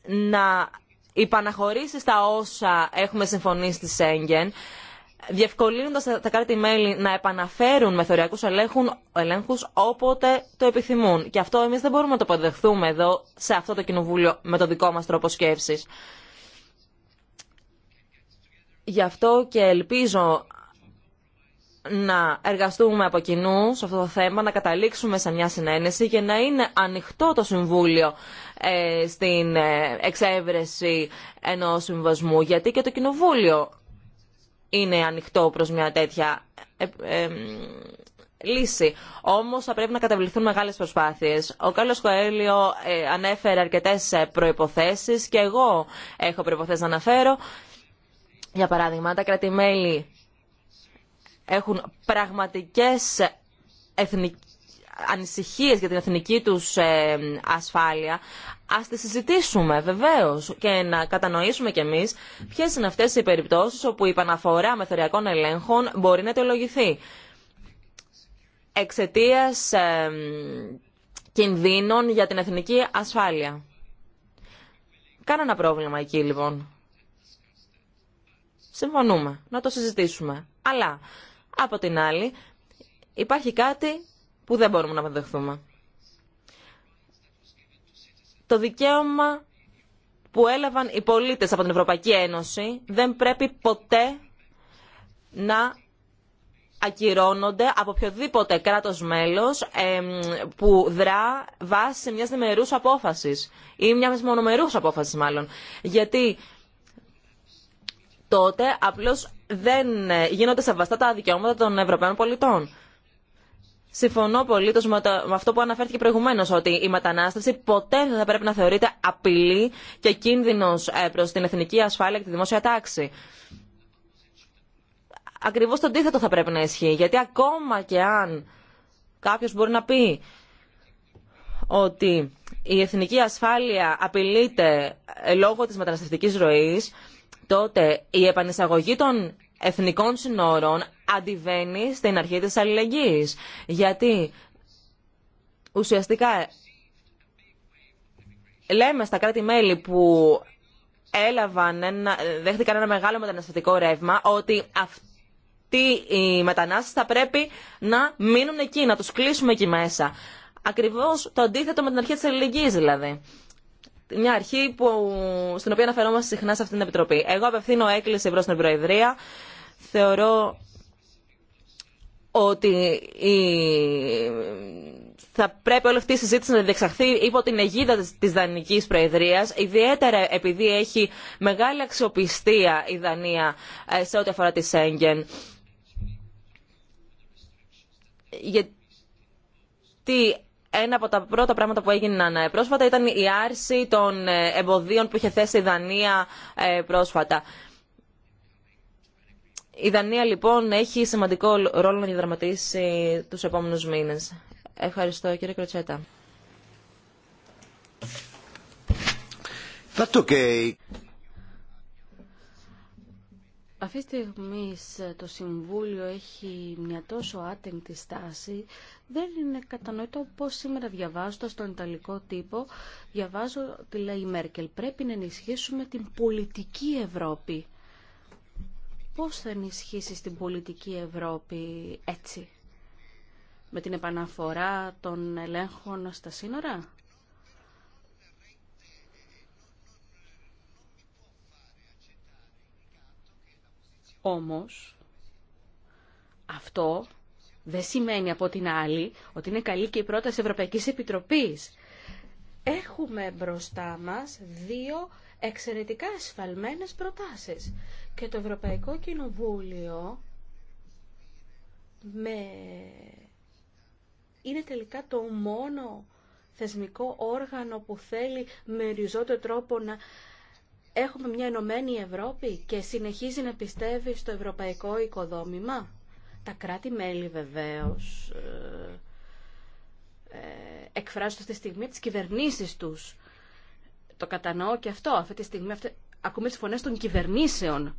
να υπαναχωρήσει στα όσα έχουμε συμφωνήσει στη Σέγγεν, διευκολύνοντας τα κράτη-μέλη να επαναφέρουν μεθοριακούς ελέγχους όποτε το επιθυμούν. Και αυτό εμείς δεν μπορούμε να το αποδεχθούμε εδώ, σε αυτό το Κοινοβούλιο, με το δικό μας τρόπο σκέψης. Γι' αυτό και ελπίζω να εργαστούμε από κοινού σε αυτό το θέμα, να καταλήξουμε σε μια συνένεση και να είναι ανοιχτό το Συμβούλιο ε, στην ε, εξέβρεση ενός συμβασμού. Γιατί και το Κοινοβούλιο είναι ανοιχτό προς μια τέτοια ε, λύση. Όμως θα πρέπει να καταβληθούν μεγάλες προσπάθειες. Ο Κάλλος Κοέλιο ανέφερε αρκετές προϋποθέσεις και εγώ έχω προϋποθέσεις να αναφέρω. Για παράδειγμα, τα κράτη-μέλη έχουν πραγματικές εθνικ... ανησυχίες για την εθνική τους ε, ασφάλεια, ας τις συζητήσουμε βεβαίως και να κατανοήσουμε κι εμείς ποιες είναι αυτές οι περιπτώσεις όπου η παναφορά μεθοριακών ελέγχων μπορεί να τελογηθεί. Εξαιτίας ε, κινδύνων για την εθνική ασφάλεια. Κάνα ένα πρόβλημα εκεί λοιπόν. Συμφωνούμε, να το συζητήσουμε. Αλλά, από την άλλη, υπάρχει κάτι που δεν μπορούμε να αποδεχθούμε. Το δικαίωμα που έλαβαν οι πολίτες από την Ευρωπαϊκή Ένωση δεν πρέπει ποτέ να ακυρώνονται από οποιοδήποτε κράτος μέλος που δρά βάσει μιας διμερούς απόφασης ή μιας μονομερούς απόφασης μάλλον. Γιατί τότε απλώς δεν ε, γίνονται σεβαστά τα δικαιώματα των Ευρωπαίων πολιτών. Συμφωνώ πολύ με, αυτό που αναφέρθηκε προηγουμένω, ότι η μετανάστευση ποτέ δεν θα πρέπει να θεωρείται απειλή και κίνδυνο ε, προ την εθνική ασφάλεια και τη δημόσια τάξη. Ακριβώ το αντίθετο θα πρέπει να ισχύει, γιατί ακόμα και αν κάποιο μπορεί να πει ότι η εθνική ασφάλεια απειλείται ε, λόγω της μεταναστευτικής ροής, τότε η επανεισαγωγή των εθνικών συνόρων αντιβαίνει στην αρχή της αλληλεγγύης. Γιατί ουσιαστικά λέμε στα κράτη-μέλη που έλαβαν ένα, δέχτηκαν ένα μεγάλο μεταναστευτικό ρεύμα ότι αυτοί οι μετανάστες θα πρέπει να μείνουν εκεί, να τους κλείσουμε εκεί μέσα. Ακριβώς το αντίθετο με την αρχή της αλληλεγγύης δηλαδή μια αρχή που, στην οποία αναφερόμαστε συχνά σε αυτήν την Επιτροπή. Εγώ απευθύνω έκκληση προ την Προεδρία. Θεωρώ ότι θα πρέπει όλη αυτή η συζήτηση να διεξαχθεί υπό την αιγίδα της Δανική Προεδρία, ιδιαίτερα επειδή έχει μεγάλη αξιοπιστία η Δανία ε, σε ό,τι αφορά τη Σέγγεν. Γιατί ένα από τα πρώτα πράγματα που έγιναν ε, πρόσφατα ήταν η άρση των ε, εμποδίων που είχε θέσει η Δανία ε, πρόσφατα. Η Δανία λοιπόν έχει σημαντικό ρόλο να διαδραματίσει τους επόμενους μήνες. Ευχαριστώ κύριε Κροτσέτα. Αυτή τη στιγμή το Συμβούλιο έχει μια τόσο άτεγκτη στάση. Δεν είναι κατανοητό πώς σήμερα διαβάζω τον Ιταλικό τύπο, διαβάζω τη λέει η Μέρκελ. Πρέπει να ενισχύσουμε την πολιτική Ευρώπη. Πώς θα ενισχύσει την πολιτική Ευρώπη έτσι, με την επαναφορά των ελέγχων στα σύνορα. Όμως, αυτό δεν σημαίνει από την άλλη ότι είναι καλή και η πρόταση Ευρωπαϊκής Επιτροπής. Έχουμε μπροστά μας δύο εξαιρετικά ασφαλμένες προτάσεις. Και το Ευρωπαϊκό Κοινοβούλιο με... είναι τελικά το μόνο θεσμικό όργανο που θέλει με ριζότερο τρόπο να έχουμε μια ενωμένη Ευρώπη και συνεχίζει να πιστεύει στο ευρωπαϊκό οικοδόμημα. Τα κράτη-μέλη βεβαίως ε, ε, εκφράζονται στη στιγμή τις κυβερνήσεις τους. Το κατανοώ και αυτό. Αυτή τη στιγμή ακούμε τις φωνές των κυβερνήσεων.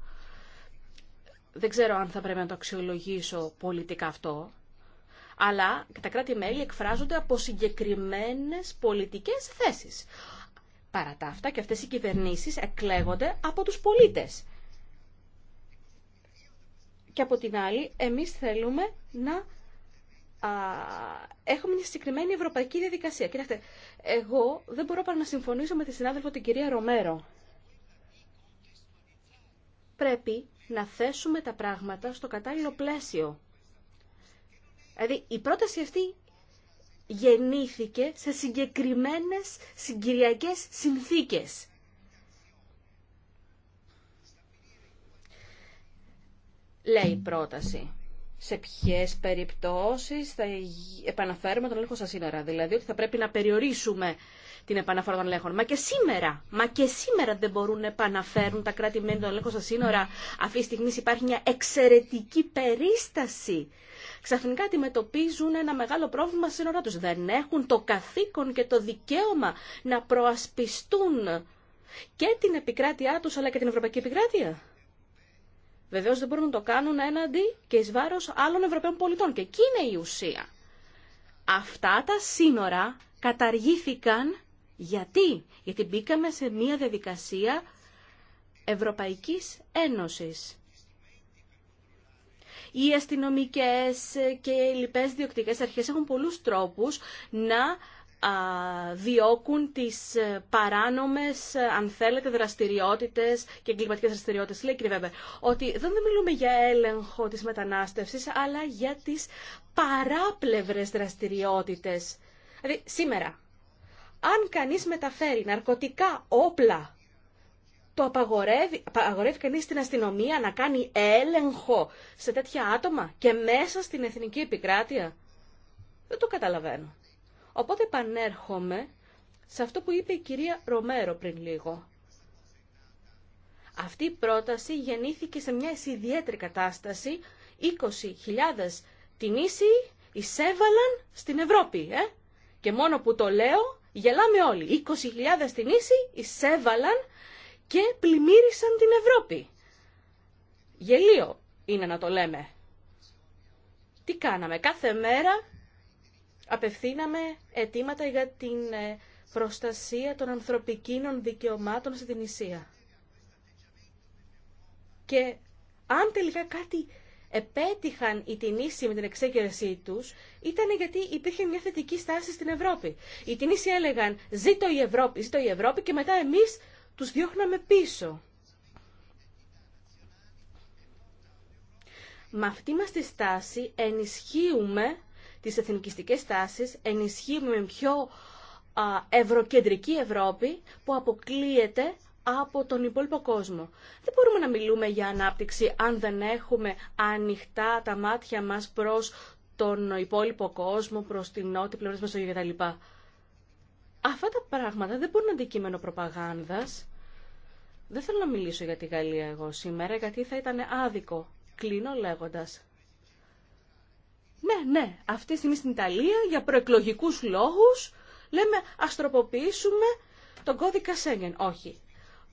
Δεν ξέρω αν θα πρέπει να το αξιολογήσω πολιτικά αυτό. Αλλά τα κράτη-μέλη εκφράζονται από συγκεκριμένες πολιτικές θέσεις. Παρά τα αυτά και αυτές οι κυβερνήσεις εκλέγονται από τους πολίτες. Και από την άλλη, εμείς θέλουμε να α, έχουμε μια συγκεκριμένη ευρωπαϊκή διαδικασία. Κοιτάξτε, εγώ δεν μπορώ παρά να συμφωνήσω με τη συνάδελφο την κυρία Ρομέρο. Πρέπει να θέσουμε τα πράγματα στο κατάλληλο πλαίσιο. Δηλαδή, η πρόταση αυτή γεννήθηκε σε συγκεκριμένες συγκυριακές συνθήκες. Λέει η πρόταση σε ποιε περιπτώσει θα επαναφέρουμε τον έλεγχο στα σύνορα. Δηλαδή ότι θα πρέπει να περιορίσουμε την επαναφορά των ελέγχων. Μα και σήμερα, μα και σήμερα δεν μπορούν να επαναφέρουν τα κράτη-μέλη των ελέγχων στα σύνορα. Αυτή τη στιγμή υπάρχει μια εξαιρετική περίσταση ξαφνικά αντιμετωπίζουν ένα μεγάλο πρόβλημα στα σύνορά του. Δεν έχουν το καθήκον και το δικαίωμα να προασπιστούν και την επικράτειά του αλλά και την ευρωπαϊκή επικράτεια. Βεβαίω δεν μπορούν να το κάνουν έναντι και ει βάρο άλλων Ευρωπαίων πολιτών. Και εκεί είναι η ουσία. Αυτά τα σύνορα καταργήθηκαν γιατί, γιατί μπήκαμε σε μια διαδικασία Ευρωπαϊκής Ένωσης. Οι αστυνομικές και οι λοιπές διοκτικές αρχές έχουν πολλούς τρόπους να διώκουν τις ε, παράνομες, ε, αν θέλετε, δραστηριότητες και εγκληματικέ δραστηριότητες. Λέει κύριε Βέμπερ, ότι δεν μιλούμε για έλεγχο της μετανάστευσης, αλλά για τις παράπλευρες δραστηριότητες. Δηλαδή, σήμερα, αν κανείς μεταφέρει ναρκωτικά όπλα, το απαγορεύει, απαγορεύει κανείς την αστυνομία να κάνει έλεγχο σε τέτοια άτομα και μέσα στην εθνική επικράτεια. Δεν το καταλαβαίνω. Οπότε επανέρχομαι σε αυτό που είπε η κυρία Ρομέρο πριν λίγο. Αυτή η πρόταση γεννήθηκε σε μια ιδιαίτερη κατάσταση. 20.000 την ίση εισέβαλαν στην Ευρώπη. Ε? Και μόνο που το λέω Γελάμε όλοι. 20.000 στην ίση εισέβαλαν και πλημμύρισαν την Ευρώπη. Γελίο είναι να το λέμε. Τι κάναμε. Κάθε μέρα απευθύναμε αιτήματα για την ε, προστασία των ανθρωπικίνων δικαιωμάτων στην Ισία. Και αν τελικά κάτι επέτυχαν οι Τινήσιοι με την εξέγερσή του. ήταν γιατί υπήρχε μια θετική στάση στην Ευρώπη. Οι Τινήσιοι έλεγαν «Ζήτω η Ευρώπη, ζήτω η Ευρώπη» και μετά εμείς τους διώχναμε πίσω. Με αυτή μας τη στάση ενισχύουμε τις εθνικιστικές στάσεις, ενισχύουμε πιο ευρωκεντρική Ευρώπη που αποκλείεται από τον υπόλοιπο κόσμο. Δεν μπορούμε να μιλούμε για ανάπτυξη αν δεν έχουμε ανοιχτά τα μάτια μας προς τον υπόλοιπο κόσμο, προς την νότια πλευρά Μεσογείου κτλ. Αυτά τα πράγματα δεν μπορούν να αντικείμενο προπαγάνδας. Δεν θέλω να μιλήσω για τη Γαλλία εγώ σήμερα, γιατί θα ήταν άδικο. Κλείνω λέγοντας. Ναι, ναι, αυτή τη στιγμή στην Ιταλία για προεκλογικούς λόγους λέμε αστροποποιήσουμε τον κώδικα Σέγγεν. Όχι,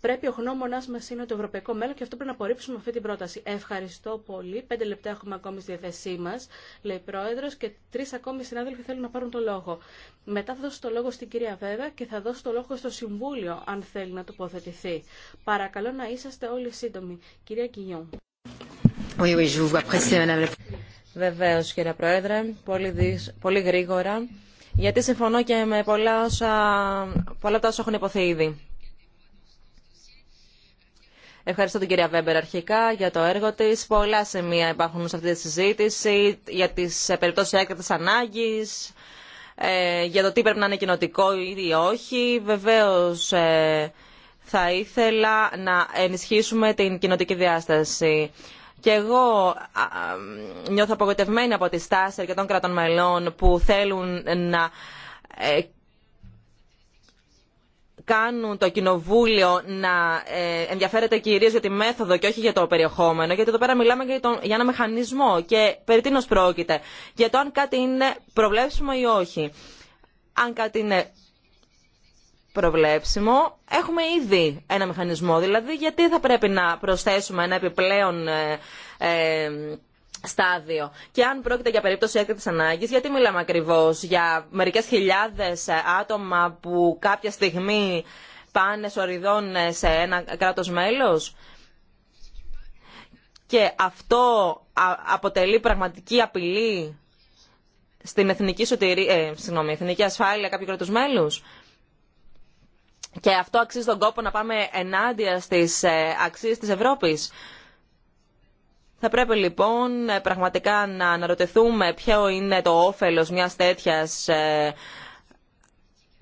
Πρέπει ο γνώμονας μα είναι το ευρωπαϊκό μέλλον και αυτό πρέπει να απορρίψουμε αυτή την πρόταση. Ευχαριστώ πολύ. Πέντε λεπτά έχουμε ακόμη στη διαθέσή μα, λέει πρόεδρο, και τρει ακόμη συνάδελφοι θέλουν να πάρουν το λόγο. Μετά θα δώσω το λόγο στην κυρία Βέβα και θα δώσω το λόγο στο Συμβούλιο, αν θέλει να τοποθετηθεί. Παρακαλώ να είσαστε όλοι σύντομοι. Κυρία Κιγιόν. Oui, oui, je vous Βεβαίω, κύριε Πρόεδρε, πολύ, δυσ... πολύ γρήγορα, γιατί συμφωνώ και με πολλά, πολλά όσα έχουν υποθεί ήδη. Ευχαριστώ την κυρία Βέμπερ αρχικά για το έργο της. Πολλά σημεία υπάρχουν σε αυτή τη συζήτηση για τις ε, περιπτώσεις έκτατη ανάγκης, ε, για το τι πρέπει να είναι κοινοτικό ή όχι. Βεβαίως ε, θα ήθελα να ενισχύσουμε την κοινοτική διάσταση. Και εγώ νιώθω απογοητευμένη από τη στάση αρκετών κρατών μελών που θέλουν να κάνουν το Κοινοβούλιο να ε, ενδιαφέρεται κυρίως για τη μέθοδο και όχι για το περιεχόμενο, γιατί εδώ πέρα μιλάμε για, τον, για ένα μηχανισμό και περί τίνο πρόκειται, για το αν κάτι είναι προβλέψιμο ή όχι. Αν κάτι είναι προβλέψιμο, έχουμε ήδη ένα μηχανισμό, δηλαδή γιατί θα πρέπει να προσθέσουμε ένα επιπλέον ε, ε, στάδιο. Και αν πρόκειται για περίπτωση έκτακτη ανάγκη, γιατί μιλάμε ακριβώ για μερικέ χιλιάδε ε, άτομα που κάποια στιγμή πάνε σοριδών ε, σε ένα κράτο μέλο. Και αυτό αποτελεί πραγματική απειλή στην εθνική, σωτηρία, ε, συγγνώμη, εθνική ασφάλεια κάποιου κράτου μέλους. Και αυτό αξίζει τον κόπο να πάμε ενάντια στις αξίες της Ευρώπης. Θα πρέπει λοιπόν ε, πραγματικά να αναρωτηθούμε ποιο είναι το όφελος μιας τέτοιας ε,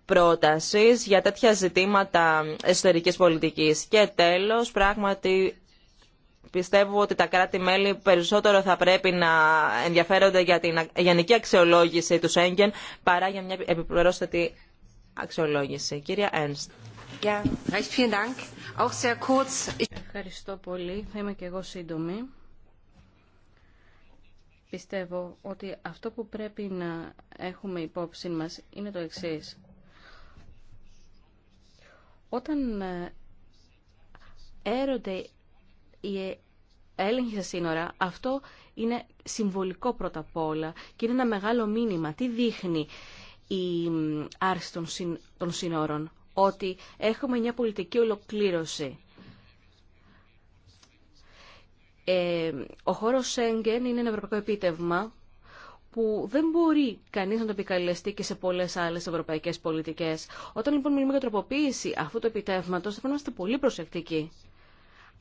πρότασης για τέτοια ζητήματα εσωτερικής πολιτικής. Και τέλος, πράγματι πιστεύω ότι τα κράτη-μέλη περισσότερο θα πρέπει να ενδιαφέρονται για την γενική αξιολόγηση του Σέγγεν παρά για μια επιπρόσθετη αξιολόγηση. Κυρία Ένστ. Ευχαριστώ πολύ. Θα είμαι και εγώ σύντομη πιστεύω ότι αυτό που πρέπει να έχουμε υπόψη μας είναι το εξής. Όταν ε, έρονται η έλεγχοι στα σύνορα, αυτό είναι συμβολικό πρώτα απ' όλα και είναι ένα μεγάλο μήνυμα. Τι δείχνει η άρση των σύνορων. Ότι έχουμε μια πολιτική ολοκλήρωση ε, ο χώρο Σέγγεν είναι ένα ευρωπαϊκό επίτευγμα που δεν μπορεί κανεί να το επικαλεστεί και σε πολλέ άλλε ευρωπαϊκέ πολιτικέ. Όταν λοιπόν μιλούμε για τροποποίηση αυτού του επιτεύγματο, θα πρέπει να είμαστε πολύ προσεκτικοί.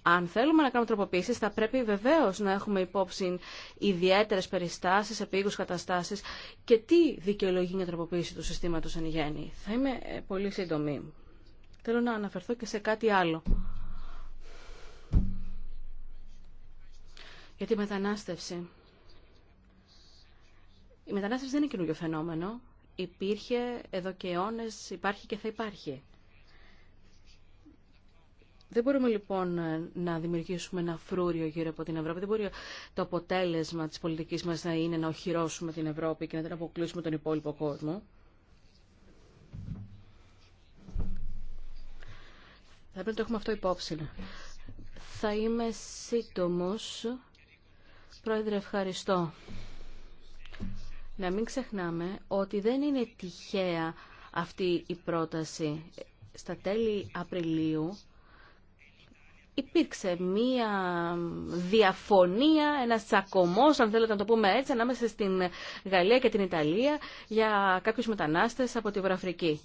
Αν θέλουμε να κάνουμε τροποποίησεις, θα πρέπει βεβαίω να έχουμε υπόψη ιδιαίτερες περιστάσεις, επίγου καταστάσει και τι δικαιολογεί μια τροποποίηση του συστήματο εν γέννη. Θα είμαι ε, πολύ σύντομη. Θέλω να αναφερθώ και σε κάτι άλλο. για τη μετανάστευση. Η μετανάστευση δεν είναι καινούριο φαινόμενο. Υπήρχε εδώ και αιώνες, υπάρχει και θα υπάρχει. Δεν μπορούμε λοιπόν να δημιουργήσουμε ένα φρούριο γύρω από την Ευρώπη. Δεν μπορεί το αποτέλεσμα της πολιτικής μας να είναι να οχυρώσουμε την Ευρώπη και να την αποκλείσουμε τον υπόλοιπο κόσμο. Θα πρέπει να το έχουμε αυτό υπόψη. Θα είμαι σύντομος Πρόεδρε, ευχαριστώ. Να μην ξεχνάμε ότι δεν είναι τυχαία αυτή η πρόταση. Στα τέλη Απριλίου υπήρξε μία διαφωνία, ένας τσακωμός, αν θέλετε να το πούμε έτσι, ανάμεσα στην Γαλλία και την Ιταλία για κάποιους μετανάστες από τη Βορραφρική.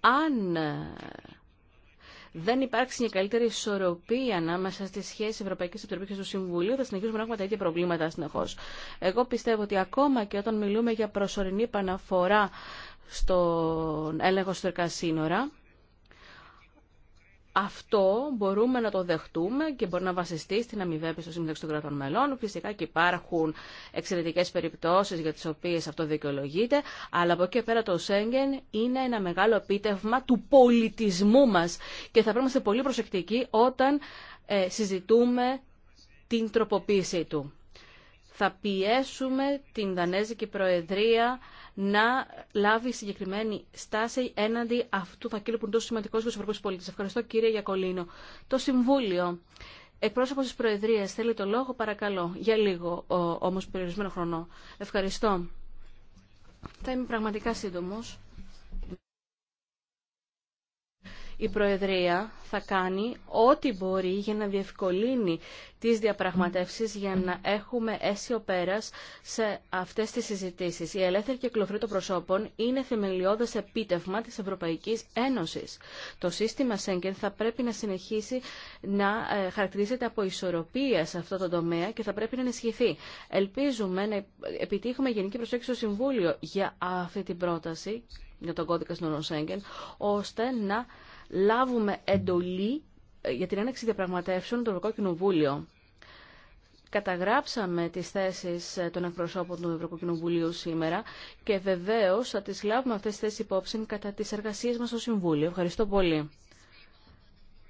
Αν δεν υπάρξει μια καλύτερη ισορροπία ανάμεσα στι σχέση Ευρωπαϊκή Επιτροπή και του Συμβουλίου, θα συνεχίσουμε να έχουμε τα ίδια προβλήματα συνεχώ. Εγώ πιστεύω ότι ακόμα και όταν μιλούμε για προσωρινή επαναφορά στον έλεγχο στο σύνορα, αυτό μπορούμε να το δεχτούμε και μπορεί να βασιστεί στην αμοιβή επιστοσύνη μεταξύ των κρατών μελών. Φυσικά και υπάρχουν εξαιρετικέ περιπτώσει για τι οποίε αυτό δικαιολογείται, αλλά από εκεί πέρα το Σέγγεν είναι ένα μεγάλο επίτευγμα του πολιτισμού μα και θα πρέπει να είμαστε πολύ προσεκτικοί όταν ε, συζητούμε την τροποποίησή του. Θα πιέσουμε την Δανέζικη Προεδρία να λάβει συγκεκριμένη στάση έναντι αυτού του φακέλου που είναι τόσο σημαντικό για του Ευρωπαίου πολίτε. Ευχαριστώ κύριε Γιακολίνο. Το Συμβούλιο. Εκπρόσωπο τη Προεδρία θέλει το λόγο, παρακαλώ. Για λίγο όμω περιορισμένο χρονό. Ευχαριστώ. Θα είμαι πραγματικά σύντομο η Προεδρία θα κάνει ό,τι μπορεί για να διευκολύνει τις διαπραγματεύσεις για να έχουμε αίσιο πέρας σε αυτές τις συζητήσεις. Η ελεύθερη κυκλοφορία των προσώπων είναι θεμελιώδες επίτευγμα της Ευρωπαϊκής Ένωσης. Το σύστημα Σέγγεν θα πρέπει να συνεχίσει να ε, χαρακτηρίζεται από ισορροπία σε αυτό το τομέα και θα πρέπει να ενισχυθεί. Ελπίζουμε να επιτύχουμε γενική προσέγγιση στο Συμβούλιο για αυτή την πρόταση για τον κώδικα συνολών ώστε να λάβουμε εντολή ε, για την έναξη διαπραγματεύσεων του Ευρωπαϊκού Κοινοβούλιο. Καταγράψαμε τις θέσεις ε, των εκπροσώπων του Ευρωκοινοβουλίου σήμερα και βεβαίως θα τις λάβουμε αυτές τις θέσεις υπόψη κατά τις εργασίες μας στο Συμβούλιο. Ευχαριστώ πολύ.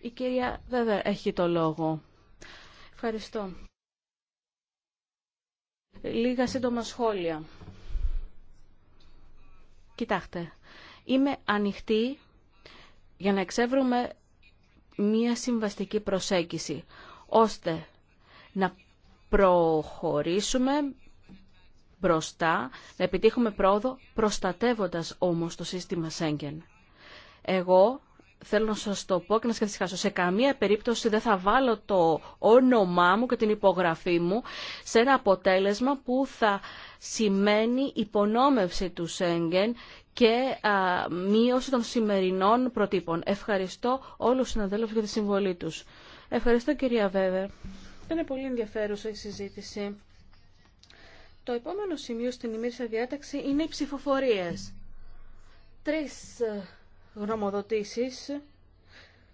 Η κυρία βέβαια, έχει το λόγο. Ευχαριστώ. Λίγα σύντομα σχόλια. Κοιτάξτε, είμαι ανοιχτή για να εξεύρουμε μία συμβαστική προσέγγιση, ώστε να προχωρήσουμε μπροστά, να επιτύχουμε πρόοδο, προστατεύοντας όμως το σύστημα Σέγγεν. Εγώ θέλω να σας το πω και να σας Σε καμία περίπτωση δεν θα βάλω το όνομά μου και την υπογραφή μου σε ένα αποτέλεσμα που θα σημαίνει υπονόμευση του Σέγγεν και α, μείωση των σημερινών προτύπων. Ευχαριστώ όλους τους συναδέλφους για τη συμβολή τους. Ευχαριστώ κυρία Βέβερ. Ήταν πολύ ενδιαφέρουσα η συζήτηση. Το επόμενο σημείο στην ημερήσια διάταξη είναι οι ψηφοφορίες. Τρεις ε, γνωμοδοτήσεις,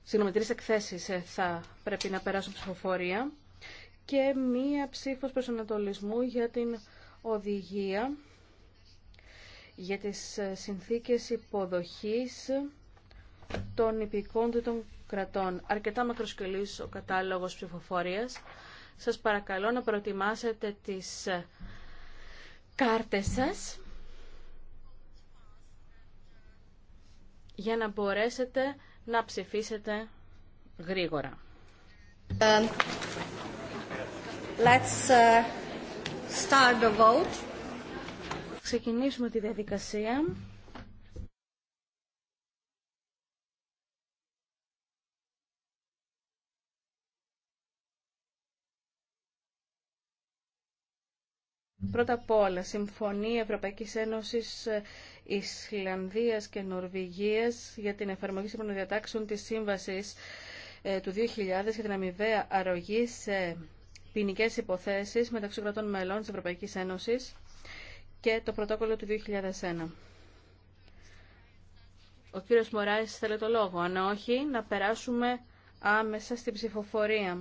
συγγνώμη, τρεις εκθέσεις ε, θα πρέπει να περάσουν ψηφοφορία και μία ψήφος προσανατολισμού για την οδηγία για τις ε, συνθήκες υποδοχής των υπηκών των κρατών. Αρκετά μακροσκελής ο κατάλογος ψηφοφορίας. Σας παρακαλώ να προετοιμάσετε τις ε, κάρτες σας. για να μπορέσετε να ψηφίσετε γρήγορα. Um, let's uh, start the vote. Ξεκινήσουμε τη διαδικασία. Πρώτα απ' όλα, Συμφωνία Ευρωπαϊκής Ένωσης Ισλανδίας και Νορβηγίας για την εφαρμογή σύμφωνων διατάξεων της Σύμβασης ε, του 2000 για την αμοιβαία αρρωγή σε ποινικέ υποθέσεις μεταξύ κρατών μελών της Ευρωπαϊκής Ένωσης και το πρωτόκολλο του 2001. Ο κύριος Μωράης θέλει το λόγο. Αν όχι, να περάσουμε άμεσα στην ψηφοφορία.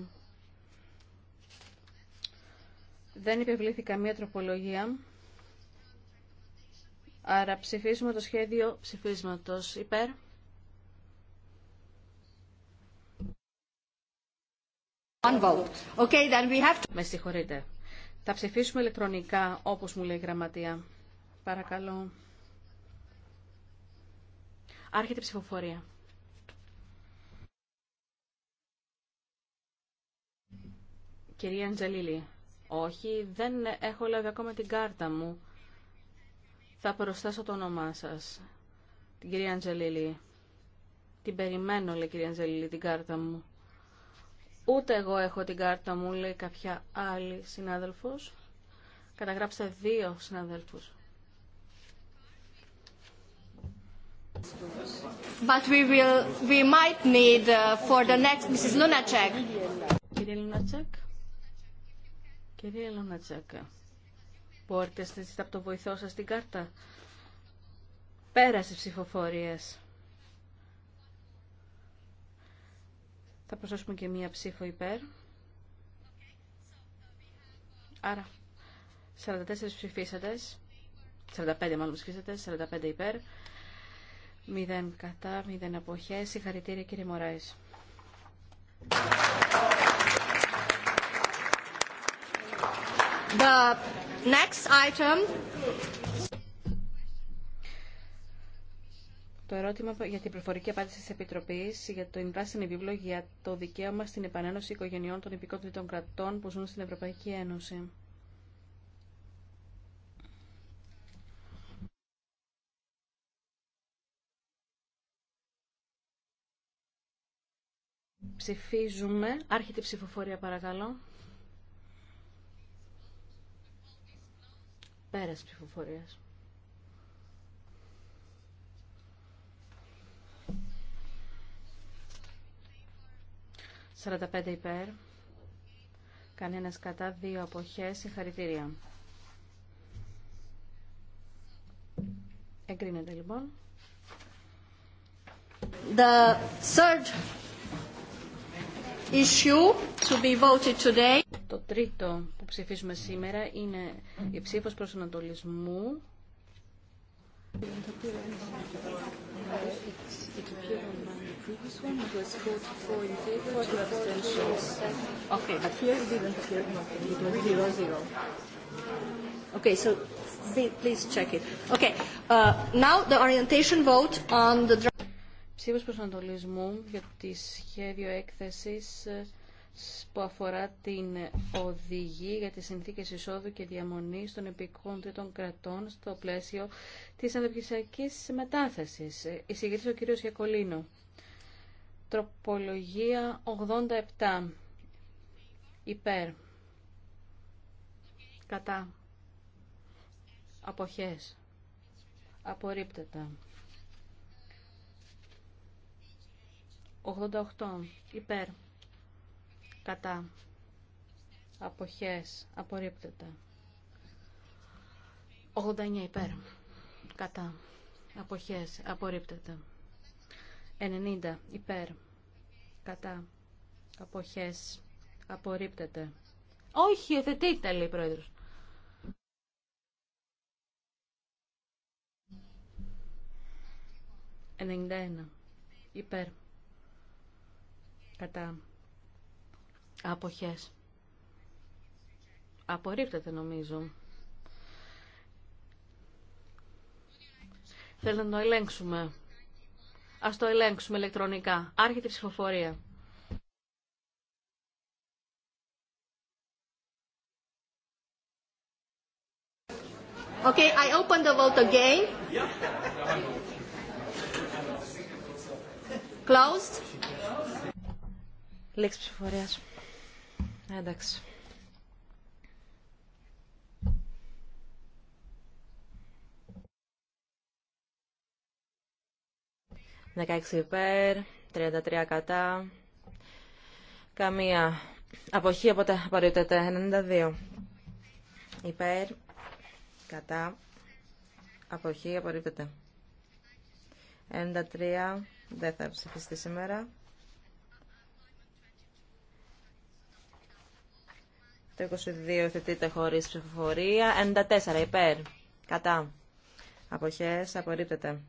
Δεν υπευλήθη καμία τροπολογία. Άρα ψηφίσουμε το σχέδιο ψηφίσματος υπέρ. One vote. Okay, then we have to... Με συγχωρείτε. Θα ψηφίσουμε ηλεκτρονικά, όπως μου λέει η γραμματεία. Παρακαλώ. Άρχεται η ψηφοφορία. Κυρία Αντζαλίλη, όχι, δεν έχω λάβει ακόμα την κάρτα μου. Θα προσθέσω το όνομά σας. Την κυρία Αντζελίλη. Την περιμένω, λέει κυρία Αντζελίλη, την κάρτα μου. Ούτε εγώ έχω την κάρτα μου, λέει κάποια άλλη συνάδελφος. Καταγράψτε δύο συναδέλφους. But we will, we might need uh, for the next Mrs. Lunacek. Κυρία Λουνατσέκ. Κυρία Λουνατσέκ. Μπορείτε να ζητήσετε από το βοηθό σα την κάρτα. Πέρασε ψηφοφορίας. Θα προσθέσουμε και μία ψήφο υπέρ. Άρα, 44 ψηφίσατε. 45 μάλλον ψηφίσατε. 45 υπέρ, 0 κατά, 0 αποχέ. Συγχαρητήρια κύριε Μωράη. Next item. Το ερώτημα για την προφορική απάντηση τη Επιτροπής για το πράσινη Βίβλο για το δικαίωμα στην επανένωση οικογενειών των υπηκών των κρατών που ζουν στην Ευρωπαϊκή Ένωση. Ψηφίζουμε. Άρχεται η ψηφοφορία παρακαλώ. Πέρας ψηφοφορίας. Σαράντα πέντε υπέρ. Κανένας κατά δύο αποχές. Συγχαρητήρια. Εγκρίνεται λοιπόν. The third issue to be voted today. Το τρίτο που ψηφίζουμε σήμερα είναι η ψήφος προς προσανατολισμού. Okay, so please check it. Okay, uh, now the orientation vote on the. Ψήφος προσανατολισμού για τη σχέδιο έκθεσης που αφορά την οδηγή για τις συνθήκες εισόδου και διαμονής των επικών τρίτων κρατών στο πλαίσιο της ανθρωπιστικής μετάθεσης. Εισηγητής ο κύριος Γιακολίνο. Τροπολογία 87. Υπέρ. Κατά. Αποχές. Απορρίπτετα. 88. Υπέρ κατά αποχές απορρίπτεται 89 υπέρ κατά αποχές απορρίπτεται 90 υπέρ κατά αποχές απορρίπτεται όχι υιοθετείται λέει η πρόεδρος «91. Υπέρ. Κατά. Αποχές. Απορρίπτεται νομίζω. Θέλω να το ελέγξουμε. Ας το ελέγξουμε ηλεκτρονικά. Άρχεται η ψηφοφορία. Okay, I open the vote again. Closed. Λήξη ε, εντάξει. Δεκαέξι υπέρ, 33 κατά, καμία αποχή, οπότε απορρίπτεται 92. Υπέρ, κατά, αποχή, απορρίπτεται. 93, δεν θα ψηφιστεί σήμερα. Το 22 υιοθετείται χωρίς ψηφοφορία. 94 υπέρ. Κατά. Αποχές απορρίπτεται.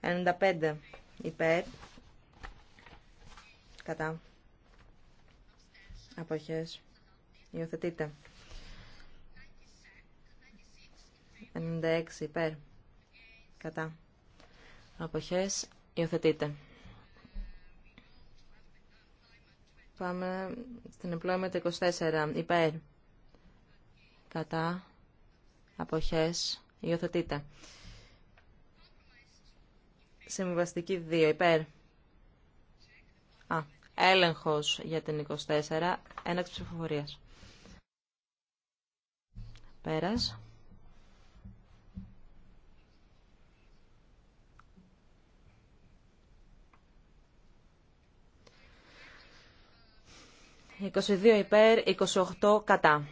95 υπέρ. Κατά. Αποχές. Υιοθετείται. 96 υπέρ. Κατά. Αποχές. Υιοθετείται. Πάμε στην το 24. Υπέρ. Κατά. Αποχές. Υιοθετείτε. Συμβαστική 2. Υπέρ. Α, έλεγχος για την 24. Έναξη ψηφοφορίας. Πέρας. 22 υπέρ, 28 κατά.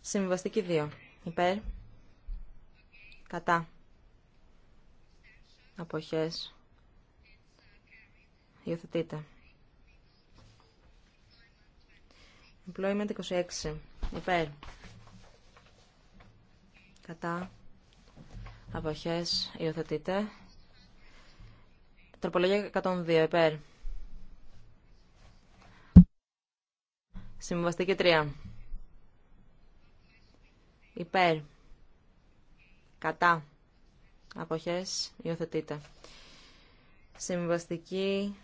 Συμβιβαστική 2. Υπέρ. Κατά. Αποχές. Υιοθετείτε. Employment 26. Υπέρ. Κατά. Αποχές. Υιοθετείτε. Τροπολογία 102 υπέρ. Συμβαστική 3. Υπέρ. Κατά. Αποχές. Υιοθετείτε. Συμβαστική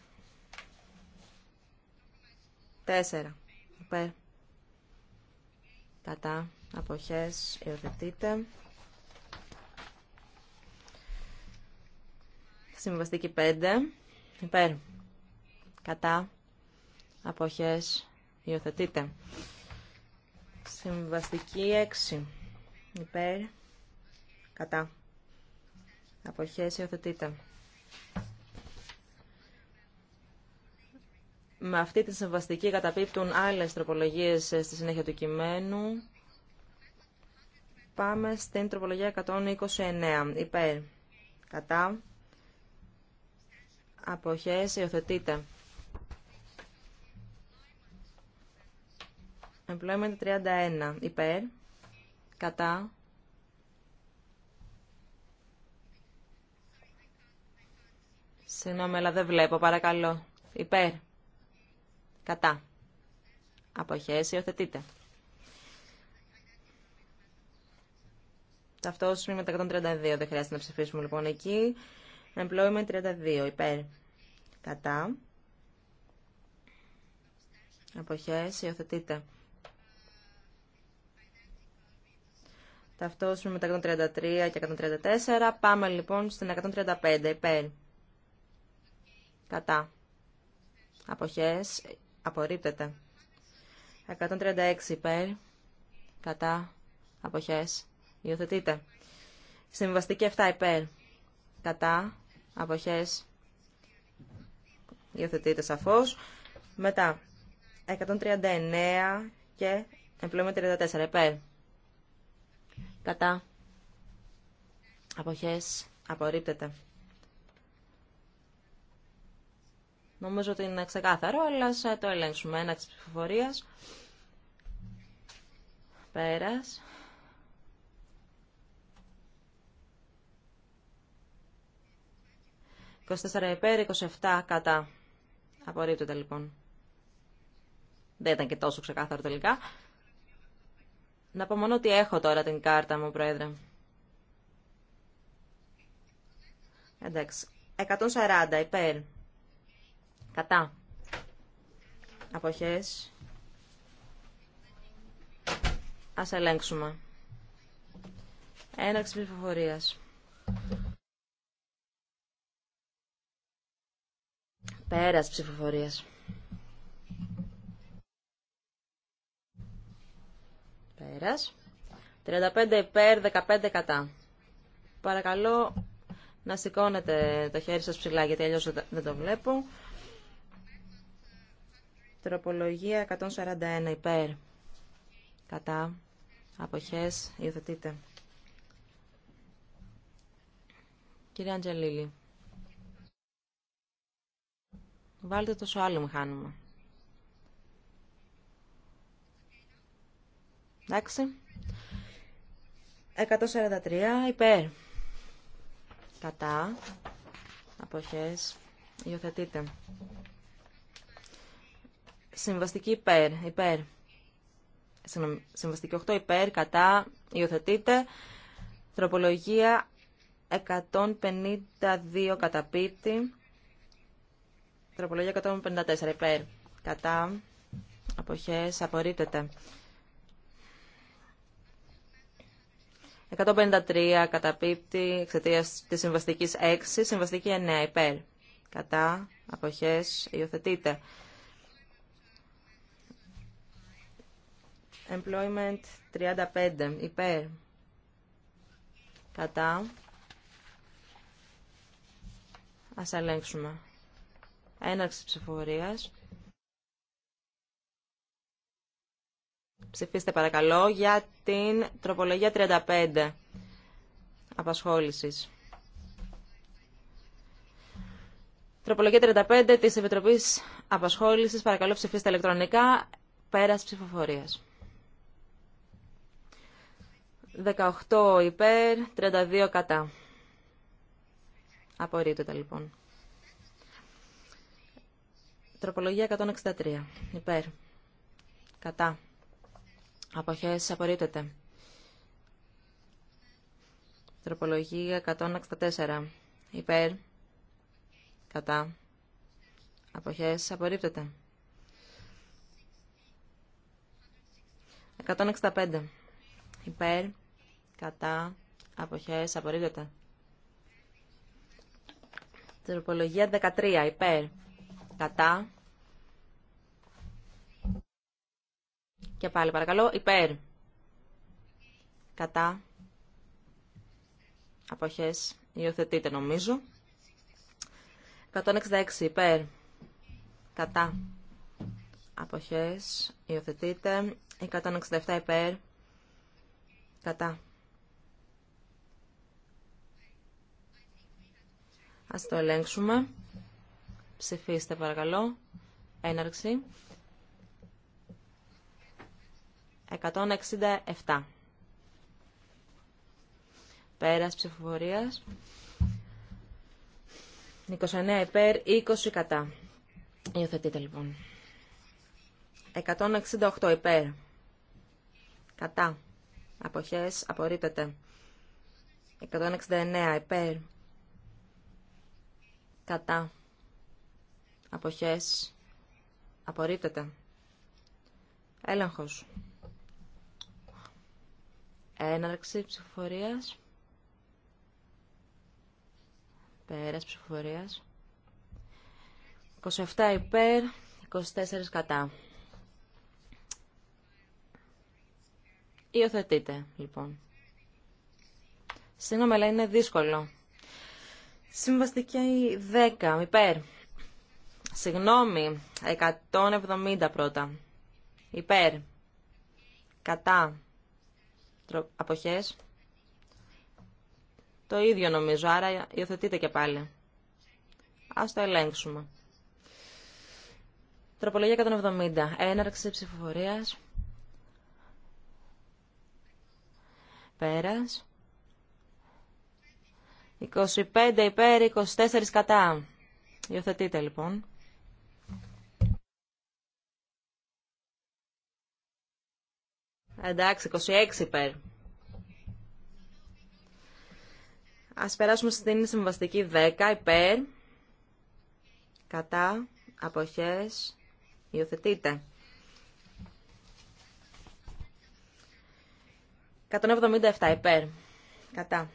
4. Υπέρ. Κατά. Αποχές. Υιοθετείτε. Συμβαστική 5. Υπέρ. Κατά. Αποχές. Υιοθετείτε. Συμβαστική 6. Υπέρ. Κατά. Αποχές. Υιοθετείτε. Με αυτή τη συμβαστική καταπίπτουν άλλες τροπολογίες ε, στη συνέχεια του κειμένου. Πάμε στην τροπολογία 129. Υπέρ. Κατά. Αποχές υιοθετείται. Employment 31. Υπέρ. Κατά. Συγγνώμη, αλλά δεν βλέπω, παρακαλώ. Υπέρ. Κατά. Αποχές υιοθετείται. Ταυτόσιμη με τα 132. Δεν χρειάζεται να ψηφίσουμε λοιπόν εκεί. Employment 32 υπέρ. Κατά. Αποχές υιοθετείτε. Ταυτόσουμε με τα 133 και 134. Πάμε λοιπόν στην 135 υπέρ. Κατά. Αποχές απορρίπτεται. 136 υπέρ. Κατά. Αποχές. υιοθετείτε. Συμβαστική 7 υπέρ. Κατά αποχές υιοθετείται σαφώς. Μετά 139 και εμπλέμε 34 επέρ. Κατά αποχές απορρίπτεται. Νομίζω ότι είναι ξεκάθαρο, αλλά θα ε, το ελέγξουμε. Ένα της ψηφοφορίας. Πέρας. 24 υπέρ, 27 κατά. Απορρίπτεται λοιπόν. Δεν ήταν και τόσο ξεκάθαρο τελικά. Να πω μόνο ότι έχω τώρα την κάρτα μου, Πρόεδρε. Εντάξει. 140 υπέρ. Κατά. Αποχές. Ας ελέγξουμε. Έναρξη ψηφοφορίας. Πέρας ψηφοφορία. Πέρα. 35 υπέρ, 15 κατά. Παρακαλώ να σηκώνετε το χέρι σας ψηλά, γιατί αλλιώς δεν το βλέπω. Τροπολογία 141 υπέρ. Κατά. Αποχές. Υιοθετείτε. Κύριε Αντζελίλη. Βάλτε το άλλο μηχάνημα. Εντάξει. 143 υπέρ. Κατά. Αποχές. Υιοθετείτε. Συμβαστική υπέρ. Υπέρ. Συμβαστική 8 υπέρ. Κατά. Υιοθετείτε. Τροπολογία 152 καταπίτη. Τροπολογία 154 υπέρ. Κατά. Αποχές. Απορρίπτεται. 153 καταπίπτει εξαιτία τη συμβαστική 6. Συμβαστική 9 υπέρ. Κατά. Αποχές. Υιοθετείται. Employment 35 υπέρ. Κατά. Ας ελέγξουμε. Έναρξη ψηφοφορίας. Ψηφίστε παρακαλώ για την τροπολογία 35 απασχόλησης. Τροπολογία 35 της Επιτροπής Απασχόλησης. Παρακαλώ ψηφίστε ηλεκτρονικά. Πέρας ψηφοφορίας. 18 υπέρ, 32 κατά. Απορρίπτεται λοιπόν. Τροπολογία 163. Υπέρ. Κατά. Αποχές απορρίπτεται. Τροπολογία 164. Υπέρ. Κατά. Αποχές απορρίπτεται. 165. Υπέρ. Κατά. Αποχές απορρίπτεται. Τροπολογία 13. Υπέρ. Κατά. Και πάλι παρακαλώ. Υπέρ. Κατά. Αποχές. Υιοθετείτε νομίζω. 166 υπέρ. Κατά. Αποχές. Υιοθετείτε. 167 υπέρ. Κατά. Ας το ελέγξουμε. Ψηφίστε παρακαλώ. Έναρξη. 167. Πέρας ψηφοφορίας. 29 υπέρ, 20 κατά. Υιοθετείτε λοιπόν. 168 υπέρ. Κατά. Αποχές απορρίπτεται. 169 υπέρ. Κατά αποχές απορρίπτεται. Έλεγχος. Έναρξη ψηφοφορίας. Πέρας ψηφοφορίας. 27 υπέρ, 24 κατά. Υιοθετείτε, λοιπόν. Συγγνώμη, αλλά είναι δύσκολο. Συμβαστική 10 υπέρ. Συγγνώμη, 170 πρώτα. Υπέρ. Κατά. Αποχές. Το ίδιο νομίζω, άρα υιοθετείτε και πάλι. Ας το ελέγξουμε. Τροπολογία 170. Έναρξη ψηφοφορίας. Πέρας. 25 υπέρ, 24 κατά. Υιοθετείτε λοιπόν. Εντάξει, 26 υπέρ. Α περάσουμε στην συμβαστική 10 υπέρ. Κατά. Αποχές. Υιοθετείτε. 177 υπέρ. Κατά.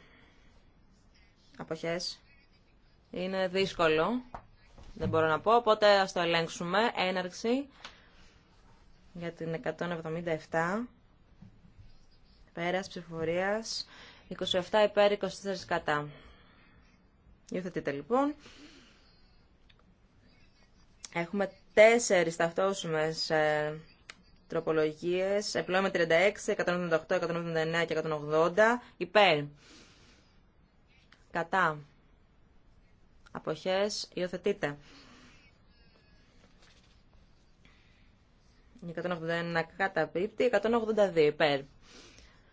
Αποχές. Είναι δύσκολο. Δεν μπορώ να πω, οπότε ας το ελέγξουμε. Έναρξη για την 177. Πέρα ψηφορία 27 υπέρ, 24 κατά. Υιοθετείτε λοιπόν. Έχουμε τέσσερι ταυτόσιμε ε, τροπολογίες. Επλώμε 36, 178, 179 και 180. Υπέρ. Κατά. αποχέ. Υιοθετείτε. Η 181 καταπίπτει. 182 υπέρ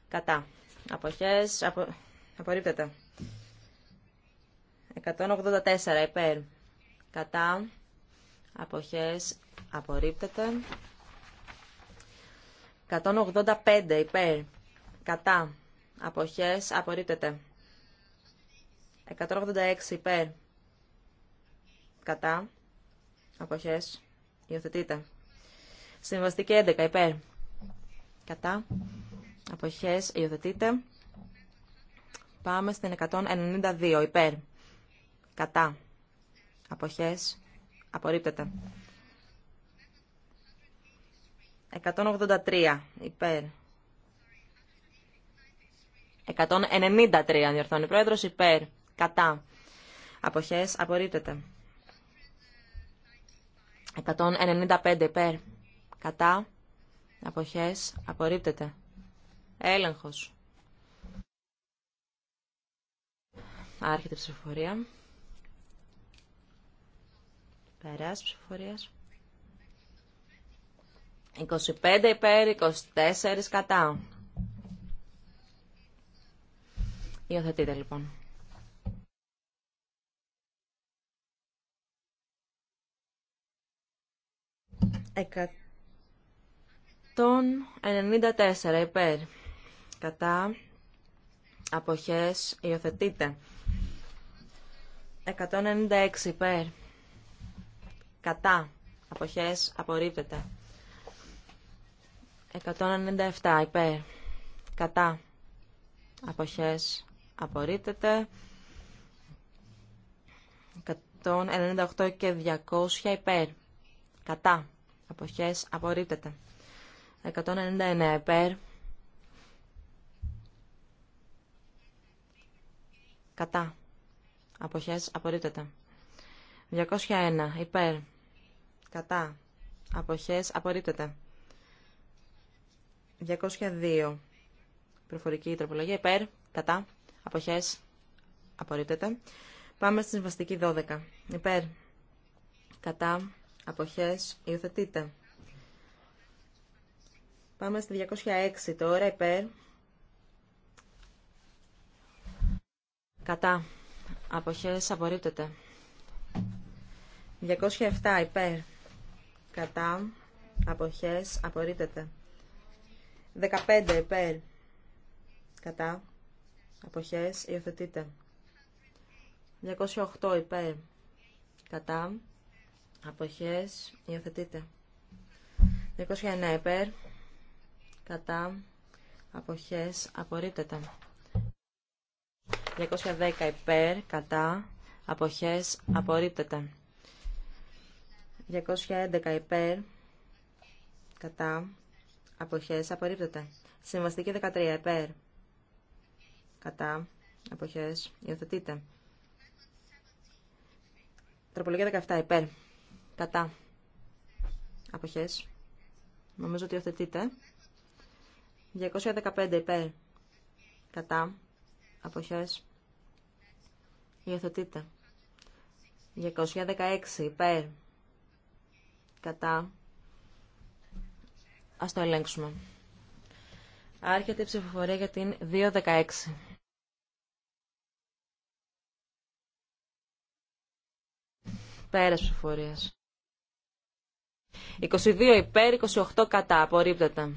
κατά αποχές απο... απορρίπτεται 184 υπέρ κατά αποχές απορρίπτεται 185 υπέρ κατά αποχές απορρίπτεται 186 υπέρ κατά αποχές υιοθετείται συμβαστική 11 υπέρ κατά αποχές Υιοθετείτε. Πάμε στην 192 υπέρ. Κατά. Αποχές. Απορρίπτεται. 183 υπέρ. 193 διορθώνει πρόεδρος υπέρ. Κατά. Αποχές. Απορρίπτεται. 195 υπέρ. Κατά. Αποχές. Απορρίπτεται. Έλεγχος. Άρχεται η ψηφοφορία. Περάς ψηφοφορίας. 25 υπέρ, 24 κατά. Υιοθετείτε λοιπόν. Τον 94 υπέρ κατά αποχές υιοθετείτε. 196 υπέρ κατά αποχές απορρίπτεται 197 υπέρ κατά αποχές απορρίπτεται 198 και 200 υπέρ κατά αποχές απορρίπτεται 199 υπέρ Κατά. Αποχές απορρίπτεται. 201. Υπέρ. Κατά. Αποχές απορρίπτεται. 202. Προφορική τροπολογία. Υπέρ. Κατά. Αποχές απορρίπτεται. Πάμε στη συμβαστική 12. Υπέρ. Κατά. Αποχές υιοθετείται. Πάμε στη 206 τώρα. Υπέρ. Κατά. Αποχές απορρίπτεται. 207 υπέρ. Κατά. Αποχές απορρίπτεται. 15 υπέρ. Κατά. Αποχές υιοθετείται. 208 υπέρ. Κατά. Αποχές υιοθετείται. 209 υπέρ. Κατά. Αποχές απορρίπτεται. 210 υπέρ, κατά, αποχές, απορρίπτεται. 211 υπέρ, κατά, αποχές, απορρίπτεται. Συμβαστική 13 υπέρ, κατά, αποχές, υιοθετείται. Τροπολογία 17 υπέρ, κατά, αποχές, νομίζω ότι υιοθετείται. 215 υπέρ, κατά, το Υιοθετείτε. 216 υπέρ κατά ας το ελέγξουμε. Άρχεται η ψηφοφορία για την 216. Πέρας ψηφοφορίας. 22 υπέρ, 28 κατά. Απορρίπτεται.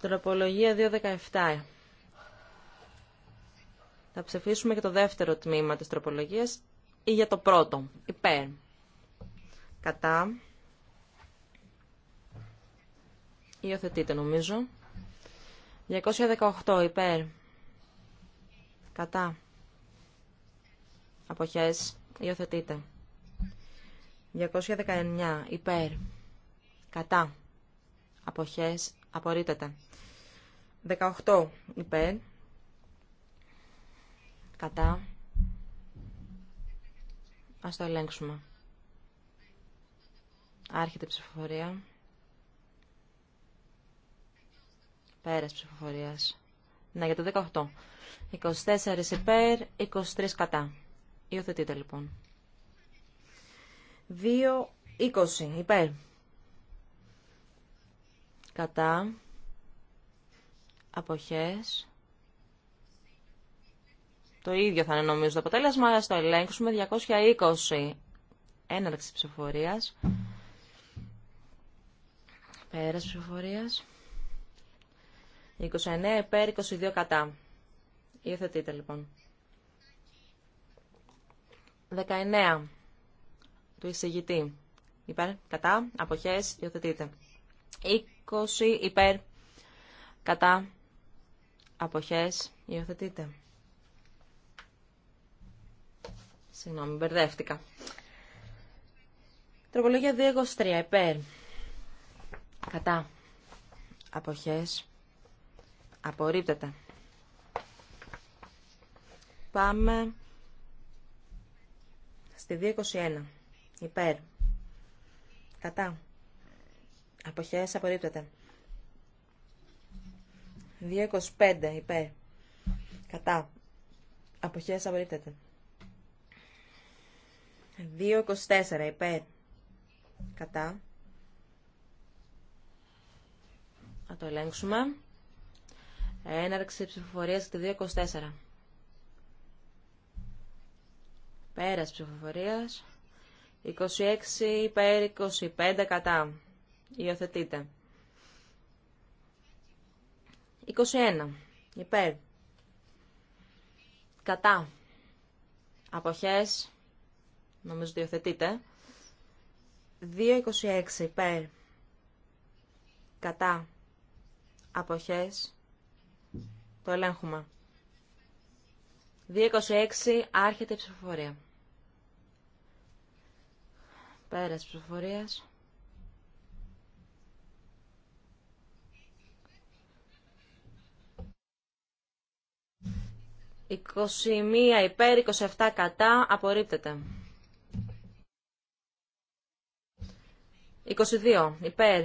Τροπολογία 2.17. Θα ψηφίσουμε και το δεύτερο τμήμα της τροπολογίας ή για το πρώτο. Υπέρ. Κατά. Υιοθετείτε νομίζω. 218 υπέρ. Κατά. Αποχές. Υιοθετείτε. 219 υπέρ. Κατά. Αποχές. Απορρίτεται. 18 υπέρ. Κατά. Ας το ελέγξουμε. Άρχεται η ψηφοφορία. Πέρας ψηφοφορίας. Ναι, για το 18. 24 υπέρ, 23 κατά. Υιοθετείτε λοιπόν. 2, 20 υπέρ. Κατά αποχές. Το ίδιο θα είναι νομίζω το αποτέλεσμα. Ας το ελέγξουμε 220. Έναρξη ψηφοφορίας. Πέρας ψηφοφορίας. 29 υπέρ, 22 κατά. Υιοθετείτε λοιπόν. 19 του εισηγητή. Υπέρ, κατά, αποχές, υιοθετείτε. 20 υπέρ, κατά, Αποχές. Υιοθετείτε. Συγγνώμη, μπερδεύτηκα. Τροπολογία 223. Υπέρ. Κατά. Αποχές. Απορρίπτεται. Πάμε στη 221. Υπέρ. Κατά. Αποχές απορρίπτεται. 225 υπέρ. Κατά. Αποχές απορρίπτεται. 224 υπέρ. Κατά. Θα το ελέγξουμε. Έναρξη ψηφοφορίας στη 224. Πέρας ψηφοφορίας. 26 υπέρ 25 κατά. Υιοθετείτε. 21. Υπέρ. Κατά. Αποχές. Νομίζω διοθετείτε. 2.26. Υπέρ. Κατά. Αποχές. Το ελέγχουμε. 2.26. Άρχεται η ψηφοφορία. Πέρας ψηφοφορίας. 21 υπέρ, 27 κατά, απορρίπτεται. 22 υπέρ,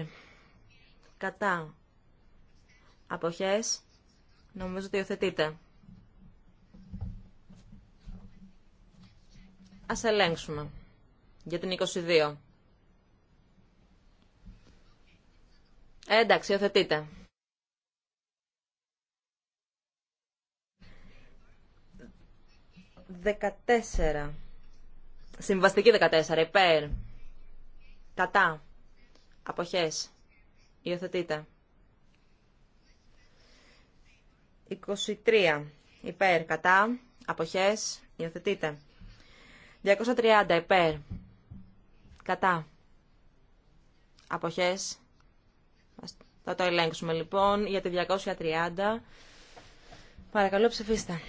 κατά, αποχές, νομίζω ότι υιοθετείται. Ας ελέγξουμε για την 22. Εντάξει, υιοθετείται. 14. Συμβαστική 14. Υπέρ. Κατά. Αποχές. Υιοθετείτε. 23. Υπέρ. Κατά. Αποχές. Υιοθετείτε. 230. Υπέρ. Κατά. Αποχές. Θα το ελέγξουμε λοιπόν για τη 230. Παρακαλώ ψηφίστε.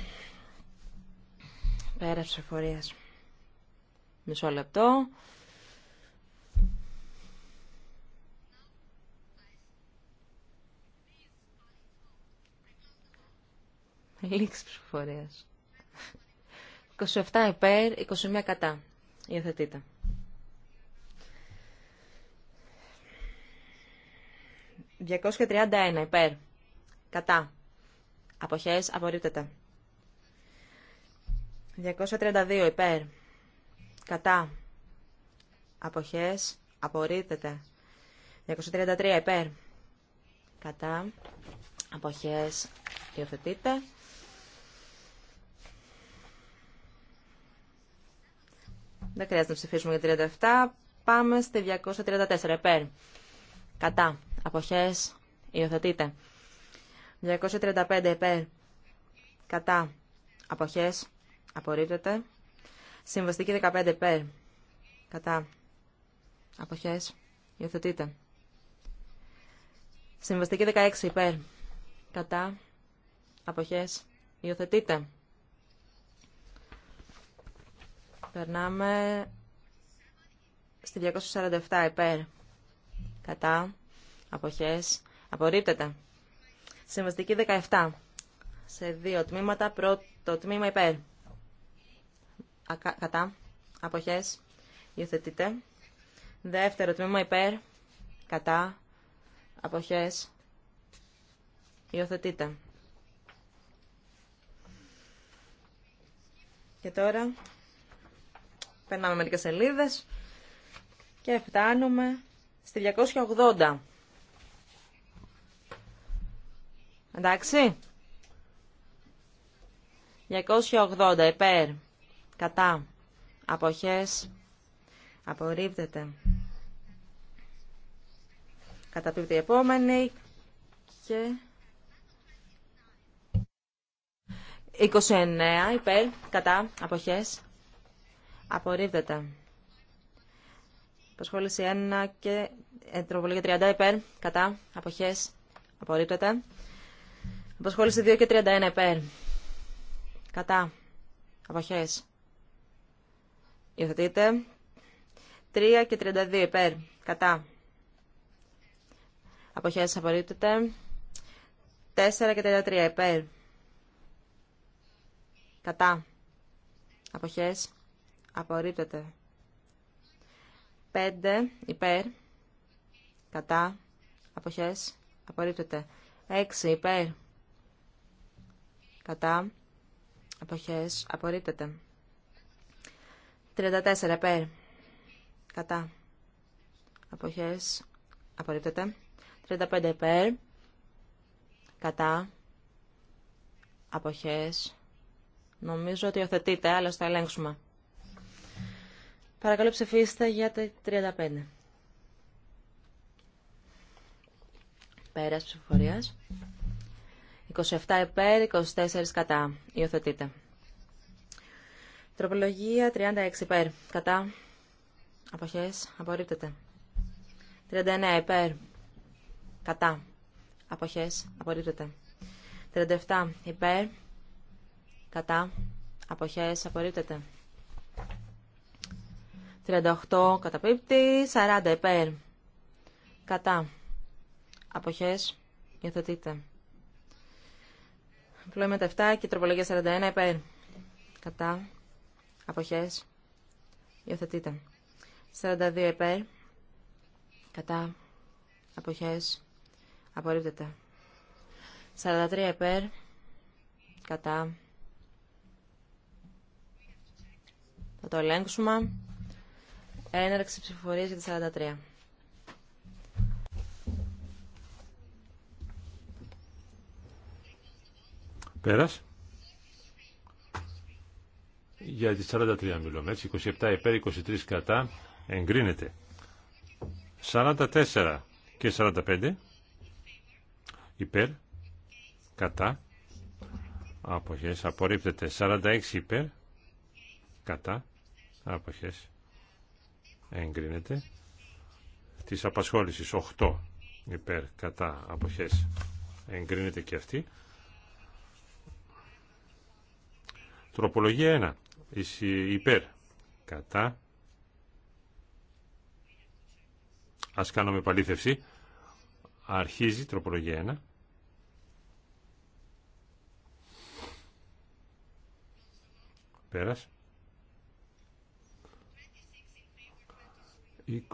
Πέρα ψηφοφορία. Μισό λεπτό. Λήξη ψηφοφορία. 27 υπέρ, 21 κατά. Υιοθετείτε. «231 υπέρ. Κατά. Αποχές απορρίπτεται. 232 υπέρ. Κατά. Αποχές. Απορρίπτεται. 233 υπέρ. Κατά. Αποχές. Υιοθετείται. Δεν χρειάζεται να ψηφίσουμε για 37. Πάμε στη 234 υπέρ. Κατά. Αποχές. Υιοθετείται. 235 υπέρ. Κατά. Αποχές. Απορρίπτεται. Συμβαστική 15 υπέρ. Κατά. Αποχές. Υιοθετείτε. Συμβαστική 16 υπέρ. Κατά. Αποχές. Υιοθετείτε. Περνάμε στη 247 υπέρ. Κατά. Αποχές. Απορρίπτεται. Συμβαστική 17. Σε δύο τμήματα. Πρώτο τμήμα υπέρ κατά, αποχές, υιοθετείται. Δεύτερο τμήμα υπέρ, κατά, αποχές, υιοθετείται. Και τώρα περνάμε μερικές σελίδες και φτάνουμε στη 280. Εντάξει. 280 υπέρ κατά, αποχές, απορρίπτεται. Καταπίπτει η επόμενη και... 29 υπέρ, κατά, αποχές, απορρίπτεται. Προσχόληση 1 και τροπολογία 30 υπέρ, κατά, αποχές, απορρίπτεται. Προσχόληση 2 και 31 υπέρ, κατά, αποχές, Υιοθετείτε. 3 και 32 υπέρ. Κατά. Αποχές απορρίπτεται. 4 και 33 υπέρ. Κατά. Αποχές απορρίπτεται. 5 υπέρ. Κατά. Αποχές απορρίπτεται. 6 υπέρ. Κατά. Αποχές απορρίπτεται. 34 επέρ Κατά. Αποχές. Απορρίπτεται. 35 πέρ. Κατά. Αποχές. Νομίζω ότι οθετείτε, αλλά θα ελέγξουμε. Παρακαλώ ψηφίστε για τα 35. Πέρας ψηφοφορίας. 27 επέρ, 24 κατά. Υιοθετείτε. Τροπολογία 36 υπέρ. Κατά. Αποχές. Απορρίπτεται. 39 υπέρ. Κατά. Αποχές. Απορρίπτεται. 37 υπέρ. Κατά. Αποχές. Απορρίπτεται. 38 καταπίπτει. 40 υπέρ. Κατά. Αποχές. Υιοθετείται. τα 7 και τροπολογία 41 υπέρ. Κατά. Αποχές. Υιοθετείτε. 42 υπέρ. Κατά. Αποχές. Απορρίπτεται. 43 υπέρ. Κατά. Θα το ελέγξουμε. Έναρξη ψηφοφορίας για τη 43. Πέρας για τις 43 μιλούμε, 27 υπέρ, 23 κατά, εγκρίνεται. 44 και 45 υπέρ, κατά, αποχές, απορρίπτεται. 46 υπέρ, κατά, αποχές, εγκρίνεται. Της απασχόλησης 8 υπέρ, κατά, αποχές, εγκρίνεται και αυτή. Τροπολογία 1 υπέρ κατά ας κάνουμε παλήθευση αρχίζει τροπολογία 1 πέρας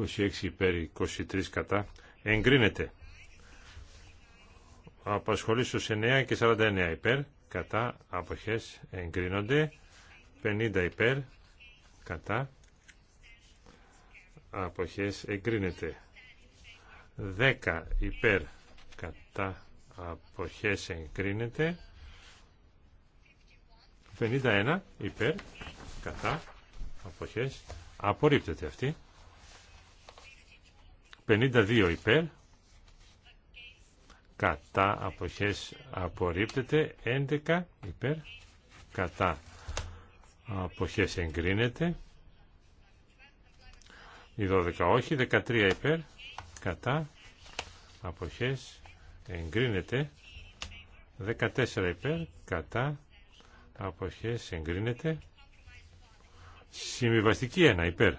26 υπέρ 23 κατά εγκρίνεται σε 9 και 49 υπέρ κατά αποχές εγκρίνονται 50 υπέρ, κατά, αποχές εγκρίνεται. 10 υπέρ, κατά, αποχές εγκρίνεται. 51 υπέρ, κατά, αποχές, απορρίπτεται αυτή. 52 υπέρ, κατά αποχές απορρίπτεται, 11 υπέρ, κατά αποχές εγκρίνεται η 12 όχι 13 υπέρ κατά αποχές εγκρίνεται 14 υπέρ κατά αποχές εγκρίνεται συμβιβαστική 1 υπέρ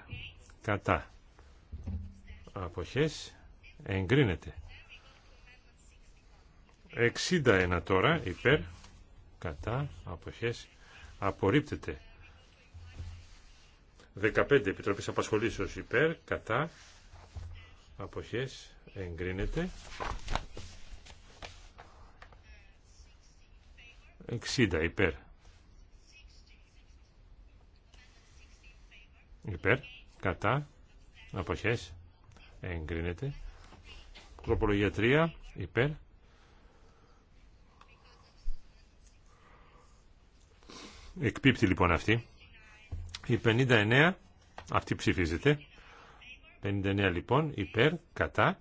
κατά αποχές εγκρίνεται 61 τώρα υπέρ κατά αποχές απορρίπτεται 15 Επιτροπής Απασχολήσεως υπέρ, κατά, αποχές, εγκρίνεται. 60 υπέρ. Υπέρ, κατά, αποχές, εγκρίνεται. Τροπολογία 3, υπέρ. Εκπίπτει λοιπόν αυτή. Η 59, αυτή ψηφίζεται. 59 λοιπόν, υπέρ, κατά,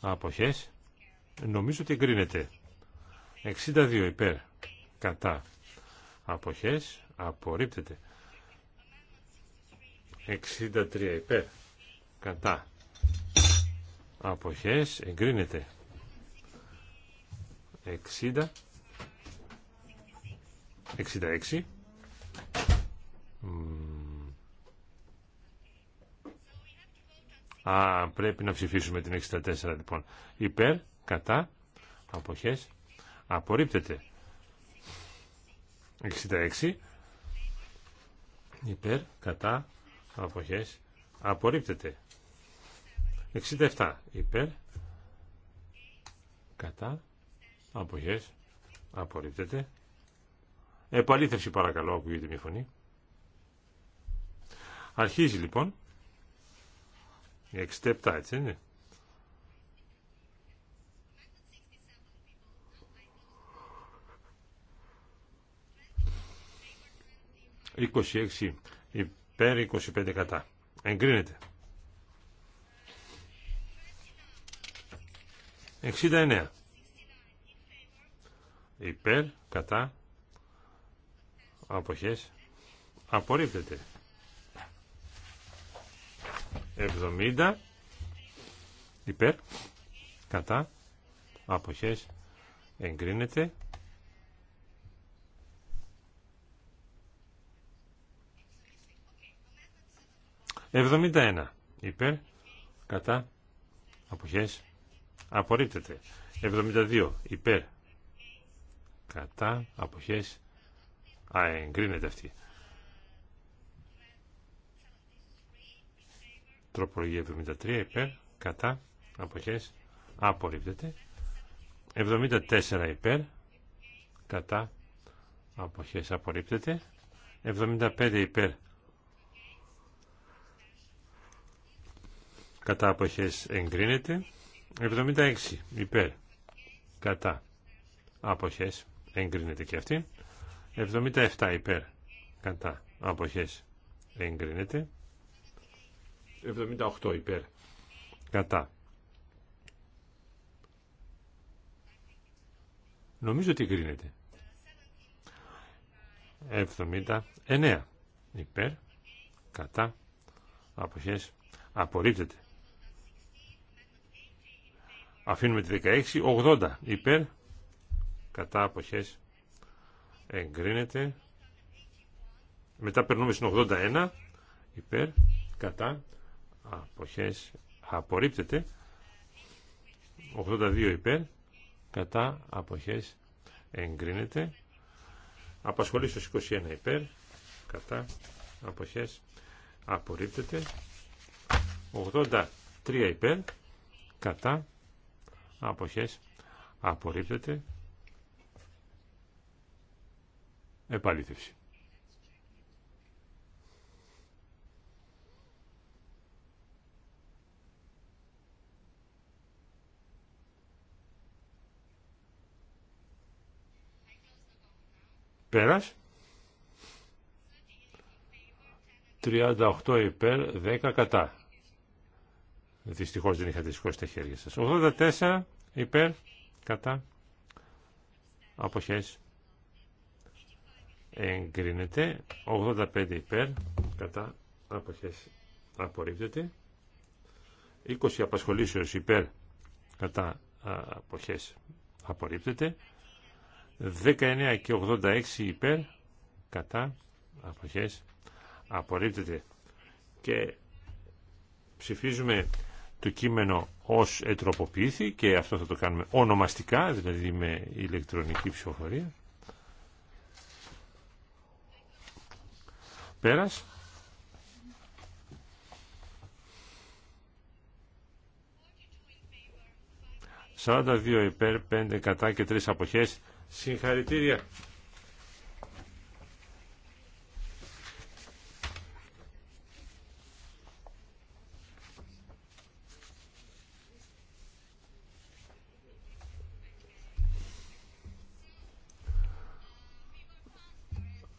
αποχές, νομίζω ότι εγκρίνεται. 62 υπέρ, κατά, αποχές, απορρίπτεται. 63 υπέρ, κατά, αποχές, εγκρίνεται. 60, 66, Α, πρέπει να ψηφίσουμε την 64 λοιπόν. Υπέρ, κατά, αποχές, απορρίπτεται. 66. Υπέρ, κατά, αποχές, απορρίπτεται. 67. Υπέρ, κατά, αποχές, απορρίπτεται. Επαλήθευση παρακαλώ, ακούγεται μια φωνή. Αρχίζει λοιπόν. 67 έτσι είναι. ...26 υπέρ 25 κατά. Εγκρίνεται. 69. Υπέρ, κατά, αποχές, απορρίπτεται. 70 υπέρ κατά αποχές εγκρίνεται Εβδομήντα ένα υπέρ κατά αποχές απορρίπτεται. 72 υπέρ κατά αποχές α, εγκρίνεται αυτή. Τροπολογία 73 υπέρ, κατά, αποχές, απορρίπτεται. 74 υπέρ, κατά, αποχές, απορρίπτεται. 75 υπέρ, κατά αποχές εγκρίνεται. 76 υπέρ, κατά, αποχές, εγκρίνεται και αυτή. 77 υπέρ, κατά, αποχές, εγκρίνεται. 78 υπέρ κατά. Νομίζω ότι κρίνεται. 79 υπέρ κατά αποχές απορρίπτεται. Αφήνουμε τη 16, 80 υπέρ κατά αποχές εγκρίνεται. Μετά περνούμε στην 81 υπέρ κατά αποχές απορρίπτεται 82 υπέρ κατά αποχές εγκρίνεται απασχολήσεως 21 υπέρ κατά αποχές απορρίπτεται 83 υπέρ κατά αποχές απορρίπτεται επαλήθευση Πέρας. 38 υπέρ, 10 κατά. Δυστυχώς δεν είχατε σηκώσει τα χέρια σας. 84 υπέρ, κατά. Αποχές. Εγκρίνεται. 85 υπέρ, κατά. Αποχές. Απορρίπτεται. 20 απασχολήσεως υπέρ, κατά. Αποχές. Απορρίπτεται. 19 και 86 υπέρ, κατά, αποχές, απορρίπτεται. Και ψηφίζουμε το κείμενο ως ετροποποιήθη και αυτό θα το κάνουμε ονομαστικά, δηλαδή με ηλεκτρονική ψηφοφορία. Πέρας. «42 υπέρ, 5 κατά και 3 αποχές Συγχαρητήρια.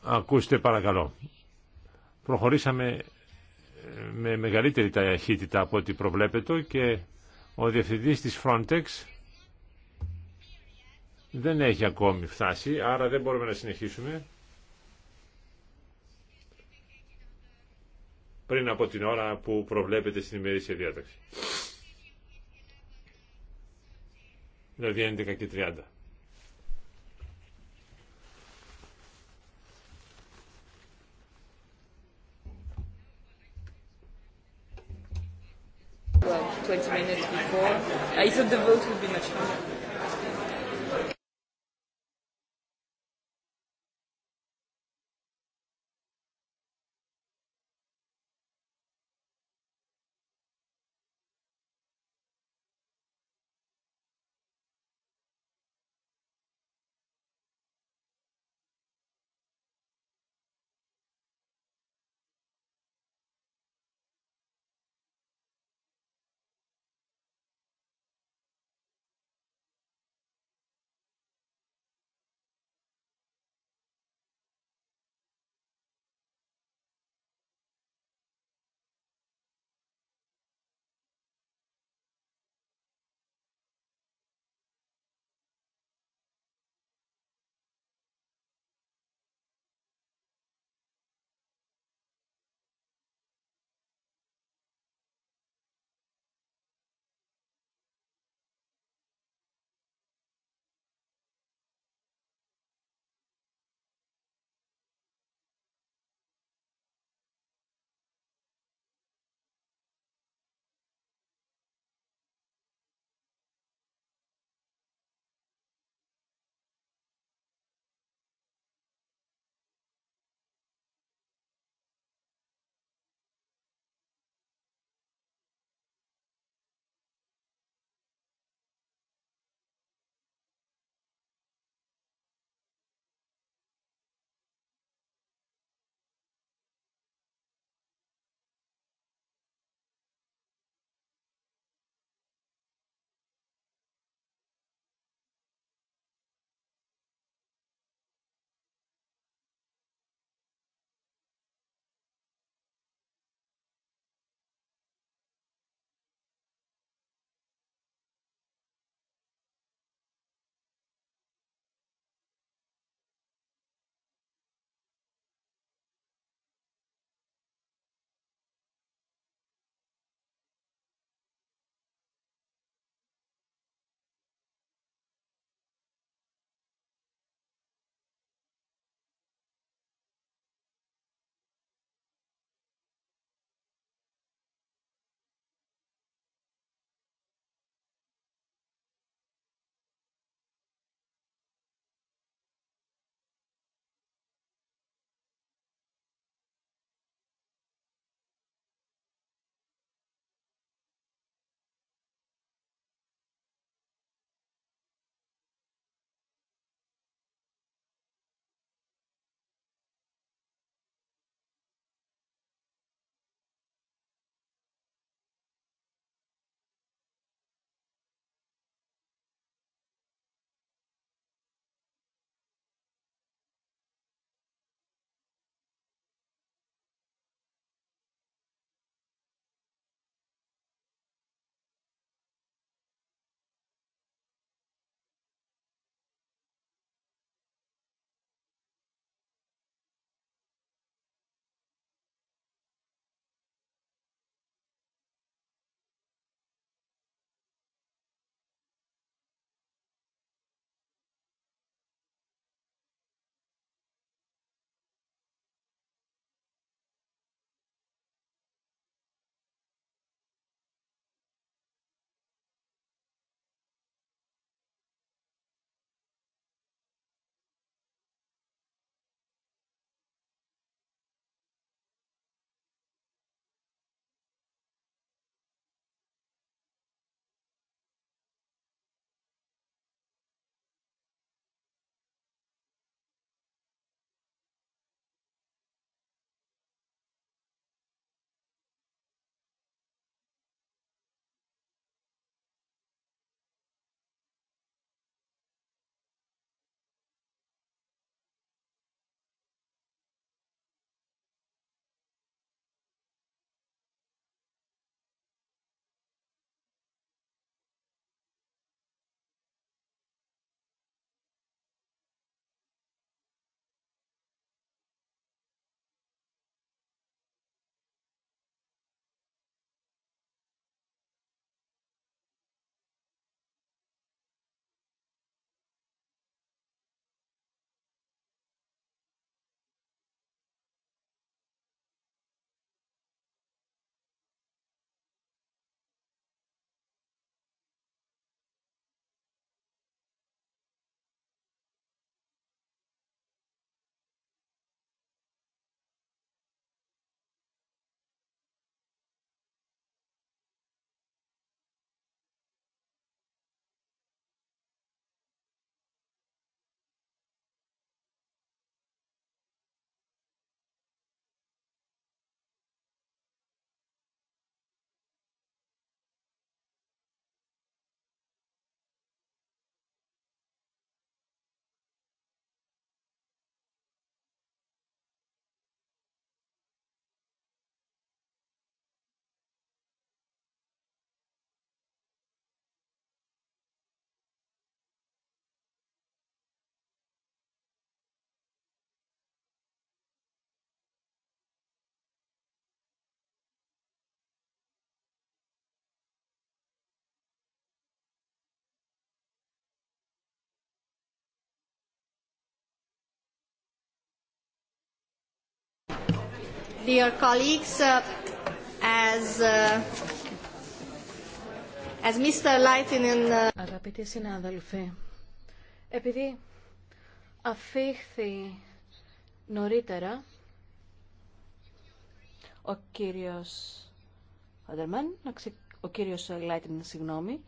Ακούστε παρακαλώ. Προχωρήσαμε ε, με μεγαλύτερη ταχύτητα από ό,τι προβλέπετο και ο διευθυντής της Frontex δεν έχει ακόμη φτάσει, άρα δεν μπορούμε να συνεχίσουμε. πριν από την ώρα που προβλέπεται στην ημερήσια διάταξη. Δηλαδή 11 και 30. Well, 20 minutes before. I thought the vote would be much longer. Dear colleagues, uh, as, uh, as Mr. Lightning... Uh, Αγαπητοί συνάδελφοι, επειδή αφήχθη νωρίτερα ο κύριος Αντερμάν, ο κύριος Λάιτιν, συγγνώμη,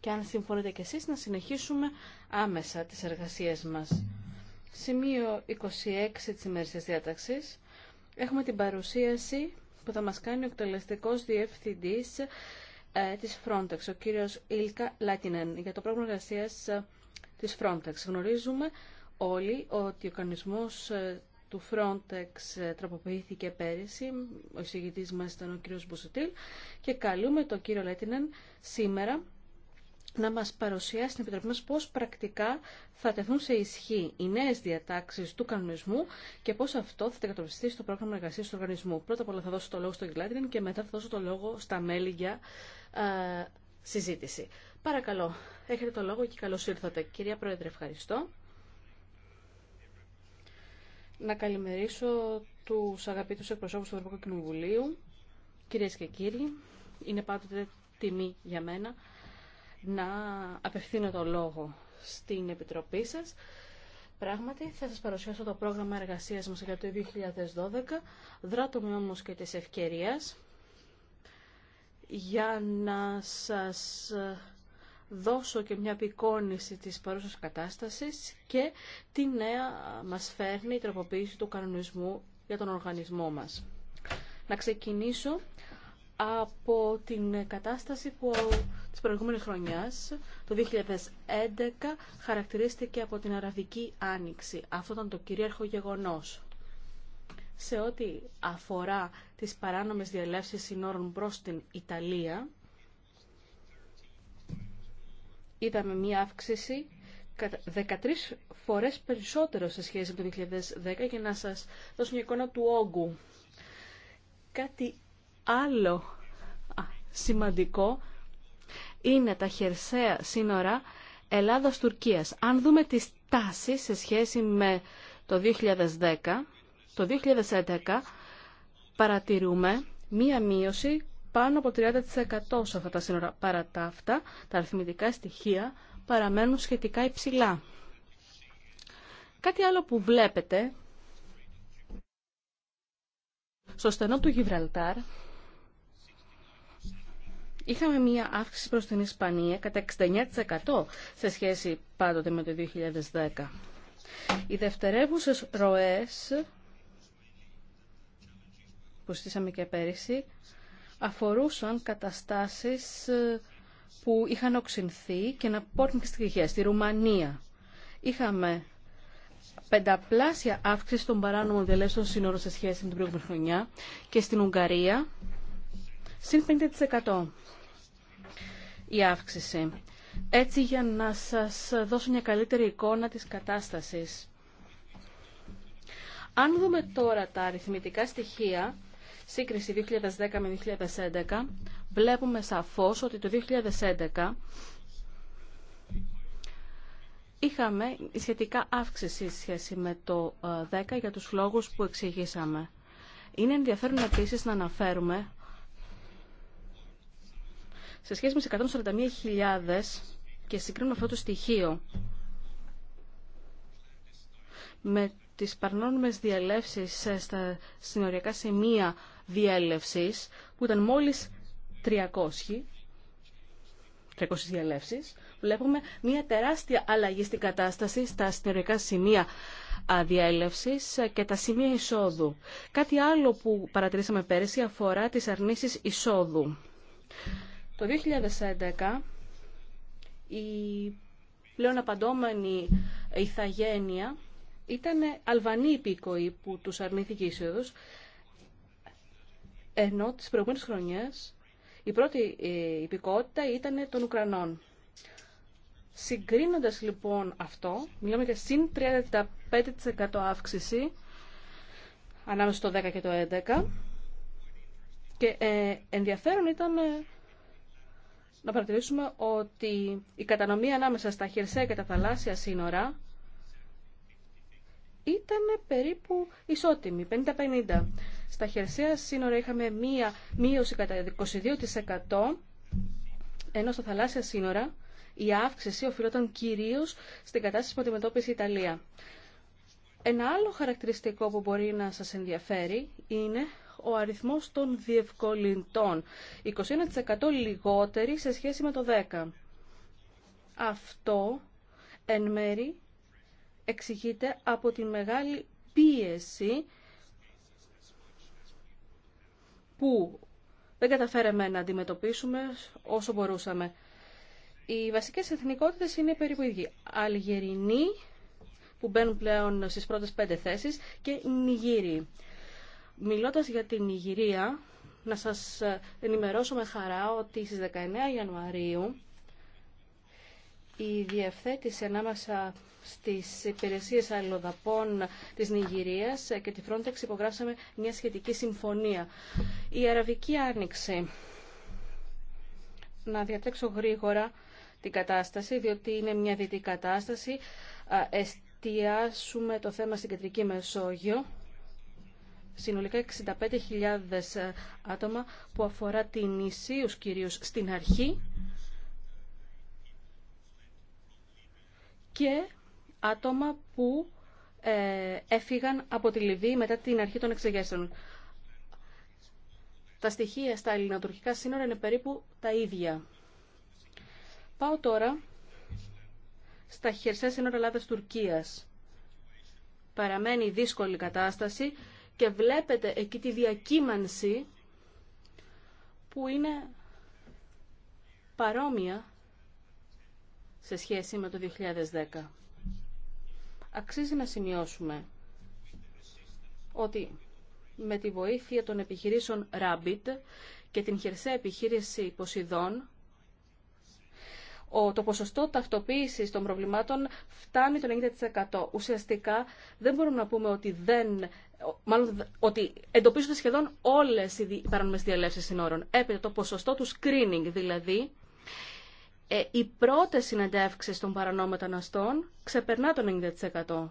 και αν συμφωνείτε κι εσείς να συνεχίσουμε άμεσα τις εργασίες μας. Σημείο 26 της ημέρησης διάταξης. Έχουμε την παρουσίαση που θα μας κάνει ο εκτελεστικός διευθυντής ε, της Frontex, ο κύριος Ιλκα Λάτινεν, για το πρόγραμμα εργασία ε, της Frontex. Γνωρίζουμε όλοι ότι ο κανονισμός ε, του Frontex τροποποιήθηκε πέρυσι, ο εισηγητής μας ήταν ο κύριος Μπουσουτήλ, και καλούμε τον κύριο Λάτινεν σήμερα να μας παρουσιάσει την Επιτροπή μας πώς πρακτικά θα τεθούν σε ισχύ οι νέες διατάξεις του κανονισμού και πώς αυτό θα τεκατοπιστεί στο πρόγραμμα εργασίας του οργανισμού. Πρώτα απ' όλα θα δώσω το λόγο στον Γκλάντιν και μετά θα δώσω το λόγο στα μέλη για α, συζήτηση. Παρακαλώ, έχετε το λόγο και καλώς ήρθατε. Κυρία Πρόεδρε, ευχαριστώ. Να καλημερίσω τους αγαπητούς εκπροσώπους του Ευρωπαϊκού Κοινοβουλίου. Κυρίες και κύριοι, είναι πάντοτε τιμή για μένα να απευθύνω το λόγο στην Επιτροπή σας. Πράγματι, θα σας παρουσιάσω το πρόγραμμα εργασίας μας για το 2012. Δράτομαι όμως και της ευκαιρία, για να σας δώσω και μια απεικόνηση της παρούσας κατάστασης και τι νέα μας φέρνει η τροποποίηση του κανονισμού για τον οργανισμό μας. Να ξεκινήσω από την κατάσταση που της προηγούμενης χρονιάς, το 2011, χαρακτηρίστηκε από την Αραβική Άνοιξη. Αυτό ήταν το κυρίαρχο γεγονός. Σε ό,τι αφορά τις παράνομες διαλέψεις συνόρων προς την Ιταλία, είδαμε μία αύξηση 13 φορές περισσότερο σε σχέση με το 2010 για να σας δώσω μια εικόνα του όγκου. Κάτι άλλο σημαντικό είναι τα χερσαία σύνορα Ελλάδας-Τουρκίας. Αν δούμε τις τάσεις σε σχέση με το 2010, το 2011 παρατηρούμε μία μείωση πάνω από 30% σε αυτά τα σύνορα. Παρά τα αυτά, τα αριθμητικά στοιχεία παραμένουν σχετικά υψηλά. Κάτι άλλο που βλέπετε, στο στενό του Γιβραλτάρ, Είχαμε μία αύξηση προς την Ισπανία κατά 69% σε σχέση πάντοτε με το 2010. Οι δευτερεύουσες ροές που στήσαμε και πέρυσι αφορούσαν καταστάσεις ε, που είχαν οξυνθεί και να πόρνουν και Στη Ρουμανία είχαμε πενταπλάσια αύξηση των παράνομων τελέσεων σύνορων σε σχέση με την προηγούμενη χρονιά και στην Ουγγαρία συν 50% η αύξηση. Έτσι για να σας δώσω μια καλύτερη εικόνα της κατάστασης. Αν δούμε τώρα τα αριθμητικά στοιχεία, σύγκριση 2010 με 2011, βλέπουμε σαφώς ότι το 2011 είχαμε σχετικά αύξηση σχέση με το 10 ε, για τους λόγους που εξηγήσαμε. Είναι ενδιαφέρον επίσης να αναφέρουμε σε σχέση με 141.000 και συγκρίνουμε αυτό το στοιχείο με τις παρνόνιμες διαλέψεις στα συνοριακά σημεία διέλευσης που ήταν μόλις 300, 300 διαλέψεις, βλέπουμε μια τεράστια αλλαγή στην κατάσταση στα συνοριακά σημεία αδιαέλευσης και τα σημεία εισόδου. Κάτι άλλο που παρατηρήσαμε πέρυσι αφορά τις αρνήσεις εισόδου. Το 2011 η πλέον απαντόμενη ηθαγένεια ήταν αλβανή υπήκοη που τους αρνήθηκε η ενώ τις προηγούμενες χρονιές η πρώτη ε, υπηκότητα ήταν των Ουκρανών. Συγκρίνοντας λοιπόν αυτό, μιλάμε για συν 35% αύξηση ανάμεσα στο 10 και το 11 και ε, ενδιαφέρον ήταν ε, να παρατηρήσουμε ότι η κατανομή ανάμεσα στα χερσαία και τα θαλάσσια σύνορα ήταν περίπου ισότιμη, 50-50. Στα χερσαία σύνορα είχαμε μία μείωση κατά 22%, ενώ στα θαλάσσια σύνορα η αύξηση οφειλόταν κυρίως στην κατάσταση που αντιμετώπισε η Ιταλία. Ένα άλλο χαρακτηριστικό που μπορεί να σας ενδιαφέρει είναι ο αριθμός των διευκολυντών. 21% λιγότεροι σε σχέση με το 10. Αυτό εν μέρη εξηγείται από τη μεγάλη πίεση που δεν καταφέραμε να αντιμετωπίσουμε όσο μπορούσαμε. Οι βασικές εθνικότητες είναι περίπου ίδιοι. Αλγερινοί, που μπαίνουν πλέον στις πρώτες πέντε θέσεις, και Νιγύριοι. Μιλώντας για την Ιγυρία, να σας ενημερώσω με χαρά ότι στις 19 Ιανουαρίου η διευθέτηση ανάμεσα στις υπηρεσίες αλληλοδαπών της Νιγηρίας και τη Frontex υπογράψαμε μια σχετική συμφωνία. Η Αραβική Άνοιξη. Να διατέξω γρήγορα την κατάσταση, διότι είναι μια δυτή κατάσταση. Εστιάσουμε το θέμα στην Κεντρική Μεσόγειο συνολικά 65.000 ε, άτομα που αφορά την Ισίους κυρίως στην αρχή και άτομα που ε, έφυγαν από τη Λιβύη μετά την αρχή των εξεγέσεων. Τα στοιχεία στα ελληνοτουρκικά σύνορα είναι περίπου τα ίδια. Πάω τώρα στα χερσαία σύνορα Ελλάδας-Τουρκίας. Παραμένει δύσκολη κατάσταση και βλέπετε εκεί τη διακύμανση που είναι παρόμοια σε σχέση με το 2010. Αξίζει να σημειώσουμε ότι με τη βοήθεια των επιχειρήσεων Rabbit και την χερσαία επιχείρηση Ποσειδών, το ποσοστό ταυτοποίησης των προβλημάτων φτάνει το 90%. Ουσιαστικά δεν μπορούμε να πούμε ότι δεν μάλλον ότι εντοπίζονται σχεδόν όλες οι παρανομές διαλέψεις συνόρων. Έπειτα το ποσοστό του screening, δηλαδή οι ε, πρώτες συνεντεύξεις των παρανόμων μεταναστών ξεπερνά το 90%.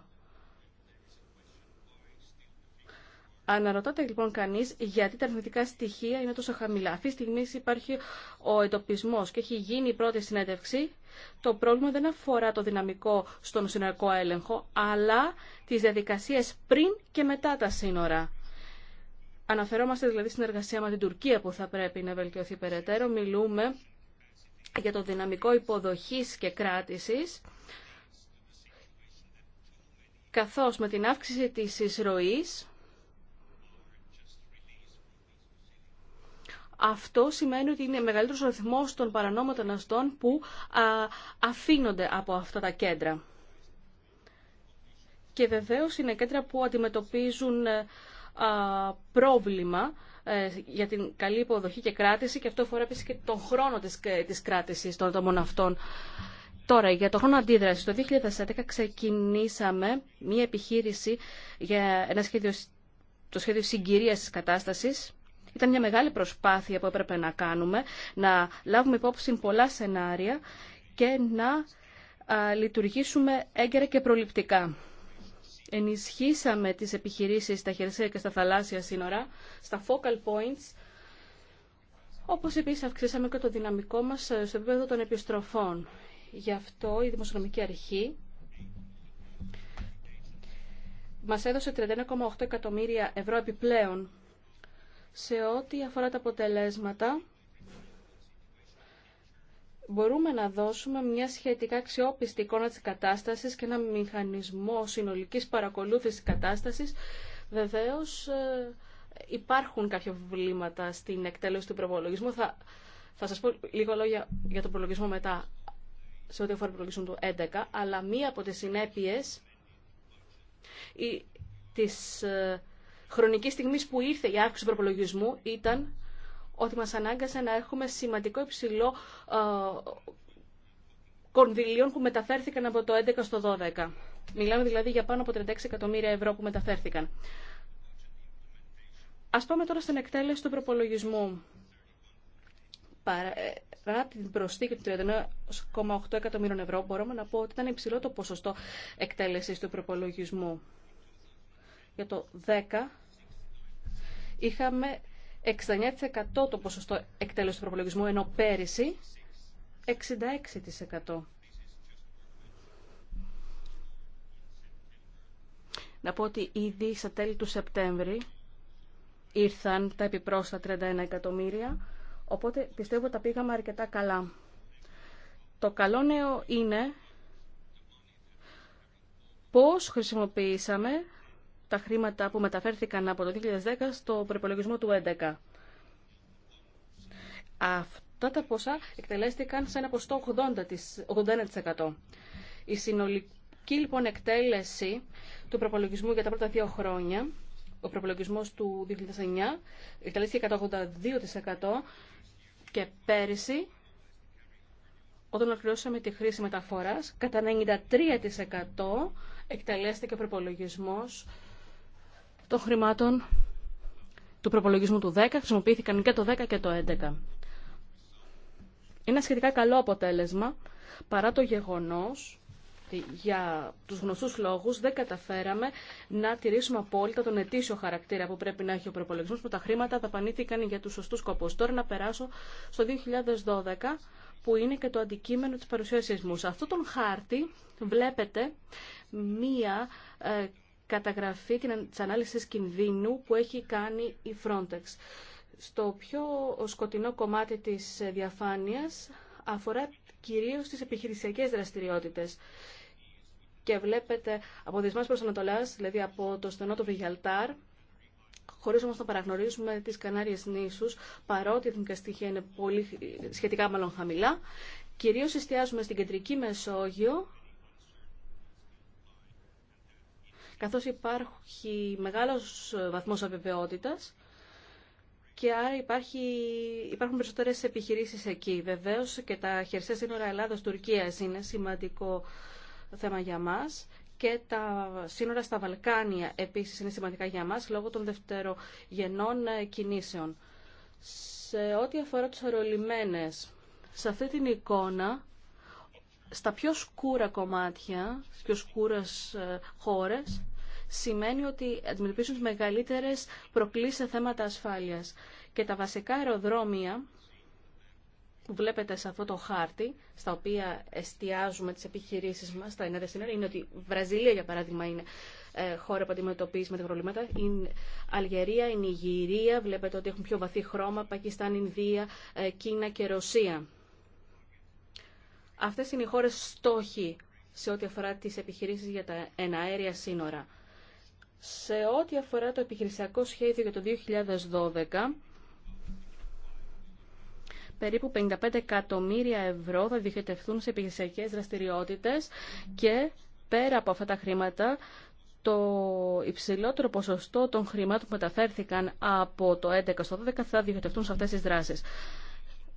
Αναρωτάται λοιπόν κανεί γιατί τα αρνητικά στοιχεία είναι τόσο χαμηλά. Αυτή τη στιγμή υπάρχει ο εντοπισμό και έχει γίνει η πρώτη συνέντευξη. Το πρόβλημα δεν αφορά το δυναμικό στον συνορικό έλεγχο, αλλά τι διαδικασίε πριν και μετά τα σύνορα. Αναφερόμαστε δηλαδή στην εργασία με την Τουρκία που θα πρέπει να βελτιωθεί περαιτέρω. Μιλούμε για το δυναμικό υποδοχής και κράτησης, καθώς με την αύξηση της εισρωής Αυτό σημαίνει ότι είναι μεγαλύτερο ο αριθμός των παρανόμων αστών που αφήνονται από αυτά τα κέντρα. Και βεβαίω είναι κέντρα που αντιμετωπίζουν ε, πρόβλημα ε, για την καλή υποδοχή και κράτηση και αυτό αφορά επίσης και τον χρόνο της, ε, της κράτησης των ατόμων αυτών. Τώρα, για το χρόνο αντίδραση. Το 2011 ξεκινήσαμε μία επιχείρηση για ένα σχέδιο, το σχέδιο συγκυρίας της κατάστασης ήταν μια μεγάλη προσπάθεια που έπρεπε να κάνουμε, να λάβουμε υπόψη πολλά σενάρια και να λειτουργήσουμε έγκαιρα και προληπτικά. Ενισχύσαμε τις επιχειρήσεις στα χερσαία και στα θαλάσσια σύνορα, στα focal points, όπως επίσης αυξήσαμε και το δυναμικό μας ε, στο επίπεδο των επιστροφών. Γι' αυτό η Δημοσιονομική Αρχή μας έδωσε 31,8 εκατομμύρια ευρώ επιπλέον σε ό,τι αφορά τα αποτελέσματα, μπορούμε να δώσουμε μια σχετικά αξιόπιστη εικόνα της κατάστασης και ένα μηχανισμό συνολικής παρακολούθησης της κατάστασης. Βεβαίως ε, υπάρχουν κάποια προβλήματα στην εκτέλεση του προπολογισμού. Θα, θα σας πω λίγο λόγια για τον προλογισμό μετά σε ό,τι αφορά τον προλογισμό του 11, αλλά μία από τις συνέπειες ε, χρονική στιγμή που ήρθε η αύξηση του προπολογισμού ήταν ότι μας ανάγκασε να έχουμε σημαντικό υψηλό ε, κονδυλίων που μεταφέρθηκαν από το 11 στο 12. Μιλάμε δηλαδή για πάνω από 36 εκατομμύρια ευρώ που μεταφέρθηκαν. Ας πάμε τώρα στην εκτέλεση του προπολογισμού. Παρά ε, την προσθήκη του 31,8 εκατομμύρων ευρώ, μπορούμε να πω ότι ήταν υψηλό το ποσοστό εκτέλεσης του προπολογισμού για το 10 είχαμε 69% το ποσοστό εκτέλεση του προπολογισμού, ενώ πέρυσι 66%. Να πω ότι ήδη στα τέλη του Σεπτέμβρη ήρθαν τα επιπρόσθετα 31 εκατομμύρια, οπότε πιστεύω τα πήγαμε αρκετά καλά. Το καλό νέο είναι πώς χρησιμοποιήσαμε τα χρήματα που μεταφέρθηκαν από το 2010 στο προπολογισμό του 2011. Αυτά τα ποσά εκτελέστηκαν σε ένα ποστό 81%. Η συνολική λοιπόν εκτέλεση του προπολογισμού για τα πρώτα δύο χρόνια, ο προπολογισμός του 2009, εκτελέστηκε 182% και πέρυσι όταν ολοκληρώσαμε τη χρήση μεταφοράς, κατά 93% εκτελέστηκε ο προπολογισμός των χρημάτων του προπολογισμού του 10 χρησιμοποιήθηκαν και το 10 και το 11. Είναι σχετικά καλό αποτέλεσμα παρά το γεγονός για τους γνωστούς λόγους δεν καταφέραμε να τηρήσουμε απόλυτα τον ετήσιο χαρακτήρα που πρέπει να έχει ο προπολογισμό που τα χρήματα δαπανήθηκαν για τους σωστούς σκοπούς. Τώρα να περάσω στο 2012 που είναι και το αντικείμενο της παρουσίασής μου. Σε αυτόν τον χάρτη βλέπετε μία ε, καταγραφή τη ανάλυση κινδύνου που έχει κάνει η Frontex. Στο πιο σκοτεινό κομμάτι της διαφάνειας αφορά κυρίως τις επιχειρησιακές δραστηριότητες. Και βλέπετε από δυσμάς προς Ανατολάς, δηλαδή από το στενό του Βιγιαλτάρ, χωρί όμω να παραγνωρίζουμε τι Κανάριε νήσου, παρότι η εθνικά στοιχεία είναι πολύ, σχετικά μάλλον χαμηλά. Κυρίω εστιάζουμε στην κεντρική Μεσόγειο καθώς υπάρχει μεγάλος βαθμός αβεβαιότητας και άρα υπάρχει, υπάρχουν περισσότερες επιχειρήσεις εκεί. Βεβαίως και τα χερσαία σύνορα Ελλάδος-Τουρκίας είναι σημαντικό θέμα για μας και τα σύνορα στα Βαλκάνια επίσης είναι σημαντικά για μας λόγω των δευτερογενών κινήσεων. Σε ό,τι αφορά τους αερολιμένες, σε αυτή την εικόνα στα πιο σκούρα κομμάτια, στις πιο σκούρες ε, χώρες, σημαίνει ότι αντιμετωπίζουν τις μεγαλύτερες προκλήσεις σε θέματα ασφάλειας. Και τα βασικά αεροδρόμια που βλέπετε σε αυτό το χάρτη, στα οποία εστιάζουμε τις επιχειρήσεις μας, τα ενέργεια σύνορα, είναι ότι Βραζιλία, για παράδειγμα, είναι ε, χώρα που αντιμετωπίζει με τα προβλήματα. Η Αλγερία, η Νιγηρία, βλέπετε ότι έχουν πιο βαθύ χρώμα, Πακιστάν, Ινδία, ε, Κίνα και Ρωσία. Αυτές είναι οι χώρες στόχοι σε ό,τι αφορά τις επιχειρήσεις για τα εναέρια σύνορα. Σε ό,τι αφορά το επιχειρησιακό σχέδιο για το 2012, περίπου 55 εκατομμύρια ευρώ θα διοχετευτούν σε επιχειρησιακές δραστηριότητες και πέρα από αυτά τα χρήματα, το υψηλότερο ποσοστό των χρημάτων που μεταφέρθηκαν από το 2011 στο 2012 θα διοχετευτούν σε αυτές τις δράσεις.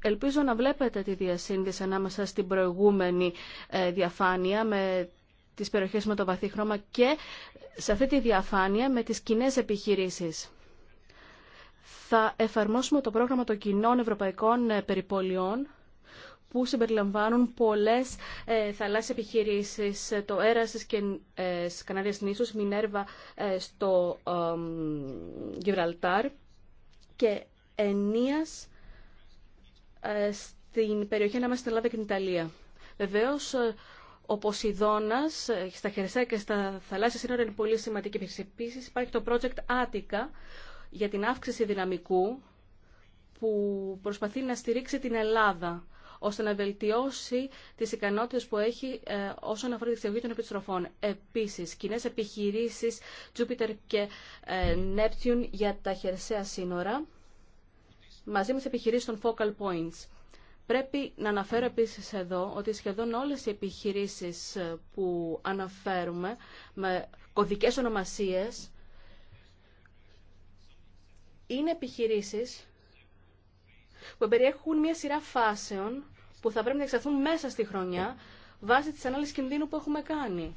Ελπίζω να βλέπετε τη διασύνδεση ανάμεσα στην προηγούμενη ε, διαφάνεια με τις περιοχές με το βαθύ χρώμα και σε αυτή τη διαφάνεια με τις κοινέ επιχειρήσεις. Θα εφαρμόσουμε το πρόγραμμα των κοινών ευρωπαϊκών ε, περιπολιών που συμπεριλαμβάνουν πολλές ε, θαλάσσιες επιχειρήσεις, ε, το έρασης και ε, στις νήσους, Μινέρβα στο ε, Γιβραλτάρ και ενίας στην περιοχή ανάμεσα στην Ελλάδα και την Ιταλία. Βεβαίως, ο Ποσειδώνα ε, στα χερσαία και στα θαλάσσια σύνορα είναι πολύ σημαντική. Επίση, υπάρχει το project Attica για την αύξηση δυναμικού που προσπαθεί να στηρίξει την Ελλάδα ώστε να βελτιώσει τις ικανότητες που έχει ε, όσον αφορά τη διευθυντική των επιστροφών. Επίσης, κοινέ επιχειρήσεις Jupiter και ε, Neptune για τα χερσαία σύνορα μαζί με τι επιχειρήσει των focal points. Πρέπει να αναφέρω επίσης εδώ ότι σχεδόν όλες οι επιχειρήσεις ε, που αναφέρουμε με κωδικές ονομασίες είναι επιχειρήσεις που περιέχουν μια σειρά φάσεων που θα πρέπει να εξαρθούν μέσα στη χρονιά βάσει της ανάλυσης κινδύνου που έχουμε κάνει.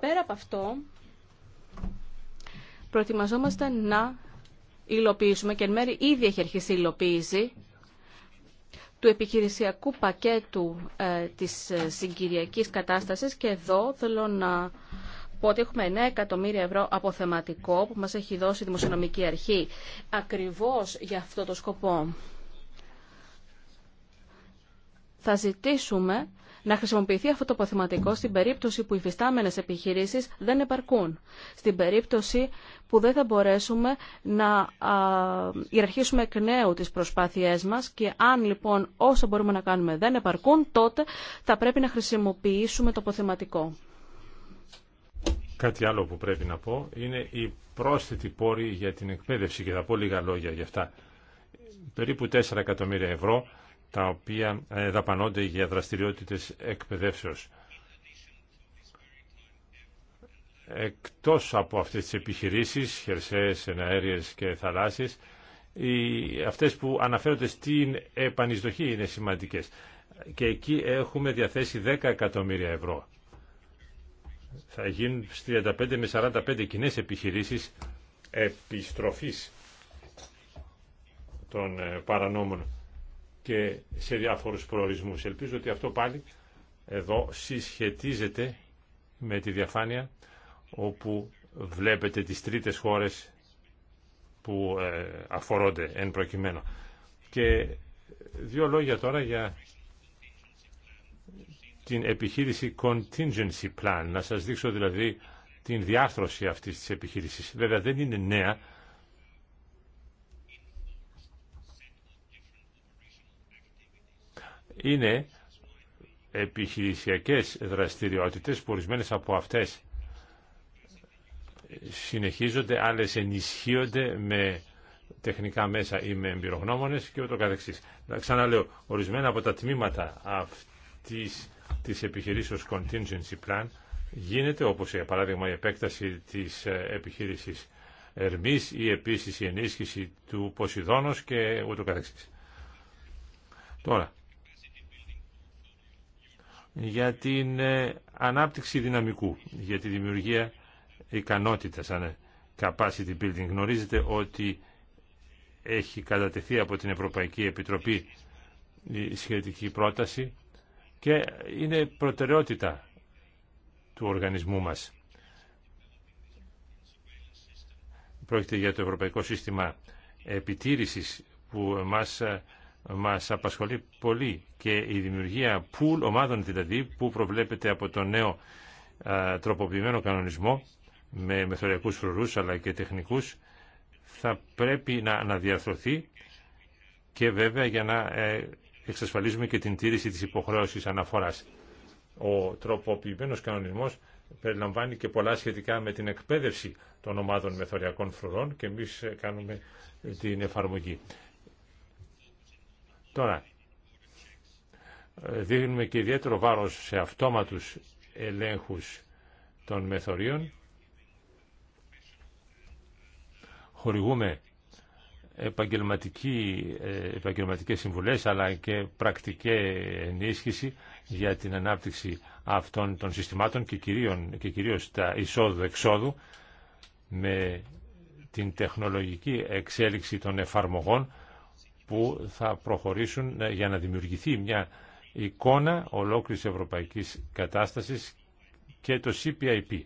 Πέρα από αυτό, προετοιμαζόμαστε να υλοποιήσουμε και εν μέρει ήδη έχει αρχίσει η υλοποίηση του επιχειρησιακού πακέτου ε, της ε, συγκυριακής κατάστασης και εδώ θέλω να πω ότι έχουμε 9 εκατομμύρια ευρώ αποθεματικό που μας έχει δώσει η Δημοσιονομική Αρχή ακριβώς για αυτό το σκοπό. Θα ζητήσουμε να χρησιμοποιηθεί αυτό το αποθεματικό στην περίπτωση που οι φυστάμενε επιχειρήσεις δεν επαρκούν. Στην περίπτωση που δεν θα μπορέσουμε να ιεραρχήσουμε εκ νέου τι προσπάθειές μας και αν λοιπόν όσα μπορούμε να κάνουμε δεν επαρκούν, τότε θα πρέπει να χρησιμοποιήσουμε το αποθεματικό. Κάτι άλλο που πρέπει να πω είναι η πρόσθετη πόρη για την εκπαίδευση και θα πω λίγα λόγια για αυτά. Περίπου 4 εκατομμύρια ευρώ τα οποία ε, δαπανώνται για δραστηριότητες εκπαιδεύσεως. Εκτός από αυτές τις επιχειρήσεις, χερσαίες, εναέριες και θαλάσσιες, οι, αυτές που αναφέρονται στην επανεισδοχή είναι σημαντικές. Και εκεί έχουμε διαθέσει 10 εκατομμύρια ευρώ. Θα γίνουν 35 με 45 κοινέ επιχειρήσεις επιστροφής των ε, παρανόμων και σε διάφορους προορισμούς. Ελπίζω ότι αυτό πάλι εδώ συσχετίζεται με τη διαφάνεια όπου βλέπετε τις τρίτες χώρες που ε, αφορώνται εν προκειμένου. Και δύο λόγια τώρα για την επιχείρηση contingency plan, να σας δείξω δηλαδή την διάρθρωση αυτής της επιχείρησης. Βέβαια δεν είναι νέα, είναι επιχειρησιακές δραστηριότητες που ορισμένες από αυτές συνεχίζονται, άλλες ενισχύονται με τεχνικά μέσα ή με εμπειρογνώμονες και ούτω καθεξής. Ξαναλέω, ορισμένα από τα τμήματα αυτής της επιχειρήσεως contingency plan γίνεται, όπως για παράδειγμα η επέκταση της ε, επιχείρησης Ερμής ή επίσης η ενίσχυση του Ποσειδώνος και ούτω καθεξής. Τώρα, για την ε, ανάπτυξη δυναμικού, για τη δημιουργία ικανότητας, σαν capacity building. Γνωρίζετε ότι έχει κατατεθεί από την Ευρωπαϊκή Επιτροπή η σχετική πρόταση και είναι προτεραιότητα του οργανισμού μας. Πρόκειται για το Ευρωπαϊκό Σύστημα Επιτήρησης που μας ε, μας απασχολεί πολύ και η δημιουργία pool ομάδων δηλαδή που προβλέπεται από το νέο τροποποιημένο κανονισμό με μεθοριακούς φρουρούς αλλά και τεχνικούς θα πρέπει να αναδιαρθρωθεί και βέβαια για να ε, εξασφαλίζουμε και την τήρηση της υποχρέωσης αναφοράς. Ο τροποποιημένος κανονισμός περιλαμβάνει και πολλά σχετικά με την εκπαίδευση των ομάδων μεθοριακών φρουρών και εμείς ε, κάνουμε την εφαρμογή. Τώρα, δίνουμε και ιδιαίτερο βάρος σε αυτόματους ελέγχους των μεθορίων. Χορηγούμε επαγγελματική, ε, επαγγελματικές συμβουλές αλλά και πρακτική ενίσχυση για την ανάπτυξη αυτών των συστημάτων και, κυρίων, και κυρίως τα εισόδου-εξόδου με την τεχνολογική εξέλιξη των εφαρμογών που θα προχωρήσουν ε, για να δημιουργηθεί μια εικόνα ολόκληρης ευρωπαϊκής κατάστασης και το CPIP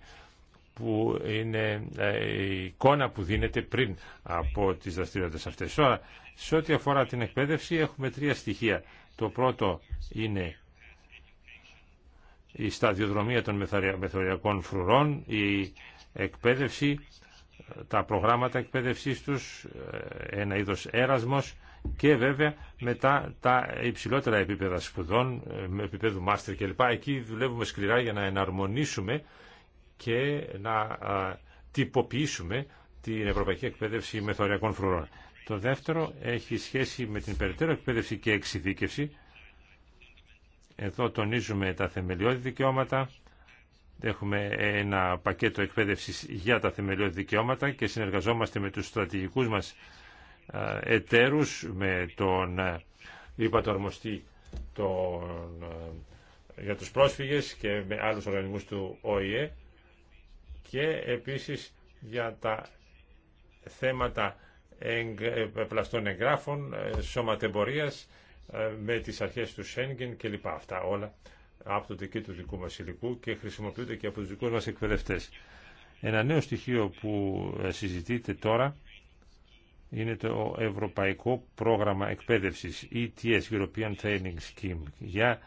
που είναι ε, η εικόνα που δίνεται πριν από τις δραστηριότητες αυτές. Τώρα, σε ό,τι αφορά την εκπαίδευση έχουμε τρία στοιχεία. Το πρώτο είναι η σταδιοδρομία των μεθοριακών φρουρών, η εκπαίδευση, τα προγράμματα εκπαίδευσής τους, ε, ένα είδος έρασμος και βέβαια μετά τα υψηλότερα επίπεδα σπουδών, με επίπεδο μάστερ κλπ. Εκεί δουλεύουμε σκληρά για να εναρμονίσουμε και να τυποποιήσουμε την ευρωπαϊκή εκπαίδευση μεθοριακών φρουρών. Το δεύτερο έχει σχέση με την περαιτέρω εκπαίδευση και εξειδίκευση. Εδώ τονίζουμε τα θεμελιώδη δικαιώματα. Έχουμε ένα πακέτο εκπαίδευσης για τα θεμελιώδη δικαιώματα και συνεργαζόμαστε με τους στρατηγικούς μας ε, εταίρους, με τον Υπατορμοστή ε, τον, ε, για τους πρόσφυγες και με άλλους οργανισμούς του ΟΗΕ και επίσης για τα θέματα πλαστών εγγράφων, σωματεμπορίας με τις αρχές του και λοιπά Αυτά όλα από το του δικού μας υλικού και χρησιμοποιούνται και από τους δικούς μας εκπαιδευτές. Ένα νέο στοιχείο που συζητείτε τώρα είναι το Ευρωπαϊκό Πρόγραμμα Εκπαίδευσης, ETS, European Training Scheme, για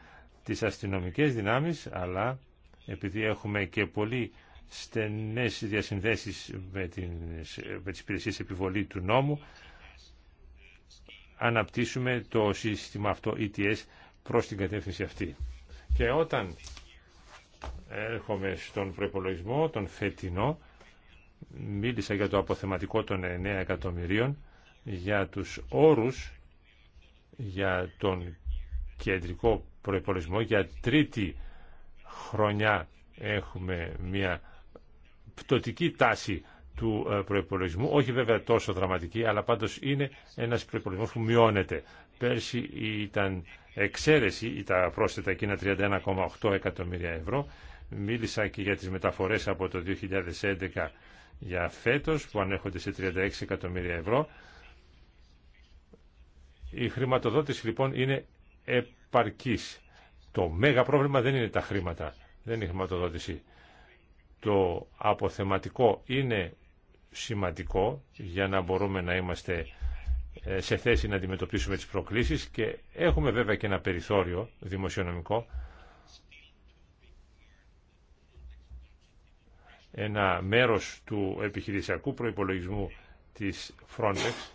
τις αστυνομικές δυνάμεις, αλλά επειδή έχουμε και πολύ στενές διασυνδέσεις με, την, με τις υπηρεσίες επιβολή του νόμου, αναπτύσσουμε το σύστημα αυτό ETS προς την κατεύθυνση αυτή. Και όταν έρχομαι στον προπολογισμό, τον φετινό, Μίλησα για το αποθεματικό των 9 εκατομμυρίων, για τους όρους για τον κεντρικό προϋπολογισμό. Για τρίτη χρονιά έχουμε μια πτωτική τάση του ε, προϋπολογισμού, όχι βέβαια τόσο δραματική, αλλά πάντως είναι ένας προϋπολογισμός που μειώνεται. Πέρσι ήταν εξαίρεση ή τα πρόσθετα εκείνα 31,8 εκατομμύρια ευρώ. Μίλησα και για τις μεταφορές από το 2011 για φέτος που ανέχονται σε 36 εκατομμύρια ευρώ. Η χρηματοδότηση λοιπόν είναι επαρκής. Το μέγα πρόβλημα δεν είναι τα χρήματα, δεν είναι η χρηματοδότηση. Το αποθεματικό είναι σημαντικό για να μπορούμε να είμαστε ε, σε θέση να αντιμετωπίσουμε τις προκλήσεις και έχουμε βέβαια και ένα περιθώριο δημοσιονομικό ένα μέρος του επιχειρησιακού προϋπολογισμού της Frontex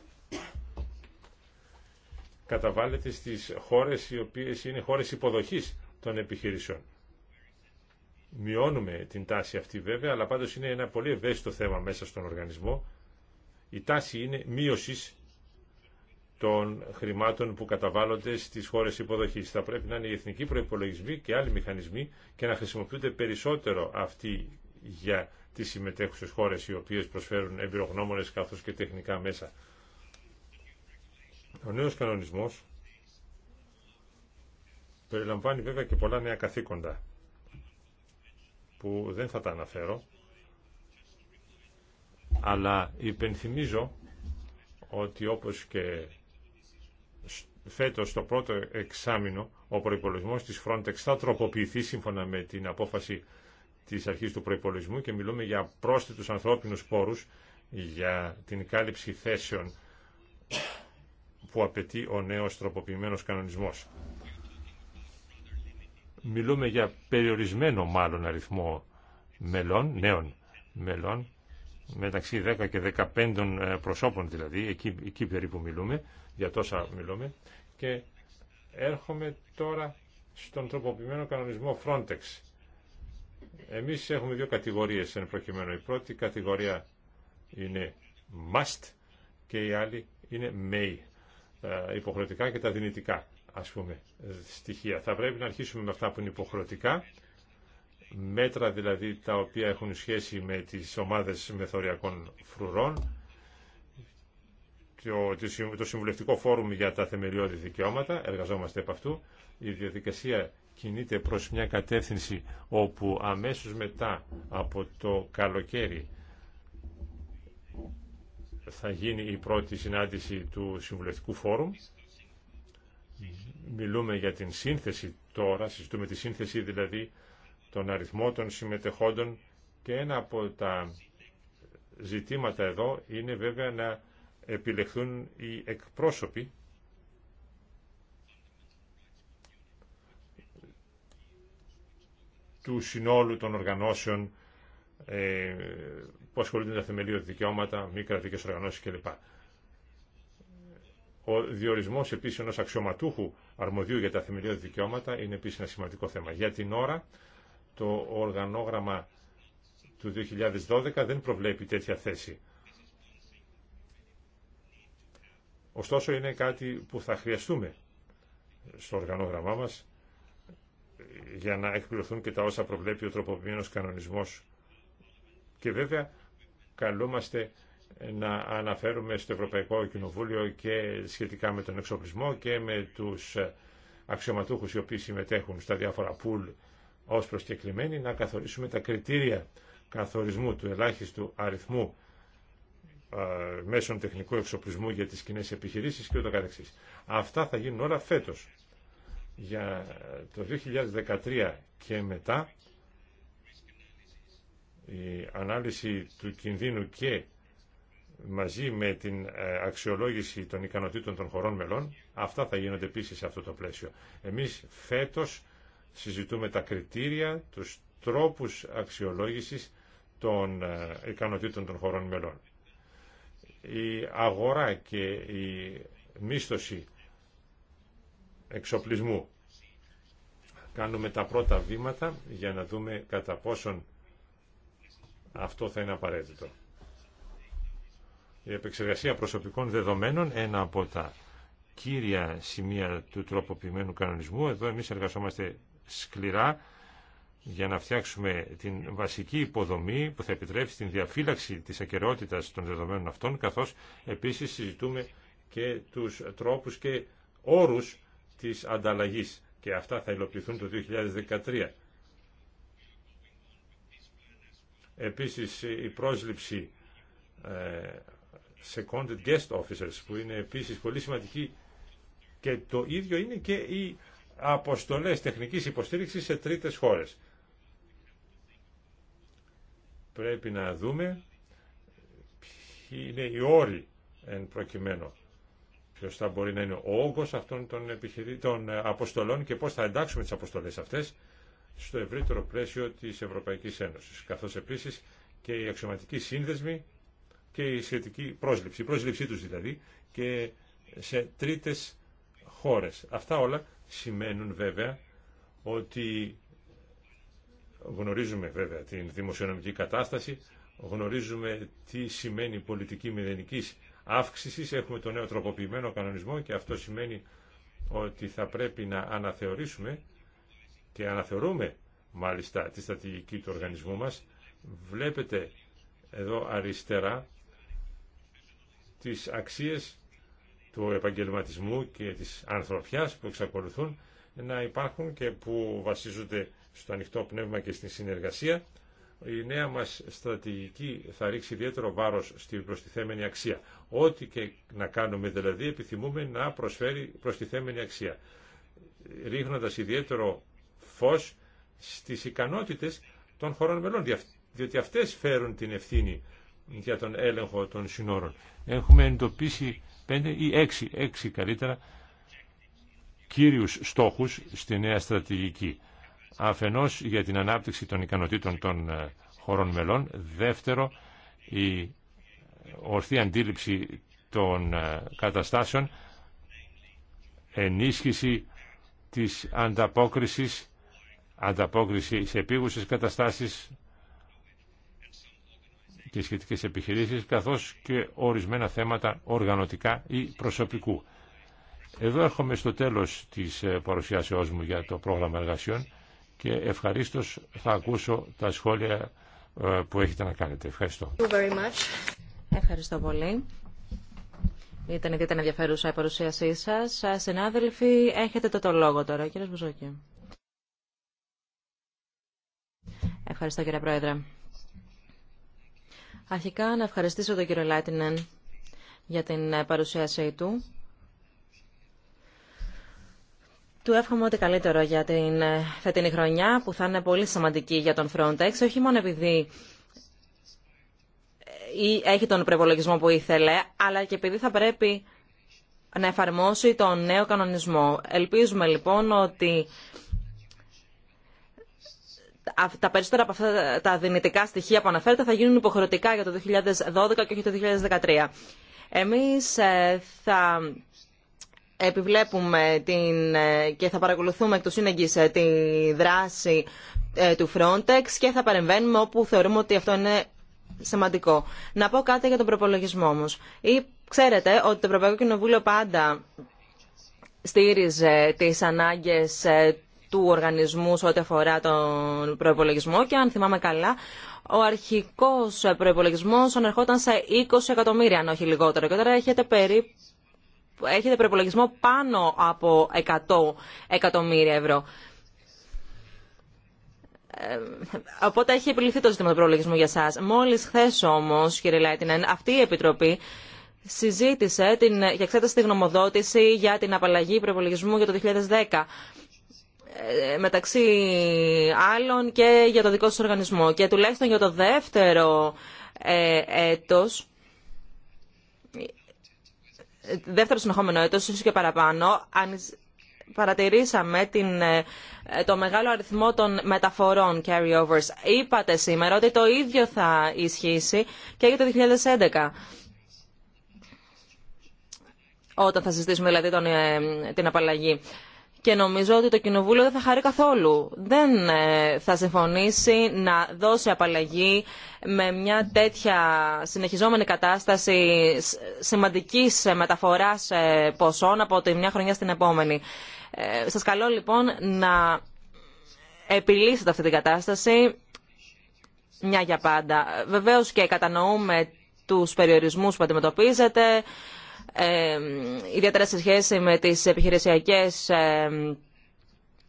καταβάλλεται στις χώρες οι οποίες είναι χώρες υποδοχής των επιχειρήσεων. Μειώνουμε την τάση αυτή βέβαια, αλλά πάντως είναι ένα πολύ ευαίσθητο θέμα μέσα στον οργανισμό. Η τάση είναι μείωση των χρημάτων που καταβάλλονται στις χώρες υποδοχής. Θα πρέπει να είναι οι εθνικοί προϋπολογισμοί και άλλοι μηχανισμοί και να χρησιμοποιούνται περισσότερο αυτοί για τις συμμετέχουσες χώρες οι οποίες προσφέρουν εμπειρογνώμονες καθώς και τεχνικά μέσα. Ο νέος κανονισμός περιλαμβάνει βέβαια και πολλά νέα καθήκοντα που δεν θα τα αναφέρω αλλά υπενθυμίζω ότι όπως και φέτος το πρώτο εξάμεινο ο προϋπολογισμός της Frontex θα τροποποιηθεί σύμφωνα με την απόφαση της αρχής του προϋπολογισμού και μιλούμε για πρόσθετους ανθρώπινους πόρους για την κάλυψη θέσεων που απαιτεί ο νέος τροποποιημένος κανονισμός. Μιλούμε για περιορισμένο μάλλον αριθμό μελών, νέων μελών, μεταξύ 10 και 15 ε, προσώπων δηλαδή, εκεί, εκεί περίπου μιλούμε, για τόσα μιλούμε, και έρχομαι τώρα στον τροποποιημένο κανονισμό Frontex εμείς έχουμε δύο κατηγορίες εν προκειμένου. Η πρώτη κατηγορία είναι must και η άλλη είναι may. Ε, υποχρεωτικά και τα δυνητικά, ας πούμε, στοιχεία. Θα πρέπει να αρχίσουμε με αυτά που είναι υποχρεωτικά, μέτρα δηλαδή τα οποία έχουν σχέση με τις ομάδες μεθοριακών φρουρών, το Συμβουλευτικό Φόρουμ για τα Θεμελιώδη Δικαιώματα, εργαζόμαστε επ' αυτού, η διαδικασία κινείται προς μια κατεύθυνση όπου αμέσως μετά από το καλοκαίρι θα γίνει η πρώτη συνάντηση του Συμβουλευτικού Φόρουμ. Μιλούμε για την σύνθεση τώρα, συζητούμε τη σύνθεση δηλαδή των αριθμό των συμμετεχόντων και ένα από τα ζητήματα εδώ είναι βέβαια να επιλεχθούν οι εκπρόσωποι του συνόλου των οργανώσεων ε, που ασχολούνται με τα θεμελίωτα δικαιώματα, μη κρατικέ οργανώσει κλπ. Ο διορισμός επίση ενό αξιωματούχου αρμοδίου για τα θεμελιώδη δικαιώματα είναι επίση ένα σημαντικό θέμα. Για την ώρα το οργανόγραμμα του 2012 δεν προβλέπει τέτοια θέση. Ωστόσο είναι κάτι που θα χρειαστούμε στο οργανόγραμμά μας για να εκπληρωθούν και τα όσα προβλέπει ο τροποποιημένος κανονισμός. Και βέβαια καλούμαστε να αναφέρουμε στο Ευρωπαϊκό Κοινοβούλιο και σχετικά με τον εξοπλισμό και με τους αξιωματούχους οι οποίοι συμμετέχουν στα διάφορα πουλ ως προσκεκλημένοι να καθορίσουμε τα κριτήρια καθορισμού του ελάχιστου αριθμού ε, μέσων τεχνικού εξοπλισμού για τις κοινέ επιχειρήσεις και Αυτά θα γίνουν όλα φέτος για το 2013 και μετά η ανάλυση του κινδύνου και μαζί με την ε, αξιολόγηση των ικανοτήτων των χωρών μελών. Αυτά θα γίνονται επίση σε αυτό το πλαίσιο. Εμείς φέτος συζητούμε τα κριτήρια, τους τρόπους αξιολόγησης των ε, ικανοτήτων των χωρών μελών. Η αγορά και η μίσθωση εξοπλισμού. Κάνουμε τα πρώτα βήματα για να δούμε κατά πόσον αυτό θα είναι απαραίτητο. Η επεξεργασία προσωπικών δεδομένων, ένα από τα κύρια σημεία του τροποποιημένου κανονισμού, εδώ εμείς εργαζόμαστε σκληρά για να φτιάξουμε την βασική υποδομή που θα επιτρέψει την διαφύλαξη της ακαιρεότητας των δεδομένων αυτών, καθώς επίσης συζητούμε και τους τρόπους και όρους της ανταλλαγής και αυτά θα υλοποιηθούν το 2013. Επίσης η πρόσληψη ε, second guest officers που είναι επίσης πολύ σημαντική και το ίδιο είναι και οι αποστολές τεχνικής υποστήριξης σε τρίτες χώρες. Πρέπει να δούμε ποιοι είναι οι όροι εν προκειμένου ποιος θα μπορεί να είναι ο όγκος αυτών των, επιχειρή... των ε, αποστολών και πώς θα εντάξουμε τι αποστολέ αυτές στο ευρύτερο πλαίσιο της Ευρωπαϊκής Ένωση, καθώς επίση και οι αξιωματικοί σύνδεσμοι και η σχετική πρόσληψη, η πρόσληψή τους δηλαδή, και σε τρίτες χώρες. Αυτά όλα σημαίνουν βέβαια ότι γνωρίζουμε βέβαια την δημοσιονομική κατάσταση, γνωρίζουμε τι σημαίνει πολιτική μηδενικής Αύξηση Έχουμε τον νέο τροποποιημένο κανονισμό και αυτό σημαίνει ότι θα πρέπει να αναθεωρήσουμε και αναθεωρούμε μάλιστα τη στρατηγική του οργανισμού μας. Βλέπετε εδώ αριστερά τις αξίες του επαγγελματισμού και της ανθρωπιάς που εξακολουθούν να υπάρχουν και που βασίζονται στο ανοιχτό πνεύμα και στην συνεργασία η νέα μας στρατηγική θα ρίξει ιδιαίτερο βάρος στην προστιθέμενη αξία. Ό,τι και να κάνουμε δηλαδή επιθυμούμε να προσφέρει προστιθέμενη αξία. Ρίχνοντας ιδιαίτερο φως στις ικανότητες των χωρών μελών, διότι αυτές φέρουν την ευθύνη για τον έλεγχο των συνόρων. Έχουμε εντοπίσει πέντε ή έξι, έξι καλύτερα, κύριους στόχους στη νέα στρατηγική αφενός για την ανάπτυξη των ικανοτήτων των ε, χωρών μελών, δεύτερο η ορθή αντίληψη των ε, καταστάσεων, ενίσχυση της ανταπόκρισης, ανταπόκριση σε επίγουσες καταστάσεις και σχετικές επιχειρήσεις, καθώς και ορισμένα θέματα οργανωτικά ή προσωπικού. Εδώ έρχομαι στο τέλος της ε, παρουσιάσεώς μου για το πρόγραμμα εργασιών και ευχαριστώ θα ακούσω τα σχόλια ε, που έχετε να κάνετε. Ευχαριστώ. Ευχαριστώ πολύ. Ήταν ιδιαίτερα ενδιαφέρουσα η παρουσίασή σα. Συνάδελφοι, έχετε το, το λόγο τώρα, κύριε Μπουζόκη. Ευχαριστώ, κύριε Πρόεδρε. Αρχικά, να ευχαριστήσω τον κύριο Λάτινεν για την παρουσίασή του Του εύχομαι ό,τι καλύτερο για την ε, φετινή χρονιά που θα είναι πολύ σημαντική για τον Frontex, όχι μόνο επειδή ε, έχει τον προπολογισμό που ήθελε, αλλά και επειδή θα πρέπει να εφαρμόσει τον νέο κανονισμό. Ελπίζουμε λοιπόν ότι τα περισσότερα από αυτά τα δυνητικά στοιχεία που αναφέρετε θα γίνουν υποχρεωτικά για το 2012 και όχι το 2013. Εμείς ε, θα επιβλέπουμε την, και θα παρακολουθούμε εκ του σύνεγγυς ε, τη δράση ε, του Frontex και θα παρεμβαίνουμε όπου θεωρούμε ότι αυτό είναι σημαντικό. Να πω κάτι για τον προπολογισμό όμως. Ή, ξέρετε ότι το Ευρωπαϊκό Κοινοβούλιο πάντα στήριζε τις ανάγκες ε, του οργανισμού σε ό,τι αφορά τον προπολογισμό και αν θυμάμαι καλά, ο αρχικός προπολογισμό ανερχόταν σε 20 εκατομμύρια, αν όχι λιγότερο. Και τώρα έχετε περίπου έχετε προπολογισμό πάνω από 100 εκατομμύρια ευρώ. Ε, οπότε έχει επιληθεί το ζήτημα του προπολογισμού για σας. Μόλις χθε όμως, κύριε Λάιτινεν, αυτή η Επιτροπή συζήτησε την, και εξέτασε τη γνωμοδότηση για την απαλλαγή προπολογισμού για το 2010 ε, μεταξύ άλλων και για το δικό σας οργανισμό. Και τουλάχιστον για το δεύτερο ε, έτος δεύτερο συνεχόμενο έτος, ίσως και παραπάνω, παρατηρήσαμε την, ε, το μεγάλο αριθμό των μεταφορών carryovers. Είπατε σήμερα ότι το ίδιο θα ισχύσει και για το 2011. Όταν θα συζητήσουμε δηλαδή ε, την απαλλαγή και νομίζω ότι το Κοινοβούλιο δεν θα χαρεί καθόλου. Δεν ε, θα συμφωνήσει να δώσει απαλλαγή με μια τέτοια συνεχιζόμενη κατάσταση σημαντικής μεταφοράς ε, ποσών από τη μια χρονιά στην επόμενη. Ε, σας καλώ λοιπόν να επιλύσετε αυτή την κατάσταση μια για πάντα. Βεβαίως και κατανοούμε τους περιορισμούς που αντιμετωπίζετε, ιδιαίτερα σε σχέση με τις επιχειρησιακές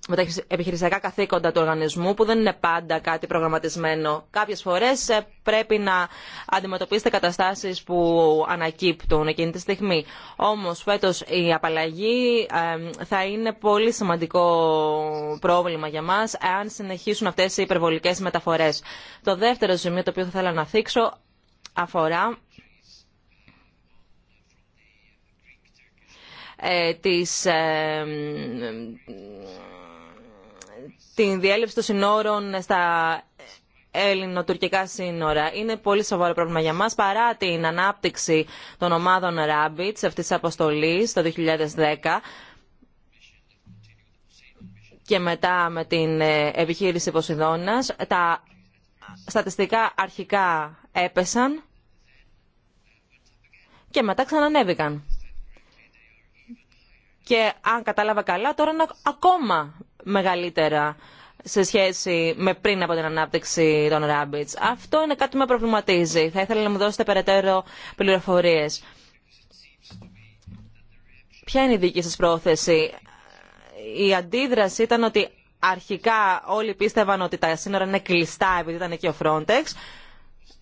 με τα επιχειρησιακά καθήκοντα του οργανισμού που δεν είναι πάντα κάτι προγραμματισμένο. Κάποιες φορές ε, πρέπει να αντιμετωπίσετε καταστάσεις που ανακύπτουν εκείνη τη στιγμή. Όμως φέτος η απαλλαγή θα είναι πολύ σημαντικό πρόβλημα για μας αν συνεχίσουν αυτές οι υπερβολικές μεταφορές. Το δεύτερο σημείο το οποίο θα ήθελα να θίξω αφορά Ε, της, ε, την διέλευση των συνόρων στα ελληνοτουρκικά σύνορα. Είναι πολύ σοβαρό πρόβλημα για μας παρά την ανάπτυξη των ομάδων Rabbits αυτής της αποστολής το 2010 και μετά με την ε, επιχείρηση Ποσειδώνας. Τα στατιστικά αρχικά έπεσαν και μετά ξανανέβηκαν και αν κατάλαβα καλά τώρα είναι ακόμα μεγαλύτερα σε σχέση με πριν από την ανάπτυξη των Rabbits. Αυτό είναι κάτι που με προβληματίζει. Θα ήθελα να μου δώσετε περαιτέρω πληροφορίες. Ποια είναι η δική σας πρόθεση. Η αντίδραση ήταν ότι αρχικά όλοι πίστευαν ότι τα σύνορα είναι κλειστά επειδή ήταν εκεί ο Frontex.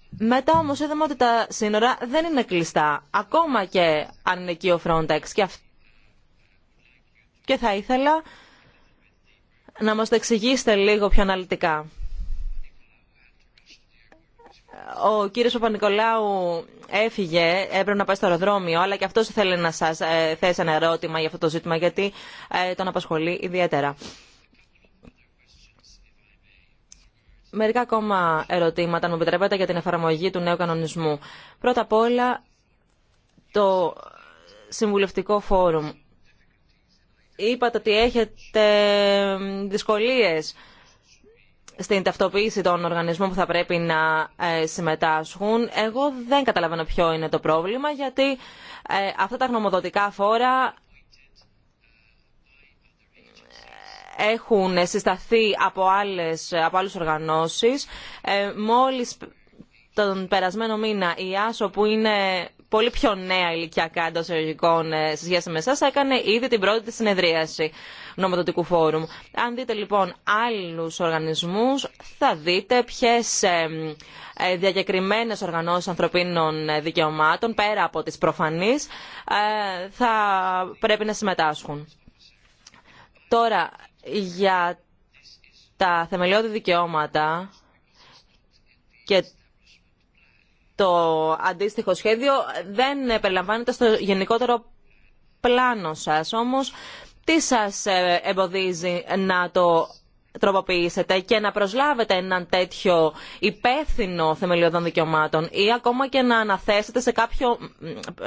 Μετά όμως είδαμε ότι τα σύνορα δεν είναι κλειστά, ακόμα και αν είναι εκεί ο Frontex. Και αυτό και θα ήθελα να μας το εξηγήσετε λίγο πιο αναλυτικά. Ο κύριος Παπα-Νικολάου έφυγε, έπρεπε να πάει στο αεροδρόμιο, αλλά και αυτός θέλει να σας ε, θέσει ένα ερώτημα για αυτό το ζήτημα, γιατί ε, τον απασχολεί ιδιαίτερα. Μερικά ακόμα ερωτήματα, αν μου επιτρέπετε, για την εφαρμογή του νέου κανονισμού. Πρώτα απ' όλα, το Συμβουλευτικό Φόρουμ είπατε ότι έχετε δυσκολίες στην ταυτοποίηση των οργανισμών που θα πρέπει να ε, συμμετάσχουν. Εγώ δεν καταλαβαίνω ποιο είναι το πρόβλημα, γιατί ε, αυτά τα γνωμοδοτικά φόρα ε, έχουν συσταθεί από, άλλες, από άλλους οργανώσεις. μόλις τον περασμένο μήνα η άσο που είναι πολύ πιο νέα ηλικιακά εντό εισαγωγικών ε, σε σχέση με εσά, έκανε ήδη την πρώτη συνεδρίαση νομοδοτικού φόρουμ. Αν δείτε λοιπόν άλλου οργανισμού, θα δείτε ποιε διακεκριμένε οργανώσει ανθρωπίνων ε, δικαιωμάτων, πέρα από τι προφανεί, ε, θα πρέπει να συμμετάσχουν. Τώρα, για τα θεμελιώδη δικαιώματα και το αντίστοιχο σχέδιο δεν περιλαμβάνεται στο γενικότερο πλάνο σας. Όμως, τι σας ε, εμποδίζει να το τροποποιήσετε και να προσλάβετε έναν τέτοιο υπεύθυνο θεμελιωδών δικαιωμάτων ή ακόμα και να αναθέσετε σε κάποιο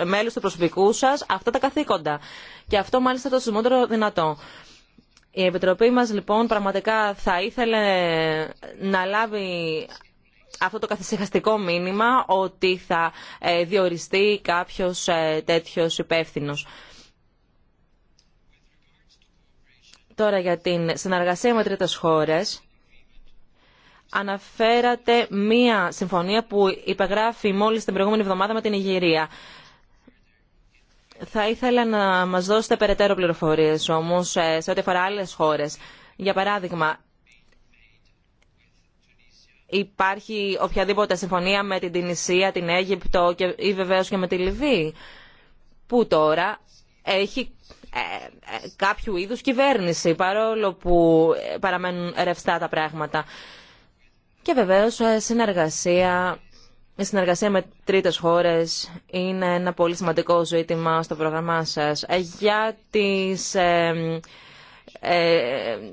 μέλος του προσωπικού σας αυτά τα καθήκοντα. Και αυτό μάλιστα το σημαντικό δυνατό. Η Επιτροπή μας λοιπόν πραγματικά θα ήθελε να λάβει αυτό το καθησυχαστικό μήνυμα ότι θα ε, διοριστεί κάποιος ε, τέτοιος υπεύθυνος. Τώρα για την συνεργασία με τρίτες χώρες. Αναφέρατε μία συμφωνία που υπεγράφει μόλις την προηγούμενη εβδομάδα με την Ιγυρία. Θα ήθελα να μας δώσετε περαιτέρω πληροφορίες όμως ε, σε ό,τι αφορά άλλες χώρες. Για παράδειγμα, υπάρχει οποιαδήποτε συμφωνία με την Τινησία, την Αίγυπτο και, ή βεβαίω και με τη Λιβύη, που τώρα έχει ε, ε κάποιου είδους κυβέρνηση, παρόλο που ε, παραμένουν ρευστά τα πράγματα. Και βεβαίως ε, συνεργασία, η συνεργασία με τρίτες χώρες είναι ένα πολύ σημαντικό ζήτημα στο πρόγραμμά σας. Για τις ε,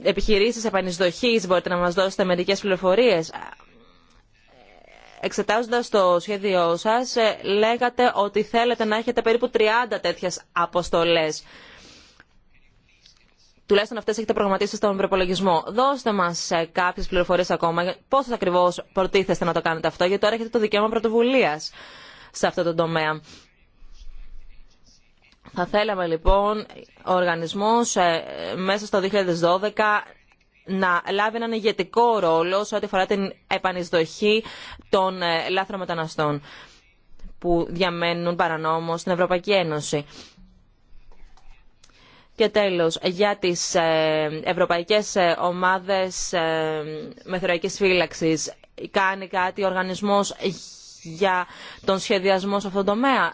επιχειρήσεις επανεισδοχής μπορείτε να μας δώσετε μερικές πληροφορίες. Εξετάζοντα το σχέδιό σας, ε, λέγατε ότι θέλετε να έχετε περίπου 30 τέτοιε αποστολές. Τουλάχιστον αυτές έχετε προγραμματίσει στον προπολογισμό. Δώστε μας ε, κάποιες πληροφορίες ακόμα. Πώς ακριβώ προτίθεστε να το κάνετε αυτό, γιατί τώρα έχετε το δικαίωμα πρωτοβουλία σε αυτό το τομέα. Θα θέλαμε λοιπόν ο οργανισμός ε, μέσα στο 2012 να λάβει έναν ηγετικό ρόλο σε ό,τι αφορά την επανεισδοχή των ε, λάθρων μεταναστών που διαμένουν παρανόμως στην Ευρωπαϊκή Ένωση. Και τέλος, για τις ε, ευρωπαϊκές ε, ομάδες μεθοριακής φύλαξης κάνει κάτι ο οργανισμός για τον σχεδιασμό σε αυτόν το τομέα.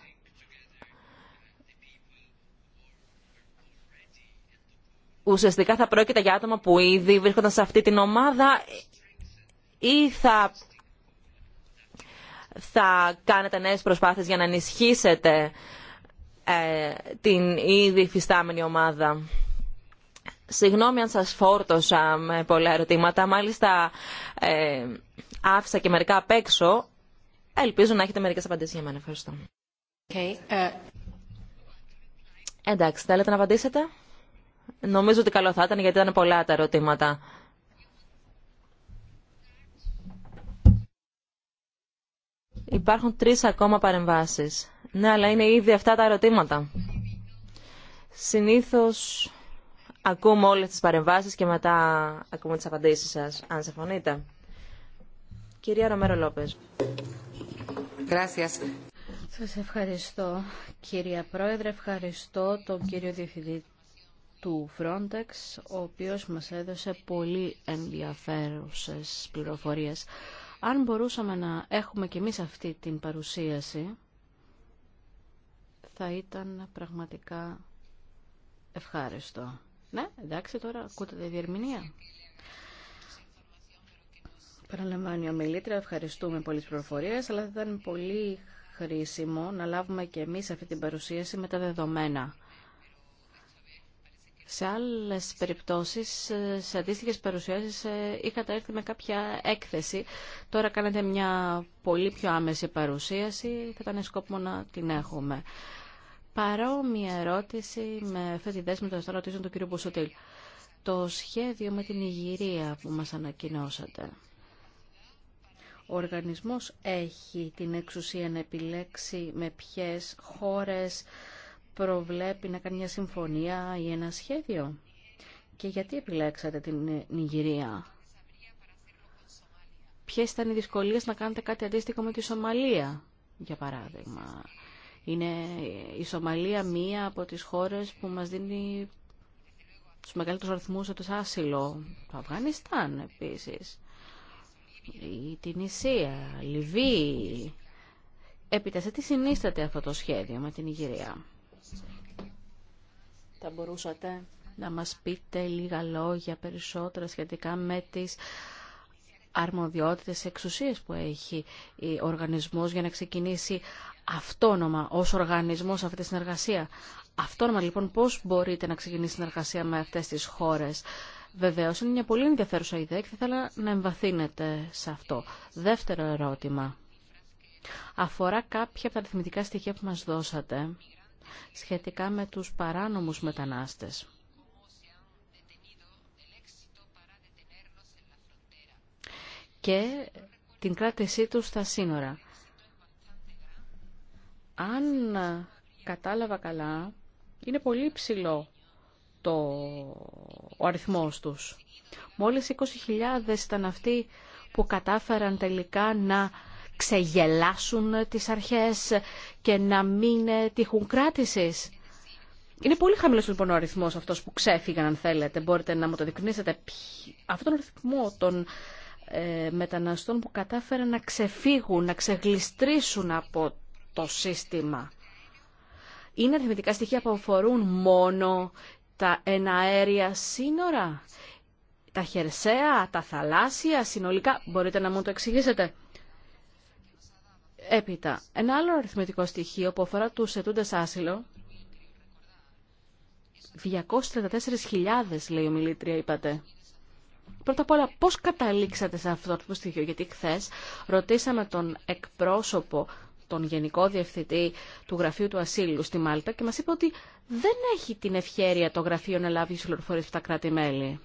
ουσιαστικά θα πρόκειται για άτομα που ήδη βρίσκονταν σε αυτή την ομάδα ή θα, θα κάνετε νέες προσπάθειες για να ενισχύσετε ε, την ήδη φυστάμενη ομάδα. Συγγνώμη αν σας φόρτωσα με πολλά ερωτήματα. Μάλιστα ε, άφησα και μερικά απ' έξω. Ελπίζω να έχετε μερικές απαντήσεις για μένα. Ευχαριστώ. Okay. Ε. Εντάξει, θέλετε να απαντήσετε. Νομίζω ότι καλό θα ήταν γιατί ήταν πολλά τα ερωτήματα. Υπάρχουν τρεις ακόμα παρεμβάσεις. Ναι, αλλά είναι ήδη αυτά τα ερωτήματα. Συνήθως ακούμε όλες τις παρεμβάσεις και μετά ακούμε τις απαντήσεις σας, αν συμφωνείτε. Κυρία Ρομέρο Λόπες. Σα Σας ευχαριστώ κυρία Πρόεδρε, ευχαριστώ τον κύριο Διευθυντή του Frontex, ο οποίος μας έδωσε πολύ ενδιαφέρουσες πληροφορίες. Αν μπορούσαμε να έχουμε κι εμείς αυτή την παρουσίαση, θα ήταν πραγματικά ευχάριστο. Ναι, εντάξει τώρα, ακούτε τη διερμηνία. Παραλαμβάνει ο Μιλήτρια, ευχαριστούμε πολύ τις πληροφορίες, αλλά θα ήταν πολύ χρήσιμο να λάβουμε και εμείς αυτή την παρουσίαση με τα δεδομένα. Σε άλλες περιπτώσεις, σε αντίστοιχε παρουσιάσει ε, είχατε έρθει με κάποια έκθεση. Τώρα κάνετε μια πολύ πιο άμεση παρουσίαση. Θα ήταν σκόπιμο να την έχουμε. Παρόμοια ερώτηση με αυτή τη δέσμη των ερωτήσεων του κ. Μπουσουτήλ. Το σχέδιο με την Ιγυρία που μας ανακοινώσατε. Ο οργανισμός έχει την εξουσία να επιλέξει με ποιες χώρες προβλέπει να κάνει μια συμφωνία ή ένα σχέδιο. Και γιατί επιλέξατε την Νιγηρία. Ποιες ήταν οι δυσκολίες να κάνετε κάτι αντίστοιχο με τη Σομαλία, για παράδειγμα. Είναι η Σομαλία μία από τις χώρες που μας δίνει τους μεγαλύτερους αριθμούς το άσυλο. Το Αφγανιστάν επίσης. Η Τινησία, Λιβύη. Επίτασε τι συνίσταται αυτό το σχέδιο με την Ιγυρία. Θα μπορούσατε να μας πείτε λίγα λόγια περισσότερα σχετικά με τις αρμοδιότητες εξουσίες που έχει ο οργανισμός για να ξεκινήσει αυτόνομα ως οργανισμός αυτή τη συνεργασία. Αυτόνομα λοιπόν πώς μπορείτε να ξεκινήσει συνεργασία με αυτές τις χώρες. Βεβαίως είναι μια πολύ ενδιαφέρουσα ιδέα και θα ήθελα να εμβαθύνετε σε αυτό. Δεύτερο ερώτημα. Αφορά κάποια από τα αριθμητικά στοιχεία που μας δώσατε σχετικά με τους παράνομους μετανάστες. και την κράτησή τους στα σύνορα. Αν κατάλαβα καλά, είναι πολύ ψηλό το... ο αριθμός τους. Μόλις 20.000 ήταν αυτοί που κατάφεραν τελικά να ξεγελάσουν τις αρχές και να μην τυχούν κράτηση. Είναι πολύ χαμηλός λοιπόν ο αριθμός αυτός που ξέφυγαν αν θέλετε. Μπορείτε να μου το δεικνύσετε. Αυτόν τον αριθμό των ε, μεταναστών που κατάφεραν να ξεφύγουν, να ξεγλιστρήσουν από το σύστημα. Είναι αριθμητικά στοιχεία που αφορούν μόνο τα εναέρια σύνορα, τα χερσαία, τα θαλάσσια, συνολικά. Μπορείτε να μου το εξηγήσετε. Έπειτα, ένα άλλο αριθμητικό στοιχείο που αφορά του ετούντε άσυλο, 234.000 λέει ο Μιλήτρια είπατε. Πρώτα απ' όλα, πώ καταλήξατε σε αυτό το στοιχείο, γιατί χθε ρωτήσαμε τον εκπρόσωπο, τον Γενικό Διευθυντή του Γραφείου του Ασύλου στη Μάλτα και μας είπε ότι δεν έχει την ευχέρεια το γραφείο να λάβει τις κράτη-μέλη.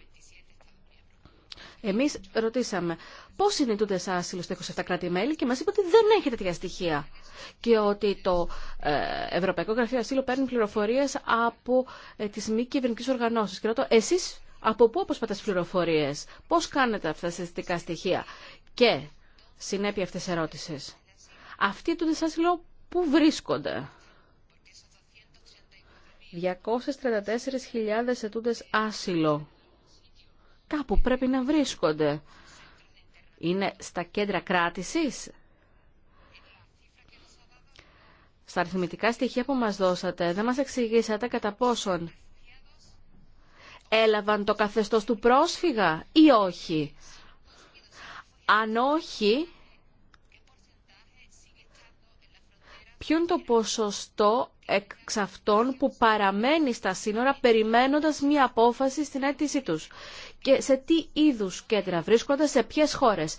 Εμείς ρωτήσαμε πώς είναι τούτε άσυλο στα 27 κράτη-μέλη και μας είπε ότι δεν έχετε τέτοια στοιχεία και ότι το ε, Ευρωπαϊκό Γραφείο Ασύλου παίρνει πληροφορίες από ε, τις μη κυβερνικές οργανώσεις. Και ρωτώ, εσείς από πού αποσπατά τις πληροφορίες, πώς κάνετε αυτά τα συστατικά στοιχεία και συνέπεια αυτές τις ερώτηση, Αυτοί του άσυλο πού βρίσκονται. 234.000 ετούντες άσυλο Κάπου πρέπει να βρίσκονται. Είναι στα κέντρα κράτησης. Στα αριθμητικά στοιχεία που μας δώσατε, δεν μας εξηγήσατε κατά πόσον έλαβαν το καθεστώς του πρόσφυγα ή όχι. Αν όχι, ποιο είναι το ποσοστό εξ αυτών που παραμένει στα σύνορα περιμένοντας μία απόφαση στην αίτησή τους και σε τι είδους κέντρα βρίσκονται, σε ποιες χώρες.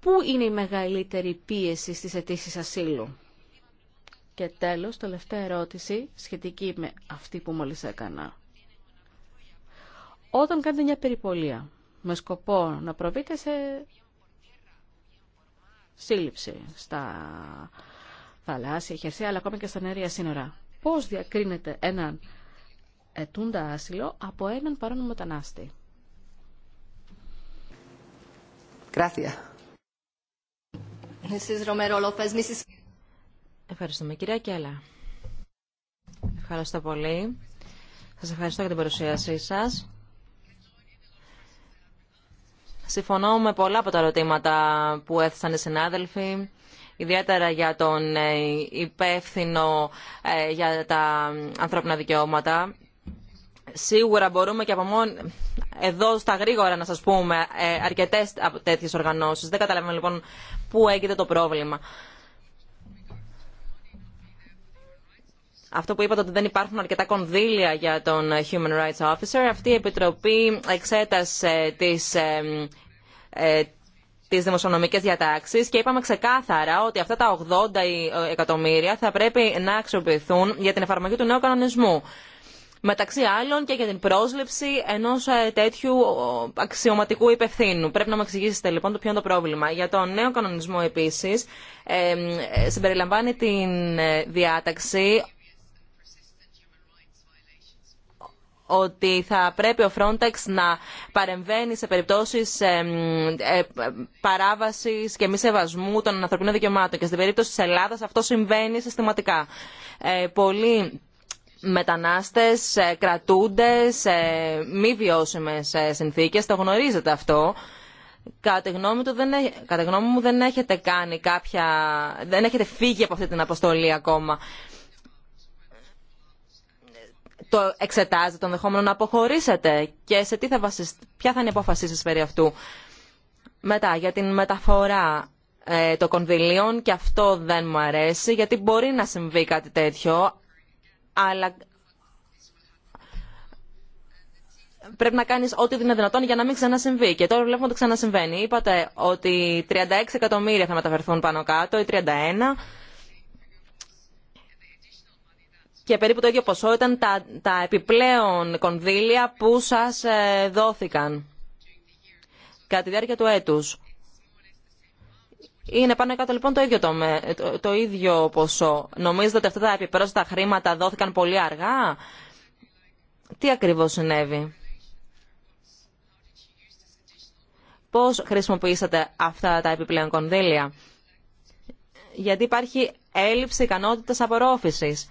Πού είναι η μεγαλύτερη πίεση στις αιτήσει ασύλου. Και τέλος, τελευταία ερώτηση σχετική με αυτή που μόλις έκανα. Όταν κάνετε μια περιπολία με σκοπό να προβείτε σε σύλληψη στα θαλάσσια, χερσαία, αλλά ακόμα και στα νερία σύνορα, πώς διακρίνεται έναν ετούντα άσυλο από έναν παρόν μετανάστη. Ευχαριστούμε. Κυρία Κέλλα. Ευχαριστώ πολύ. Σας ευχαριστώ για την παρουσίασή σας. Συμφωνώ με πολλά από τα ερωτήματα που έθεσαν οι συνάδελφοι, ιδιαίτερα για τον ε, υπεύθυνο ε, για τα ανθρώπινα δικαιώματα. Σίγουρα μπορούμε και από μόνο εδώ στα γρήγορα να σας πούμε ε, αρκετές τέτοιες οργανώσεις. Δεν καταλαβαίνω λοιπόν πού έγινε το πρόβλημα. Αυτό που είπατε ότι δεν υπάρχουν αρκετά κονδύλια για τον Human Rights Officer, αυτή η Επιτροπή εξέτασε τις, ε, ε, τις δημοσιονομικές διατάξεις και είπαμε ξεκάθαρα ότι αυτά τα 80 εκατομμύρια θα πρέπει να αξιοποιηθούν για την εφαρμογή του νέου κανονισμού μεταξύ άλλων και για την πρόσληψη ενό ε, τέτοιου αξιωματικού υπευθύνου. Πρέπει να μου εξηγήσετε λοιπόν το ποιο είναι το πρόβλημα. Για τον νέο κανονισμό επίση ε, συμπεριλαμβάνει την ε, διάταξη ότι θα πρέπει ο Frontex να παρεμβαίνει σε περιπτώσεις παράβασης και μη σεβασμού των ανθρωπίνων δικαιωμάτων. Και στην περίπτωση της Ελλάδας αυτό συμβαίνει συστηματικά. Πολλοί μετανάστες ε, κρατούνται σε μη βιώσιμες ε, συνθήκες. Το γνωρίζετε αυτό. Κατά γνώμη, δεν, κατά γνώμη μου δεν έχετε κάνει κάποια... δεν έχετε φύγει από αυτή την αποστολή ακόμα. Το εξετάζετε το ενδεχόμενο να αποχωρήσετε και σε τι θα ποια θα είναι η απόφασή σας περί αυτού. Μετά, για την μεταφορά ε, των κονδυλίων και αυτό δεν μου αρέσει γιατί μπορεί να συμβεί κάτι τέτοιο αλλά πρέπει να κάνεις ό,τι είναι δυνατόν για να μην ξανασυμβεί. Και τώρα βλέπουμε ότι ξανασυμβαίνει. Είπατε ότι 36 εκατομμύρια θα μεταφερθούν πάνω κάτω ή 31 και περίπου το ίδιο ποσό ήταν τα, τα επιπλέον κονδύλια που σας ε, δόθηκαν κατά τη διάρκεια του έτους. Είναι πάνω κάτω λοιπόν το ίδιο, το, το, το ίδιο ποσό. Νομίζετε ότι αυτά τα επιπρόσθετα χρήματα δόθηκαν πολύ αργά. Τι ακριβώς συνέβη. Πώς χρησιμοποιήσατε αυτά τα επιπλέον κονδύλια. Γιατί υπάρχει έλλειψη ικανότητας απορρόφησης.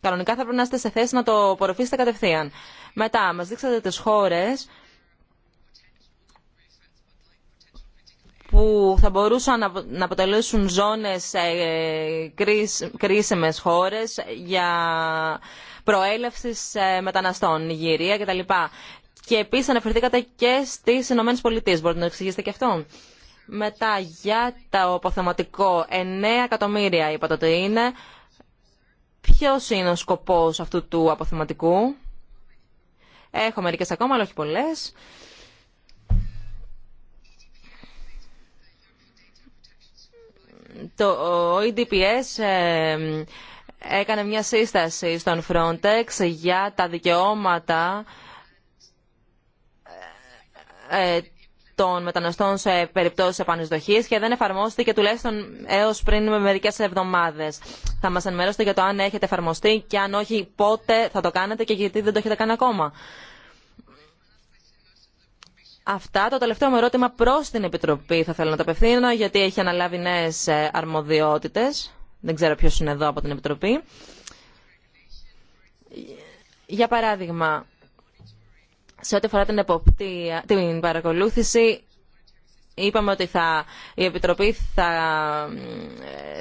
Κανονικά θα πρέπει να είστε σε θέση να το απορροφήσετε κατευθείαν. Μετά, μας δείξατε τις χώρες που θα μπορούσαν να αποτελέσουν ζώνες ε, κρίσιμες χώρες για προέλευσης ε, μεταναστών, γυρία κτλ. Και επίσης αναφερθήκατε και στις Ηνωμένε Πολιτείες. Μπορείτε να εξηγήσετε και αυτό. Μετά για το αποθεματικό 9 εκατομμύρια είπατε ότι είναι. Ποιος είναι ο σκοπός αυτού του αποθεματικού. Έχω μερικές ακόμα, αλλά όχι πολλές. το EDPS ε, έκανε μια σύσταση στον Frontex για τα δικαιώματα ε, ε, των μεταναστών σε περιπτώσεις επανεισδοχής και δεν εφαρμόστηκε τουλάχιστον έως πριν με μερικές εβδομάδες. Θα μας ενημερώσετε για το αν έχετε εφαρμοστεί και αν όχι πότε θα το κάνετε και γιατί δεν το έχετε κάνει ακόμα. Αυτά. Το τελευταίο μου ερώτημα προς την Επιτροπή θα θέλω να το απευθύνω, γιατί έχει αναλάβει νέε ε, αρμοδιότητες. Δεν ξέρω ποιο είναι εδώ από την Επιτροπή. Για παράδειγμα, σε ό,τι αφορά την, εποπτεία, την παρακολούθηση, είπαμε ότι θα, η Επιτροπή θα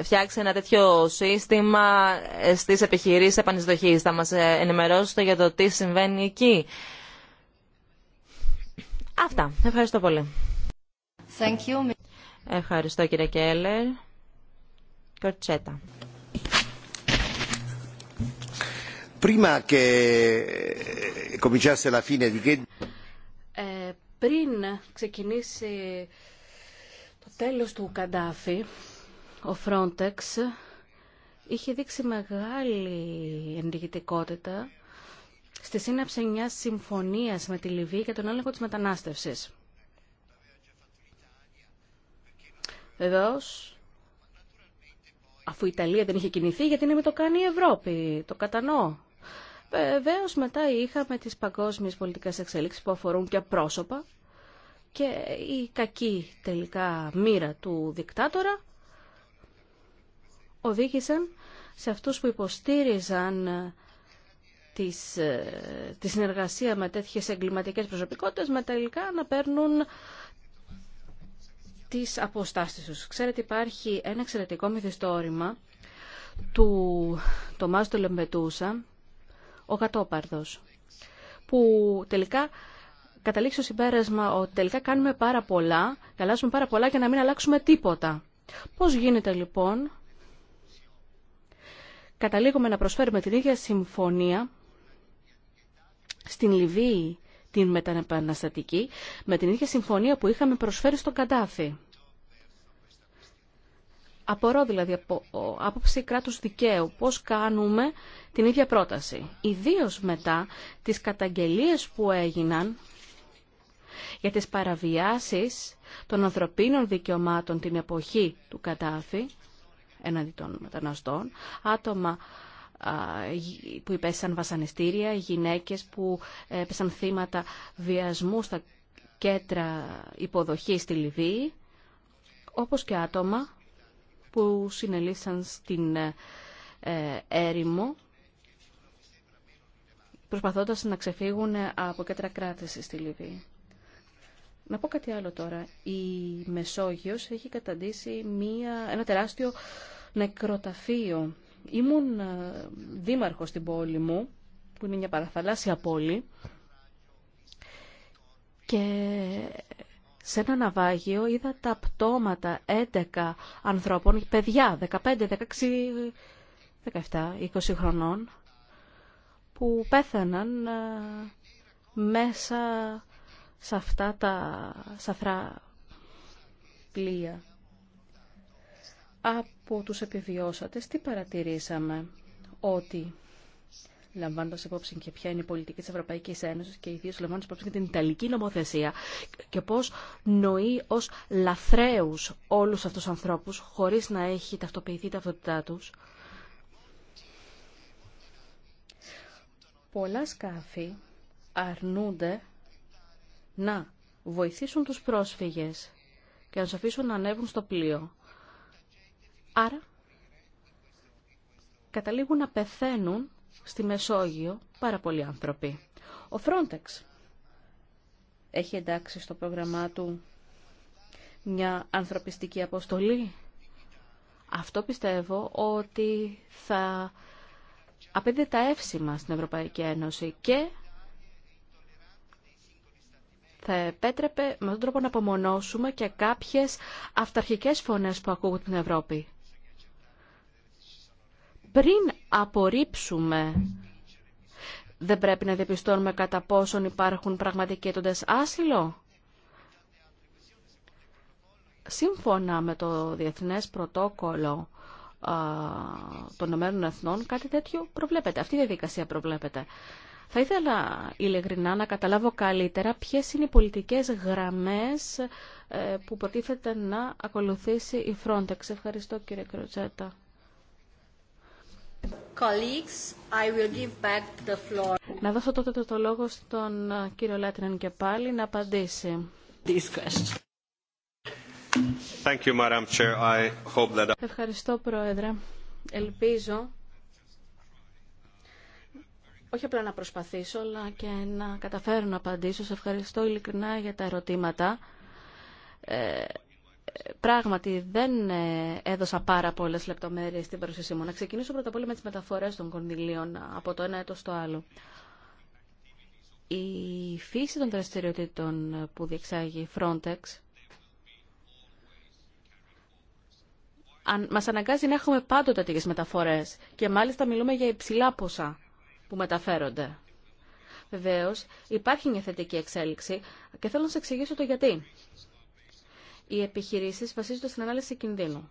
φτιάξει ένα τέτοιο σύστημα ε, στις επιχειρήσεις επανεισδοχής. Θα μας ε, ενημερώσετε για το τι συμβαίνει εκεί. Αυτά. Ευχαριστώ πολύ. Thank you. Ευχαριστώ κύριε Κέλλερ. Κορτσέτα. Eh, ε, πριν ξεκινήσει το τέλος του Καντάφη, ο Frontex είχε δείξει μεγάλη ενεργητικότητα στη σύναψη μια συμφωνίας με τη Λιβύη για τον έλεγχο της μετανάστευση. Βεβαίω, αφού η Ιταλία δεν είχε κινηθεί, γιατί να μην το κάνει η Ευρώπη, το κατανοώ. Βεβαίω μετά είχαμε τις παγκόσμιες πολιτικές εξέλιξεις που αφορούν και πρόσωπα και η κακή τελικά μοίρα του δικτάτορα οδήγησαν σε αυτούς που υποστήριζαν της, ε, τη συνεργασία με τέτοιες εγκληματικές προσωπικότητες με τελικά να παίρνουν τις αποστάσεις τους. Ξέρετε υπάρχει ένα εξαιρετικό μυθιστόρημα του Τομάς του Λεμπετούσα, ο Κατόπαρδος, που τελικά καταλήξει στο συμπέρασμα ότι τελικά κάνουμε πάρα πολλά, καλάσουμε πάρα πολλά για να μην αλλάξουμε τίποτα. Πώς γίνεται λοιπόν, καταλήγουμε να προσφέρουμε την ίδια συμφωνία στην Λιβύη την μεταναστατική με την ίδια συμφωνία που είχαμε προσφέρει στον Καντάφη. Απορώ δηλαδή από άποψη κράτους δικαίου πώς κάνουμε την ίδια πρόταση. Ιδίως μετά τις καταγγελίες που έγιναν για τις παραβιάσεις των ανθρωπίνων δικαιωμάτων την εποχή του κατάφη έναντι των μεταναστών, άτομα που υπέστησαν βασανιστήρια, γυναίκες που ε, έπεσαν θύματα βιασμού στα κέντρα υποδοχής στη Λιβύη, όπως και άτομα που συνελήφθησαν στην ε, ε, έρημο προσπαθώντας να ξεφύγουν από κέντρα κράτηση στη Λιβύη. Να πω κάτι άλλο τώρα. Η Μεσόγειος έχει καταντήσει μία, ένα τεράστιο νεκροταφείο Ήμουν ε, δήμαρχος στην πόλη μου, που είναι μια παραθαλάσσια πόλη, και σε ένα ναυάγιο είδα τα πτώματα 11 ανθρώπων, παιδιά 15, 16, 17, 20 χρονών, που πέθαναν ε, μέσα σε αυτά τα σαφρά πλοία που τους επιβιώσατε, τι παρατηρήσαμε ότι λαμβάνοντα υπόψη και ποια είναι η πολιτική τη Ευρωπαϊκή Ένωση και ιδίω λαμβάνοντα υπόψη και την Ιταλική νομοθεσία και πώ νοεί ω λαθρέου όλου αυτού τους ανθρώπου χωρί να έχει ταυτοποιηθεί η ταυτότητά του. Πολλά σκάφη αρνούνται να βοηθήσουν τους πρόσφυγες και να τους αφήσουν να ανέβουν στο πλοίο. Άρα καταλήγουν να πεθαίνουν στη Μεσόγειο πάρα πολλοί άνθρωποι. Ο Frontex έχει εντάξει στο πρόγραμμά του μια ανθρωπιστική αποστολή. Αυτό πιστεύω ότι θα απέντε τα εύσημα στην Ευρωπαϊκή Ένωση και θα επέτρεπε με τον τρόπο να απομονώσουμε και κάποιες αυταρχικές φωνές που ακούγονται στην Ευρώπη πριν απορρίψουμε δεν πρέπει να διαπιστώνουμε κατά πόσον υπάρχουν πραγματικοί έτοντες άσυλο. Σύμφωνα με το Διεθνές Πρωτόκολλο α, των Ηνωμένων Εθνών, κάτι τέτοιο προβλέπεται. Αυτή η διαδικασία προβλέπεται. Θα ήθελα ειλικρινά να καταλάβω καλύτερα ποιες είναι οι πολιτικές γραμμές ε, που προτίθεται να ακολουθήσει η Frontex. Ευχαριστώ κύριε Κροτσέτα. Να δώσω τότε το λόγο στον ε, κύριο Λάτινεν και πάλι να απαντήσει. Ευχαριστώ, Πρόεδρε. Ελπίζω όχι απλά να προσπαθήσω, αλλά και να καταφέρω να απαντήσω. Σε ευχαριστώ ειλικρινά για τα ερωτήματα. Ε, Πράγματι, δεν ε, έδωσα πάρα πολλέ λεπτομέρειε στην παρουσίασή μου. Να ξεκινήσω πρώτα απ' όλα με τι μεταφορέ των κονδυλίων από το ένα έτο στο άλλο. Η φύση των δραστηριοτήτων που διεξάγει η Frontex μας αναγκάζει να έχουμε πάντοτε τέτοιες μεταφορές και μάλιστα μιλούμε για υψηλά ποσά που μεταφέρονται. Βεβαίω, υπάρχει μια θετική εξέλιξη και θέλω να σα εξηγήσω το γιατί οι επιχειρήσει βασίζονται στην ανάλυση κινδύνου.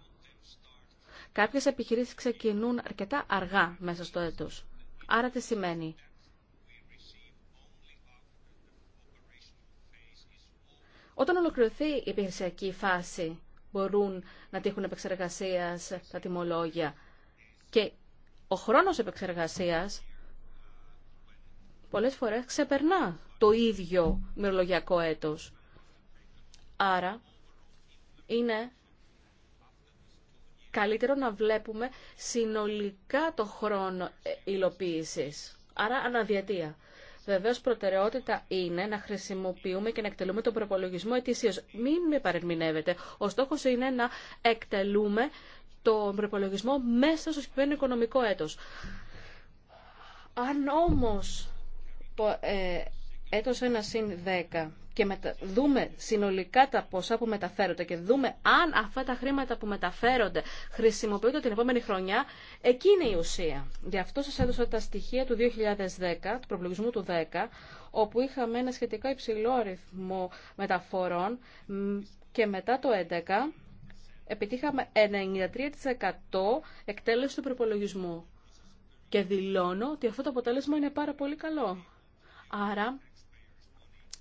Κάποιες επιχειρήσει ξεκινούν αρκετά αργά μέσα στο έτος. Άρα τι σημαίνει. Όταν ολοκληρωθεί η επιχειρησιακή φάση, μπορούν να τύχουν επεξεργασία τα τιμολόγια. Και ο χρόνος επεξεργασίας πολλές φορές ξεπερνά το ίδιο μυρολογιακό έτος. Άρα είναι καλύτερο να βλέπουμε συνολικά το χρόνο ε, υλοποίησης, άρα αναδιατία. Βεβαίω προτεραιότητα είναι να χρησιμοποιούμε και να εκτελούμε τον προπολογισμό ετησίω. Μην με παρερμηνεύετε. Ο στόχος είναι να εκτελούμε τον προπολογισμό μέσα στο συγκεκριμένο οικονομικό έτος. Αν όμως ε, έτος 1 συν 10 και μετα... δούμε συνολικά τα ποσά που μεταφέρονται και δούμε αν αυτά τα χρήματα που μεταφέρονται χρησιμοποιούνται την επόμενη χρονιά, εκεί είναι η ουσία. Γι' αυτό σας έδωσα τα στοιχεία του 2010, του προβλογισμού του 10, όπου είχαμε ένα σχετικά υψηλό αριθμό μεταφορών και μετά το 11 επιτύχαμε 93% εκτέλεση του προπολογισμού. Και δηλώνω ότι αυτό το αποτέλεσμα είναι πάρα πολύ καλό. Άρα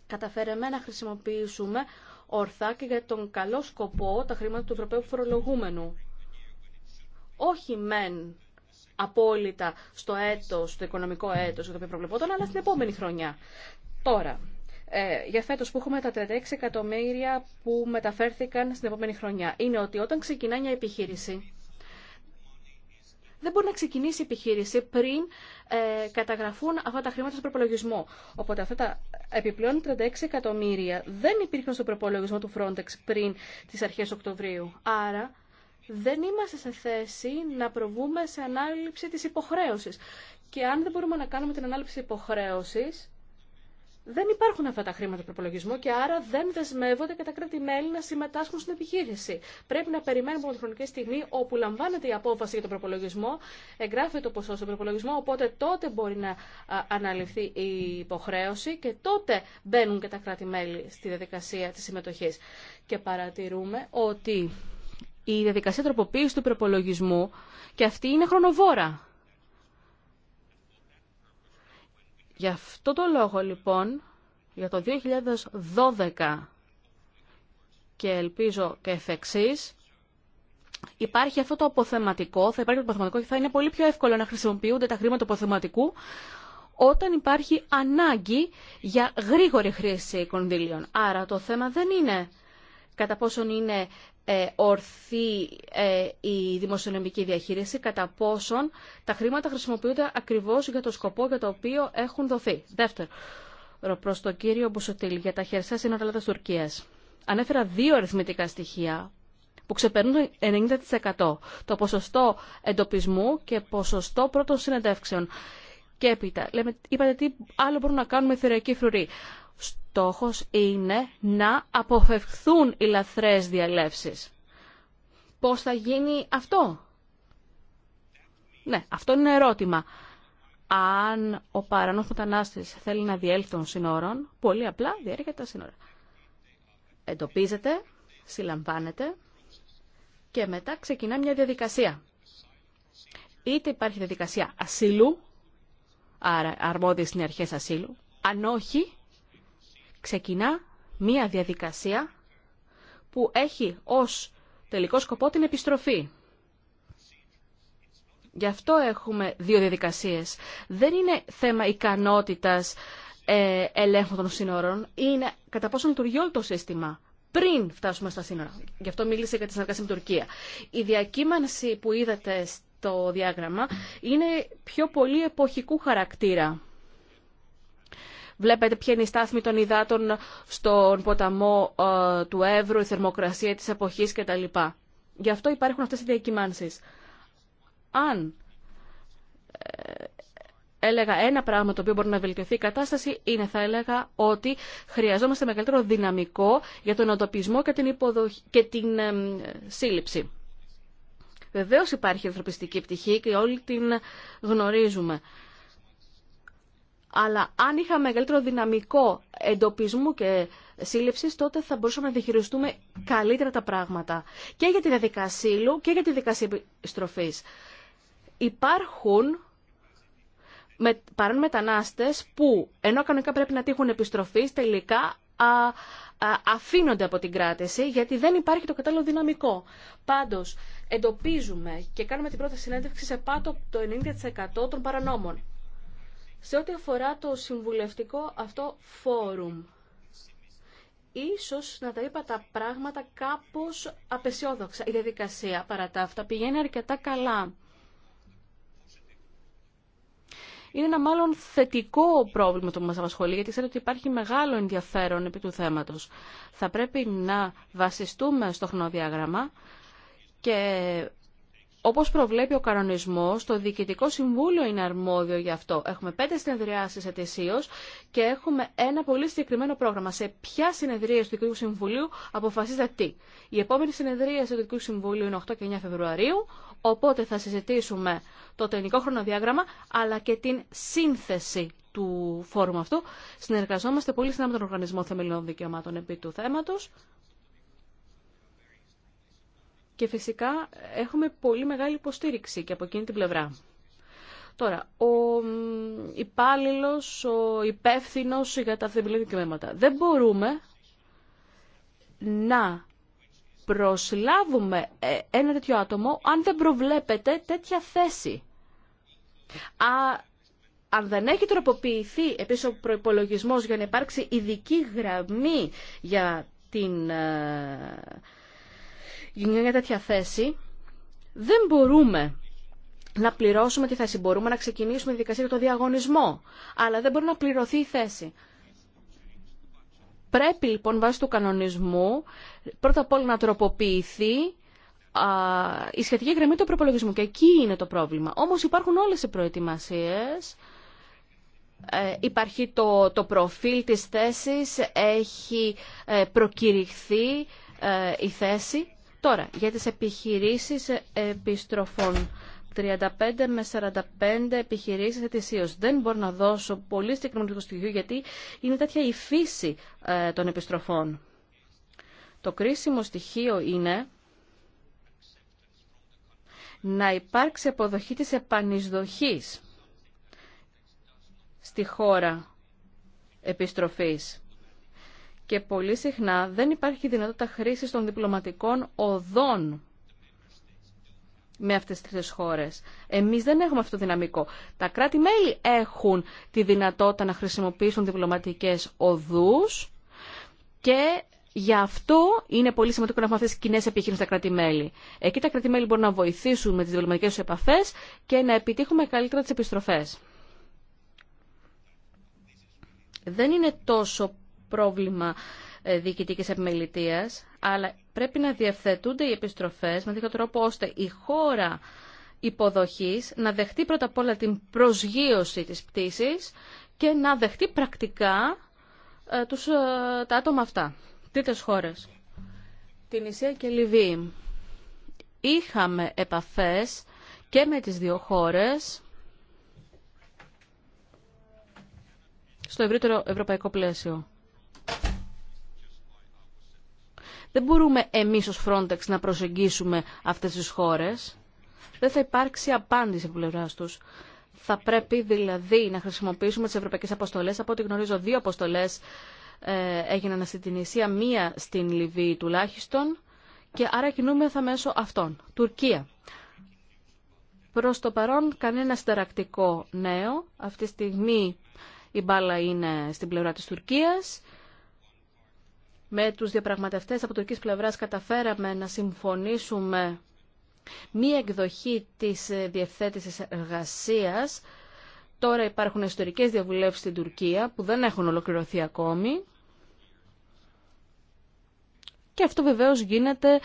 καταφέρεμε να χρησιμοποιήσουμε ορθά και για τον καλό σκοπό τα χρήματα του Ευρωπαίου φορολογούμενου. Όχι μεν απόλυτα στο έτος, στο οικονομικό έτος το οποίο προβλεπόταν, αλλά στην επόμενη χρονιά. Τώρα, ε, για φέτος που έχουμε τα 36 εκατομμύρια που μεταφέρθηκαν στην επόμενη χρονιά, είναι ότι όταν ξεκινά μια επιχείρηση, δεν μπορεί να ξεκινήσει η επιχείρηση πριν ε, καταγραφούν αυτά τα χρήματα στο προπολογισμό. Οπότε αυτά τα επιπλέον 36 εκατομμύρια δεν υπήρχαν στο προπολογισμό του Frontex πριν τις αρχές Οκτωβρίου. Άρα δεν είμαστε σε θέση να προβούμε σε ανάληψη της υποχρέωσης. Και αν δεν μπορούμε να κάνουμε την ανάληψη υποχρέωσης, δεν υπάρχουν αυτά τα χρήματα προπολογισμού και άρα δεν δεσμεύονται και τα κράτη-μέλη να συμμετάσχουν στην επιχείρηση. Πρέπει να περιμένουμε από τη χρονική στιγμή όπου λαμβάνεται η απόφαση για τον προπολογισμό, εγγράφεται το ποσό στον προπολογισμό, οπότε τότε μπορεί να αναλυφθεί η υποχρέωση και τότε μπαίνουν και τα κράτη-μέλη στη διαδικασία τη συμμετοχή. Και παρατηρούμε ότι η διαδικασία τροποποίηση του προπολογισμού και αυτή είναι χρονοβόρα. Γι' αυτό το λόγο λοιπόν, για το 2012 και ελπίζω και εφ' εξής, υπάρχει αυτό το αποθεματικό, θα υπάρχει το αποθεματικό και θα είναι πολύ πιο εύκολο να χρησιμοποιούνται τα χρήματα του αποθεματικού όταν υπάρχει ανάγκη για γρήγορη χρήση κονδύλιων. Άρα το θέμα δεν είναι κατά πόσον είναι ε, ορθή ε, η δημοσιονομική διαχείριση, κατά πόσον τα χρήματα χρησιμοποιούνται ακριβώς για το σκοπό για το οποίο έχουν δοθεί. Δεύτερο, προς τον κύριο Μπουσοτήλ για τα χερσαία σύνορα της Τουρκίας. Ανέφερα δύο αριθμητικά στοιχεία που ξεπερνούν το 90%. Το ποσοστό εντοπισμού και ποσοστό πρώτων συνεντεύξεων. Και έπειτα, λέμε, είπατε τι άλλο μπορούν να κάνουμε θεωριακοί φρουρή στόχος είναι να αποφευχθούν οι λαθρές διαλέψεις. Πώς θα γίνει αυτό? Ναι, αυτό είναι ερώτημα. Αν ο παρανός μετανάστης θέλει να διέλθει των σύνορων, πολύ απλά διέρχεται τα σύνορα. Εντοπίζεται, συλλαμβάνεται και μετά ξεκινά μια διαδικασία. Είτε υπάρχει διαδικασία ασύλου, άρα αρμόδιες είναι αρχές ασύλου, αν όχι, ξεκινά μία διαδικασία που έχει ως τελικό σκοπό την επιστροφή. Γι' αυτό έχουμε δύο διαδικασίες. Δεν είναι θέμα ικανότητας ε, ελέγχου των σύνορων, είναι κατά πόσο λειτουργεί όλο το σύστημα πριν φτάσουμε στα σύνορα. Γι' αυτό μίλησε για τη συνεργασία με την Τουρκία. Η διακύμανση που είδατε στο διάγραμμα είναι πιο πολύ εποχικού χαρακτήρα. Βλέπετε ποια είναι η στάθμη των υδάτων στον ποταμό ε, του Εύρου, η θερμοκρασία της εποχής κτλ. Γι' αυτό υπάρχουν αυτές οι διακυμάνσεις. Αν ε, έλεγα ένα πράγμα το οποίο μπορεί να βελτιωθεί η κατάσταση είναι θα έλεγα ότι χρειαζόμαστε μεγαλύτερο δυναμικό για τον οντοπισμό και την, υποδοχή, και την ε, σύλληψη. Βεβαίω υπάρχει ανθρωπιστική πτυχή και όλοι την γνωρίζουμε. Αλλά αν είχαμε μεγαλύτερο δυναμικό εντοπισμού και σύλληψη, τότε θα μπορούσαμε να διαχειριστούμε καλύτερα τα πράγματα. Και για τη διαδικασία και για τη διαδικασία επιστροφή. Υπάρχουν με, παρόν μετανάστες που ενώ κανονικά πρέπει να τύχουν επιστροφή, τελικά α, α, αφήνονται από την κράτηση γιατί δεν υπάρχει το κατάλληλο δυναμικό. Πάντως εντοπίζουμε και κάνουμε την πρώτη συνέντευξη σε πάτο το 90% των παρανόμων. Σε ό,τι αφορά το συμβουλευτικό αυτό φόρουμ, ίσως να τα είπα τα πράγματα κάπως απεσιόδοξα. Η διαδικασία παρά τα αυτά πηγαίνει αρκετά καλά. Είναι ένα μάλλον θετικό πρόβλημα το που μας απασχολεί, γιατί ξέρετε ότι υπάρχει μεγάλο ενδιαφέρον επί του θέματος. Θα πρέπει να βασιστούμε στο χρονοδιάγραμμα και όπως προβλέπει ο κανονισμός, το Διοικητικό Συμβούλιο είναι αρμόδιο για αυτό. Έχουμε πέντε συνεδριάσεις ετησίως και έχουμε ένα πολύ συγκεκριμένο πρόγραμμα. Σε ποια συνεδρία του Διοικητικού Συμβουλίου αποφασίζεται τι. Η επόμενη συνεδρία του Διοικητικού Συμβουλίου είναι 8 και 9 Φεβρουαρίου, οπότε θα συζητήσουμε το τεχνικό χρονοδιάγραμμα, αλλά και την σύνθεση του φόρουμ αυτού. Συνεργαζόμαστε πολύ στενά με τον Οργανισμό Θεμελιών Δικαιωμάτων επί του θέματος και φυσικά έχουμε πολύ μεγάλη υποστήριξη και από εκείνη την πλευρά. Τώρα, ο υπάλληλο, ο υπεύθυνο για τα θεμελιώδη δικαιώματα. Δεν μπορούμε να προσλάβουμε ε, ένα τέτοιο άτομο αν δεν προβλέπεται τέτοια θέση. Α, αν δεν έχει τροποποιηθεί επίσης ο προϋπολογισμός για να υπάρξει ειδική γραμμή για την ε, μια τέτοια θέση, δεν μπορούμε να πληρώσουμε τη θέση. Μπορούμε να ξεκινήσουμε τη δικασία για το διαγωνισμό, αλλά δεν μπορεί να πληρωθεί η θέση. Πρέπει λοιπόν βάσει του κανονισμού πρώτα απ' όλα να τροποποιηθεί η σχετική γραμμή του προπολογισμού και εκεί είναι το πρόβλημα. Όμως υπάρχουν όλες οι προετοιμασίες, ε, υπάρχει το, το προφίλ της θέσης, έχει ε, προκηρυχθεί ε, η θέση Τώρα, για τις επιχειρήσεις επιστροφών. 35 με 45 επιχειρήσεις ετησίω. Δεν μπορώ να δώσω πολύ συγκεκριμένο στοιχείο γιατί είναι τέτοια η φύση ε, των επιστροφών. Το κρίσιμο στοιχείο είναι να υπάρξει αποδοχή της επανεισδοχής στη χώρα επιστροφής και πολύ συχνά δεν υπάρχει δυνατότητα χρήσης των διπλωματικών οδών με αυτές τις τρεις χώρες. Εμείς δεν έχουμε αυτό το δυναμικό. Τα κράτη-μέλη έχουν τη δυνατότητα να χρησιμοποιήσουν διπλωματικές οδούς και Γι' αυτό είναι πολύ σημαντικό να έχουμε αυτέ τι κοινέ επιχείρησεις στα κράτη-μέλη. Εκεί τα κράτη-μέλη μπορούν να βοηθήσουν με τις διπλωματικές τους επαφέ και να επιτύχουμε καλύτερα τι επιστροφέ. Δεν είναι τόσο πρόβλημα ε, και επιμελητία, αλλά πρέπει να διευθετούνται οι επιστροφές με τέτοιο τρόπο ώστε η χώρα υποδοχής να δεχτεί πρώτα απ' όλα την προσγείωση της πτήσης και να δεχτεί πρακτικά ε, τους, ε, τα άτομα αυτά. Τρίτε χώρες. Την Ισία και Λιβύη. Είχαμε επαφές και με τις δύο χώρες στο ευρύτερο ευρωπαϊκό πλαίσιο. Δεν μπορούμε εμείς ως Frontex να προσεγγίσουμε αυτές τις χώρες. Δεν θα υπάρξει απάντηση από πλευρά τους. Θα πρέπει δηλαδή να χρησιμοποιήσουμε τις ευρωπαϊκές αποστολές. Από ό,τι γνωρίζω δύο αποστολές ε, έγιναν στην Τινησία, μία στην Λιβύη τουλάχιστον και άρα θα μέσω αυτών. Τουρκία. Προς το παρόν κανένα συνταρακτικό νέο. Αυτή τη στιγμή η μπάλα είναι στην πλευρά της Τουρκίας με τους διαπραγματευτές από τουρκικής πλευράς καταφέραμε να συμφωνήσουμε μία εκδοχή της διευθέτησης εργασίας. Τώρα υπάρχουν ιστορικές διαβουλεύσεις στην Τουρκία που δεν έχουν ολοκληρωθεί ακόμη. Και αυτό βεβαίως γίνεται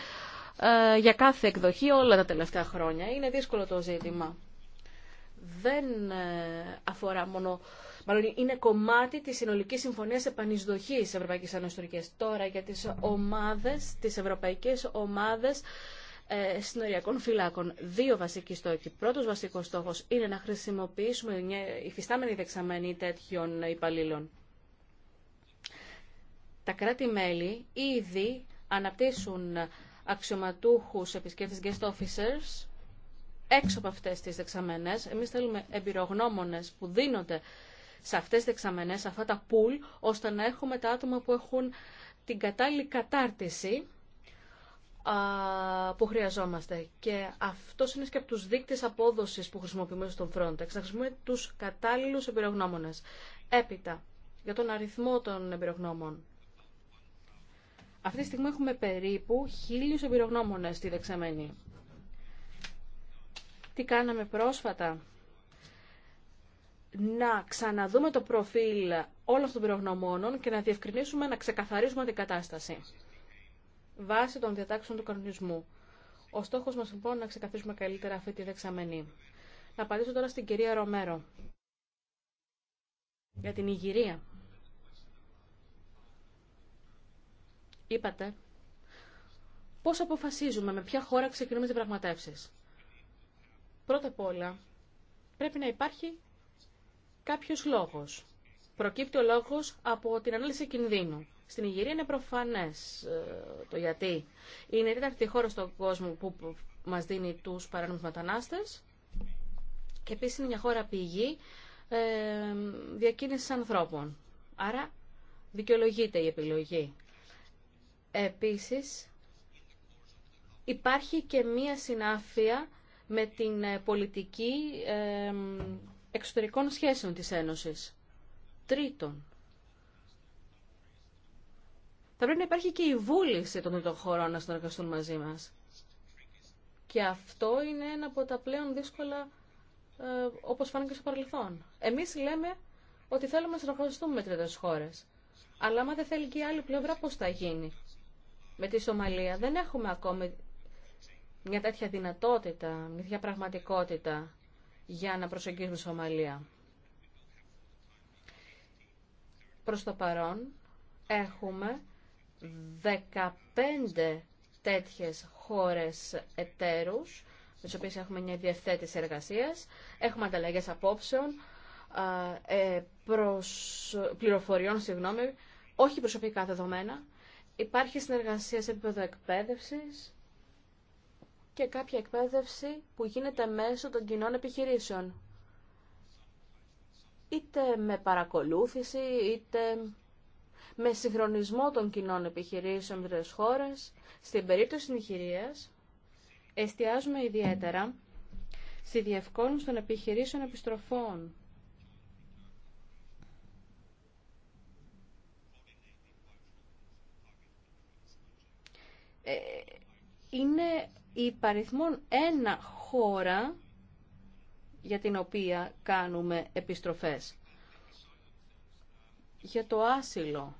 ε, για κάθε εκδοχή όλα τα τελευταία χρόνια. Είναι δύσκολο το ζήτημα. Δεν ε, αφορά μόνο μάλλον είναι κομμάτι τη συνολική συμφωνία επανεισδοχή επανεισδοχής Ευρωπαϊκής Τουρκία. Τώρα για τι ομάδε, τι ευρωπαϊκέ ομάδε ε, συνοριακών φυλάκων. Δύο βασικοί στόχοι. Πρώτο βασικό στόχο είναι να χρησιμοποιήσουμε μια υφιστάμενη δεξαμενή τέτοιων υπαλλήλων. Τα κράτη-μέλη ήδη αναπτύσσουν αξιωματούχους επισκέπτες guest officers έξω από αυτές τις δεξαμένες. Εμείς θέλουμε εμπειρογνώμονες που δίνονται σε αυτές τις δεξαμενές, σε αυτά τα πουλ, ώστε να έχουμε τα άτομα που έχουν την κατάλληλη κατάρτιση που χρειαζόμαστε. Και αυτός είναι και από τους δείκτες απόδοσης που χρησιμοποιούμε στον Frontex. Να χρησιμοποιούμε τους κατάλληλους εμπειρογνώμονες. Έπειτα, για τον αριθμό των εμπειρογνώμων. Αυτή τη στιγμή έχουμε περίπου χίλιους εμπειρογνώμονες στη δεξαμενή. Τι κάναμε πρόσφατα να ξαναδούμε το προφίλ όλων των πυρογνωμόνων και να διευκρινίσουμε, να ξεκαθαρίσουμε την κατάσταση βάσει των διατάξεων του κανονισμού. Ο στόχο μα λοιπόν είναι να ξεκαθίσουμε καλύτερα αυτή τη δεξαμενή. Να απαντήσω τώρα στην κυρία Ρομέρο για την Ιγυρία. Είπατε πώ αποφασίζουμε με ποια χώρα ξεκινούμε τι Πρώτα απ' όλα πρέπει να υπάρχει κάποιος λόγος. Προκύπτει ο λόγος από την ανάλυση κινδύνου. Στην Ιγυρία είναι προφανές ε, το γιατί. Είναι η τέταρτη χώρα στον κόσμο που μας δίνει τους παράνομους μετανάστες και επίσης είναι μια χώρα πηγή ε, διακίνησης ανθρώπων. Άρα δικαιολογείται η επιλογή. Επίσης υπάρχει και μία συνάφεια με την ε, πολιτική ε, εξωτερικών σχέσεων της Ένωσης. Τρίτον, θα πρέπει να υπάρχει και η βούληση των τρίτων χωρών να συνεργαστούν μαζί μας. Και αυτό είναι ένα από τα πλέον δύσκολα, ε, όπως φάνηκε στο παρελθόν. Εμείς λέμε ότι θέλουμε να συνεργαστούμε με τρίτες χώρες. Αλλά άμα δεν θέλει και η άλλη πλευρά, πώς θα γίνει. Με τη Σομαλία δεν έχουμε ακόμη μια τέτοια δυνατότητα, μια τέτοια πραγματικότητα για να προσεγγίσουμε Σομαλία. Προς το παρόν έχουμε 15 τέτοιες χώρες εταίρους, με τις οποίες έχουμε μια διευθέτηση εργασίας, έχουμε ανταλλαγές απόψεων, ε, προς, πληροφοριών, συγγνώμη, όχι προσωπικά δεδομένα. Υπάρχει συνεργασία σε επίπεδο εκπαίδευσης, και κάποια εκπαίδευση που γίνεται μέσω των κοινών επιχειρήσεων. Είτε με παρακολούθηση, είτε με συγχρονισμό των κοινών επιχειρήσεων με τις χώρες. Στην περίπτωση της εστιάζουμε ιδιαίτερα στη διευκόλυνση των επιχειρήσεων επιστροφών. Ε, είναι η παριθμόν ένα χώρα για την οποία κάνουμε επιστροφές. Για το άσυλο,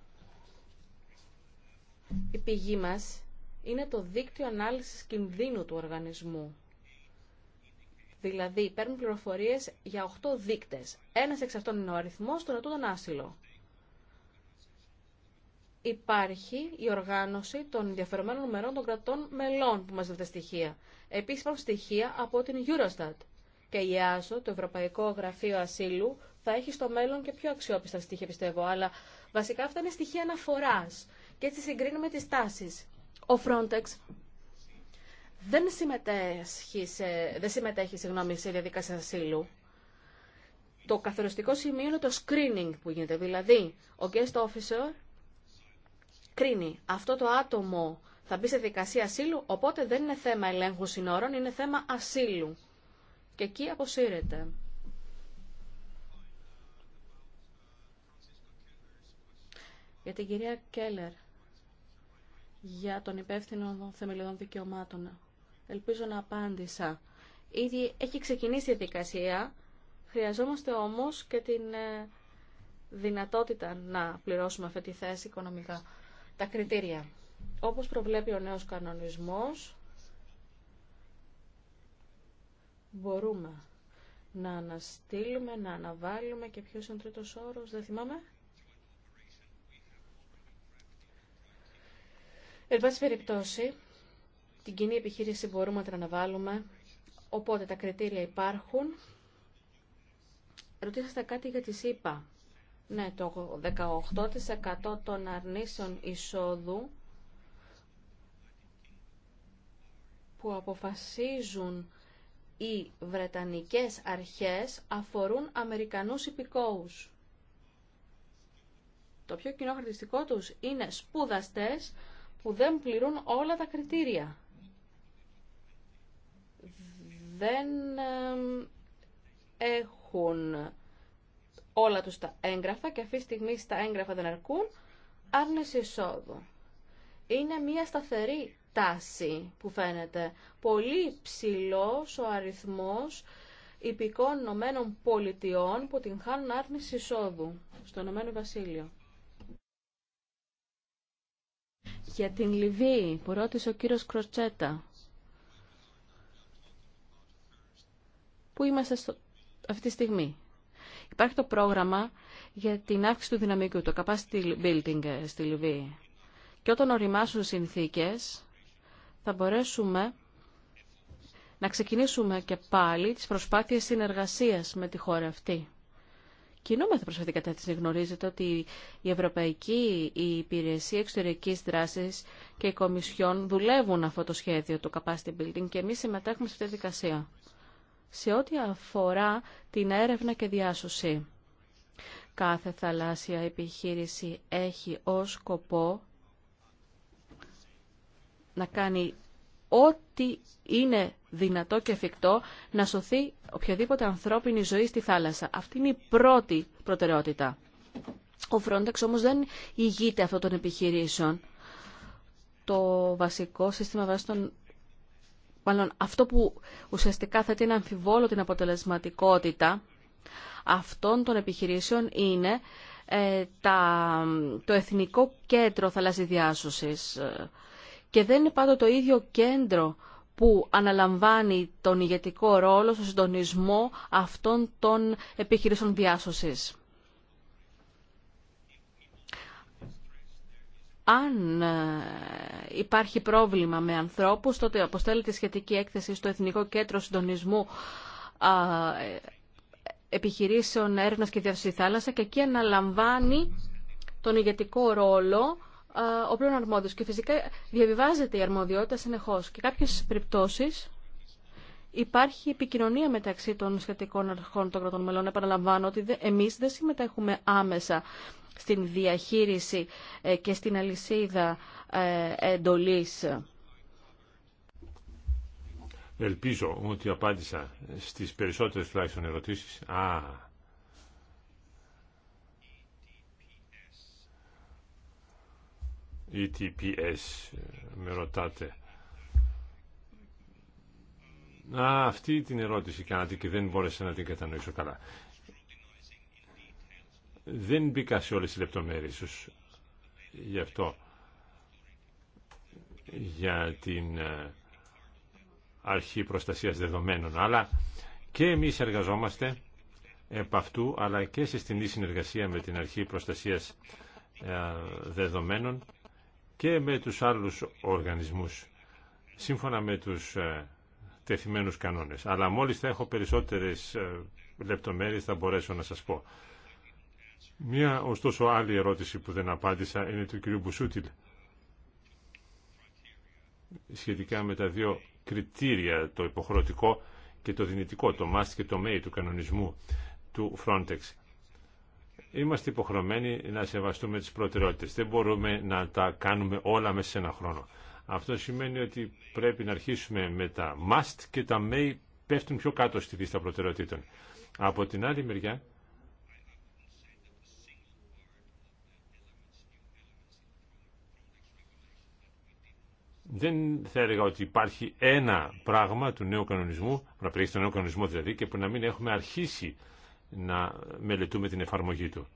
η πηγή μας είναι το δίκτυο ανάλυσης κινδύνου του οργανισμού. Δηλαδή, παίρνουν πληροφορίες για 8 δείκτες. Ένας εξ αυτών είναι ο αριθμός των ετούντων άσυλο υπάρχει η οργάνωση των ενδιαφερομένων μερών των κρατών μελών που μας δίνουν τα στοιχεία. Επίσης υπάρχουν στοιχεία από την Eurostat. Και η ΕΑΣΟ, το Ευρωπαϊκό Γραφείο Ασύλου, θα έχει στο μέλλον και πιο αξιόπιστα στοιχεία, πιστεύω. Αλλά βασικά αυτά είναι στοιχεία αναφοράς. Και έτσι συγκρίνουμε τις τάσεις. Ο Frontex δεν συμμετέχει σε, δεν συμμετέχει, συγγνώμη, σε διαδικασία ασύλου. Το καθοριστικό σημείο είναι το screening που γίνεται. Δηλαδή, ο guest officer κρίνει αυτό το άτομο θα μπει σε δικασία ασύλου, οπότε δεν είναι θέμα ελέγχου συνόρων, είναι θέμα ασύλου. Και εκεί αποσύρεται. Για την κυρία Κέλλερ, για τον υπεύθυνο θεμελιωδών δικαιωμάτων. Ελπίζω να απάντησα. Ήδη έχει ξεκινήσει η δικασία, χρειαζόμαστε όμως και την ε, δυνατότητα να πληρώσουμε αυτή τη θέση οικονομικά. Τα κριτήρια. Όπως προβλέπει ο νέος κανονισμός, μπορούμε να αναστείλουμε, να αναβάλουμε και ποιος είναι τρίτος όρος, δεν θυμάμαι. Εν πάση περιπτώσει, την κοινή επιχείρηση μπορούμε να την αναβάλουμε, οπότε τα κριτήρια υπάρχουν. Ρωτήσατε κάτι για τη ΣΥΠΑ. Ναι, το 18% των αρνήσεων εισόδου που αποφασίζουν οι Βρετανικές αρχές αφορούν Αμερικανούς υπηκόους. Το πιο κοινό χαρακτηριστικό τους είναι σπουδαστές που δεν πληρούν όλα τα κριτήρια. Δεν έχουν όλα τους τα έγγραφα και αυτή τη στιγμή τα έγγραφα δεν αρκούν, άρνηση εισόδου. Είναι μια σταθερή τάση που φαίνεται. Πολύ ψηλός ο αριθμός υπηκών νομένων πολιτιών που την χάνουν άρνηση εισόδου στο Ηνωμένο Βασίλειο. Για την Λιβύη που ρώτησε ο κύριος Κροτσέτα, που είμαστε στο... αυτή τη στιγμή. Υπάρχει το πρόγραμμα για την αύξηση του δυναμικού, το capacity building ε, στη Λιβύη. Και όταν οριμάσουν συνθήκες, θα μπορέσουμε να ξεκινήσουμε και πάλι τις προσπάθειες συνεργασίας με τη χώρα αυτή. Κινούμεθα προς αυτή την κατεύθυνση. Γνωρίζετε ότι η Ευρωπαϊκή η Υπηρεσία Εξωτερικής Δράσης και η Κομισιόν δουλεύουν αυτό το σχέδιο, το capacity building, και εμείς συμμετέχουμε σε αυτή τη δικασία σε ό,τι αφορά την έρευνα και διάσωση. Κάθε θαλάσσια επιχείρηση έχει ως σκοπό να κάνει ό,τι είναι δυνατό και εφικτό να σωθεί οποιαδήποτε ανθρώπινη ζωή στη θάλασσα. Αυτή είναι η πρώτη προτεραιότητα. Ο Frontex όμως δεν ηγείται αυτών των επιχειρήσεων. Το βασικό σύστημα βάσης των μάλλον αυτό που ουσιαστικά θέτει να αμφιβόλω την αποτελεσματικότητα αυτών των επιχειρήσεων είναι ε, το Εθνικό Κέντρο Θαλασσιδιάσωσης ε, και δεν είναι πάντοτε το ίδιο κέντρο που αναλαμβάνει τον ηγετικό ρόλο στο συντονισμό αυτών των επιχειρήσεων διάσωσης. αν ε, υπάρχει πρόβλημα με ανθρώπους, τότε αποστέλλεται σχετική έκθεση στο Εθνικό Κέντρο Συντονισμού Επιχειρήσεων Έρευνας και Διεύθυνση Θάλασσα και εκεί αναλαμβάνει τον ηγετικό ρόλο ο πλέον αρμόδιος. Και φυσικά διαβιβάζεται η αρμοδιότητα συνεχώς. Και κάποιες περιπτώσεις υπάρχει επικοινωνία μεταξύ των σχετικών αρχών των κρατών μελών. Επαναλαμβάνω ότι εμείς δεν συμμετέχουμε άμεσα στην διαχείριση ε, και στην αλυσίδα ε, εντολής. Ελπίζω ότι απάντησα στις περισσότερες τουλάχιστον ερωτήσεις. Α, ETPS, με ρωτάτε. Α, αυτή την ερώτηση κάνατε και δεν μπόρεσα να την κατανοήσω καλά. Δεν μπήκα σε όλες τις λεπτομέρειες, γι' αυτό. Για την ε, αρχή προστασίας δεδομένων. Αλλά και εμείς εργαζόμαστε επ' αυτού, αλλά και σε στενή συνεργασία με την αρχή προστασίας ε, δεδομένων και με τους άλλους οργανισμούς, σύμφωνα με τους ε, τεθειμένους κανόνες. Αλλά μόλις θα έχω περισσότερες λεπτομέρειες θα μπορέσω να σας πω. Μία ωστόσο άλλη ερώτηση που δεν απάντησα είναι του κ. Μπουσούτιλ σχετικά με τα δύο κριτήρια, το υποχρεωτικό και το δυνητικό, το must και το may του κανονισμού του Frontex. Είμαστε υποχρεωμένοι να σεβαστούμε τις προτεραιότητες. Δεν μπορούμε να τα κάνουμε όλα μέσα σε ένα χρόνο. Αυτό σημαίνει ότι πρέπει να αρχίσουμε με τα must και τα may πέφτουν πιο κάτω στη λίστα προτεραιοτήτων. Από την άλλη μεριά, δεν θα έλεγα ότι υπάρχει ένα πράγμα του νέου κανονισμού, που να περιέχει τον νέο κανονισμό δηλαδή, και που να μην έχουμε αρχίσει να μελετούμε την εφαρμογή του.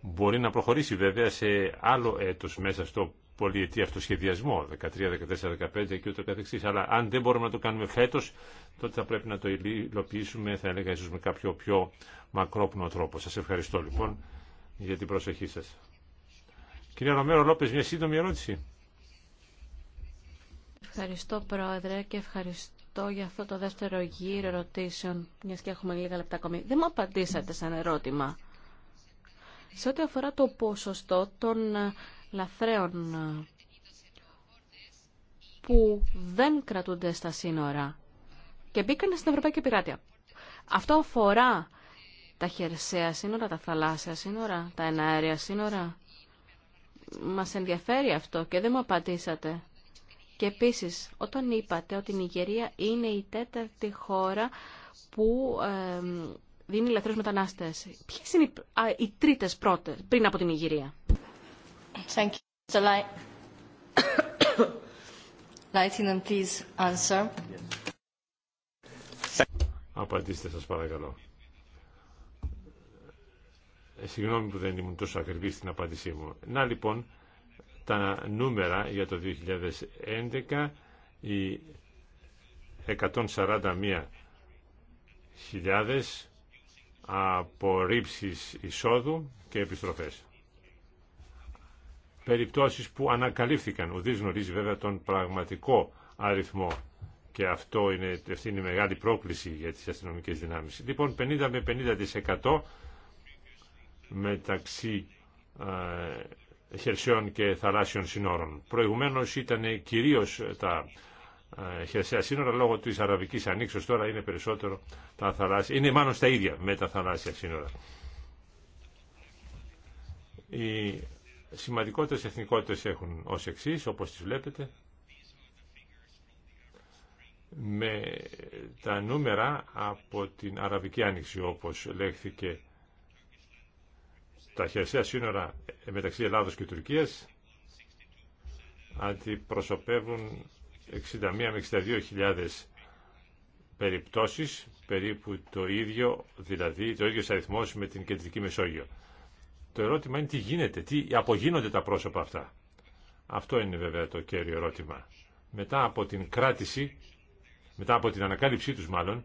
Μπορεί να προχωρήσει βέβαια σε άλλο έτος μέσα στο πολιετή αυτοσχεδιασμό, 13, 14, 15 και ούτω καθεξής. Αλλά αν δεν μπορούμε να το κάνουμε φέτος, τότε θα πρέπει να το υλοποιήσουμε, θα έλεγα ίσως με κάποιο πιο μακρόπνο τρόπο. Σας ευχαριστώ λοιπόν για την προσοχή σας. Κυρία Ρωμέρο Λόπες, μια σύντομη ερώτηση. Ευχαριστώ Πρόεδρε και ευχαριστώ για αυτό το δεύτερο γύρο ερωτήσεων, μια και έχουμε λίγα λεπτά ακόμη. Δεν μου απαντήσατε σαν ερώτημα. Σε ό,τι αφορά το ποσοστό των ε, λαθρέων ε, που δεν κρατούνται στα σύνορα και μπήκαν στην Ευρωπαϊκή Πειράτεια. Αυτό αφορά τα χερσαία σύνορα, τα θαλάσσια σύνορα, τα εναέρια σύνορα μας ενδιαφέρει αυτό και δεν μου απαντήσατε. Και επίσης, όταν είπατε ότι η Νιγερία είναι η τέταρτη χώρα που δίνει ελευθερούς μετανάστες, ποιες είναι οι τρίτες πρώτες πριν από την Νιγηρία. Thank you. please answer. Απαντήστε σας παρακαλώ. Ε, συγγνώμη που δεν ήμουν τόσο ακριβή στην απάντησή μου. Να λοιπόν τα νούμερα για το 2011 οι 141.000 απορρίψεις εισόδου και επιστροφές. Περιπτώσεις που ανακαλύφθηκαν. Ουδής γνωρίζει βέβαια τον πραγματικό αριθμό και αυτό είναι, αυτή είναι η μεγάλη πρόκληση για τις αστυνομικές δυνάμεις. Λοιπόν, 50 με 50% μεταξύ ε, χερσαίων και θαλάσσιων σύνορων. Προηγουμένως ήταν κυρίως τα ε, χερσαία σύνορα λόγω της Αραβικής Ανοίξεως τώρα είναι περισσότερο τα θαλάσσια, είναι μάλλον στα ίδια με τα θαλάσσια σύνορα. Οι σημαντικότερες εθνικότητες έχουν ως εξής, όπως τις βλέπετε, με τα νούμερα από την Αραβική Άνοιξη, όπως λέχθηκε τα χερσαία σύνορα μεταξύ Ελλάδος και Τουρκίας αντιπροσωπεύουν 61 με 62 χιλιάδες περιπτώσεις, περίπου το ίδιο, δηλαδή το ίδιο αριθμό με την Κεντρική Μεσόγειο. Το ερώτημα είναι τι γίνεται, τι απογίνονται τα πρόσωπα αυτά. Αυτό είναι βέβαια το κέριο ερώτημα. Μετά από την κράτηση, μετά από την ανακάλυψή τους μάλλον,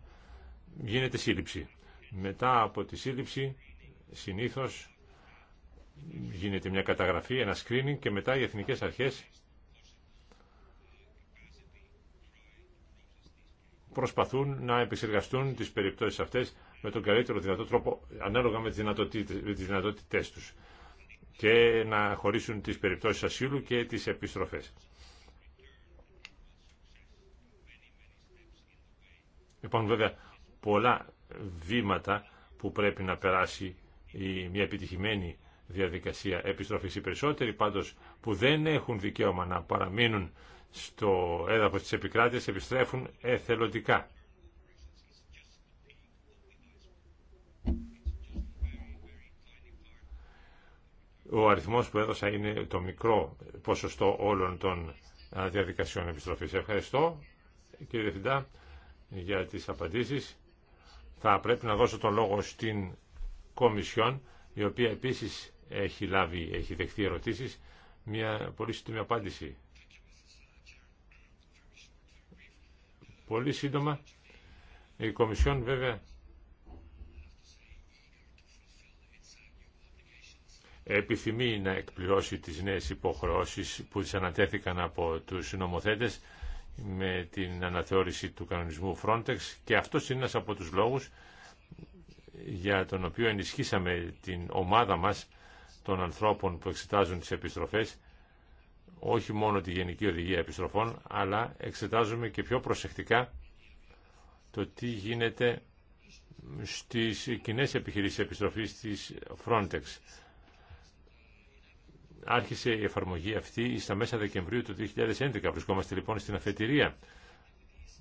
γίνεται σύλληψη. Μετά από τη σύλληψη συνήθως γίνεται μια καταγραφή, ένα screening και μετά οι εθνικές αρχές προσπαθούν να επεξεργαστούν τις περιπτώσεις αυτές με τον καλύτερο δυνατό τρόπο ανάλογα με τις δυνατότητές τους και να χωρίσουν τις περιπτώσεις ασύλου και τις επιστροφές. Υπάρχουν βέβαια πολλά βήματα που πρέπει να περάσει η, μια επιτυχημένη διαδικασία επιστροφής. Οι περισσότεροι πάντως που δεν έχουν δικαίωμα να παραμείνουν στο έδαφος της επικράτειας επιστρέφουν εθελοντικά. Ο αριθμός που έδωσα είναι το μικρό ποσοστό όλων των διαδικασιών επιστροφής. Ευχαριστώ κύριε Διευθυντά για τις απαντήσεις. Θα πρέπει να δώσω τον λόγο στην Κομισιόν η οποία επίσης έχει λάβει, έχει δεχθεί ερωτήσεις. Μια πολύ σύντομη απάντηση. Πολύ σύντομα, η Κομισιόν βέβαια επιθυμεί να εκπληρώσει τις νέες υποχρεώσεις που της ανατέθηκαν από τους νομοθέτες με την αναθεώρηση του κανονισμού Frontex και αυτό είναι ένας από τους λόγους για τον οποίο ενισχύσαμε την ομάδα μας των ανθρώπων που εξετάζουν τις επιστροφές, όχι μόνο τη Γενική Οδηγία Επιστροφών, αλλά εξετάζουμε και πιο προσεκτικά το τι γίνεται στις κοινέ επιχειρήσεις επιστροφής της Frontex. Άρχισε η εφαρμογή αυτή στα μέσα Δεκεμβρίου του 2011. Βρισκόμαστε λοιπόν στην αφετηρία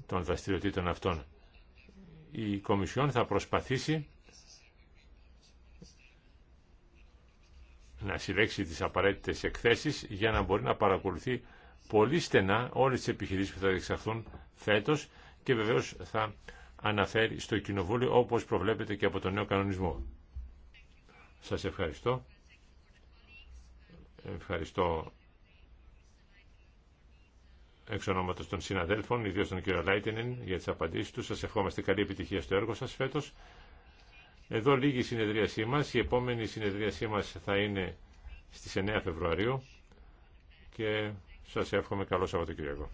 των δραστηριοτήτων αυτών. Η Κομισιόν θα προσπαθήσει να συλλέξει τις απαραίτητες εκθέσεις για να μπορεί να παρακολουθεί πολύ στενά όλες τις επιχειρήσεις που θα διεξαχθούν φέτος και βεβαίως θα αναφέρει στο Κοινοβούλιο όπως προβλέπεται και από τον νέο κανονισμό. Σας ευχαριστώ. Ευχαριστώ εξ ονόματος των συναδέλφων, ιδίως τον κύριο Λάιτενεν για τις απαντήσεις του. Σας ευχόμαστε καλή επιτυχία στο έργο σας φέτος. Εδώ λίγη η συνεδρίασή μας. Η επόμενη συνεδρίασή μας θα είναι στις 9 Φεβρουαρίου και σας εύχομαι καλό Σαββατοκύριακο.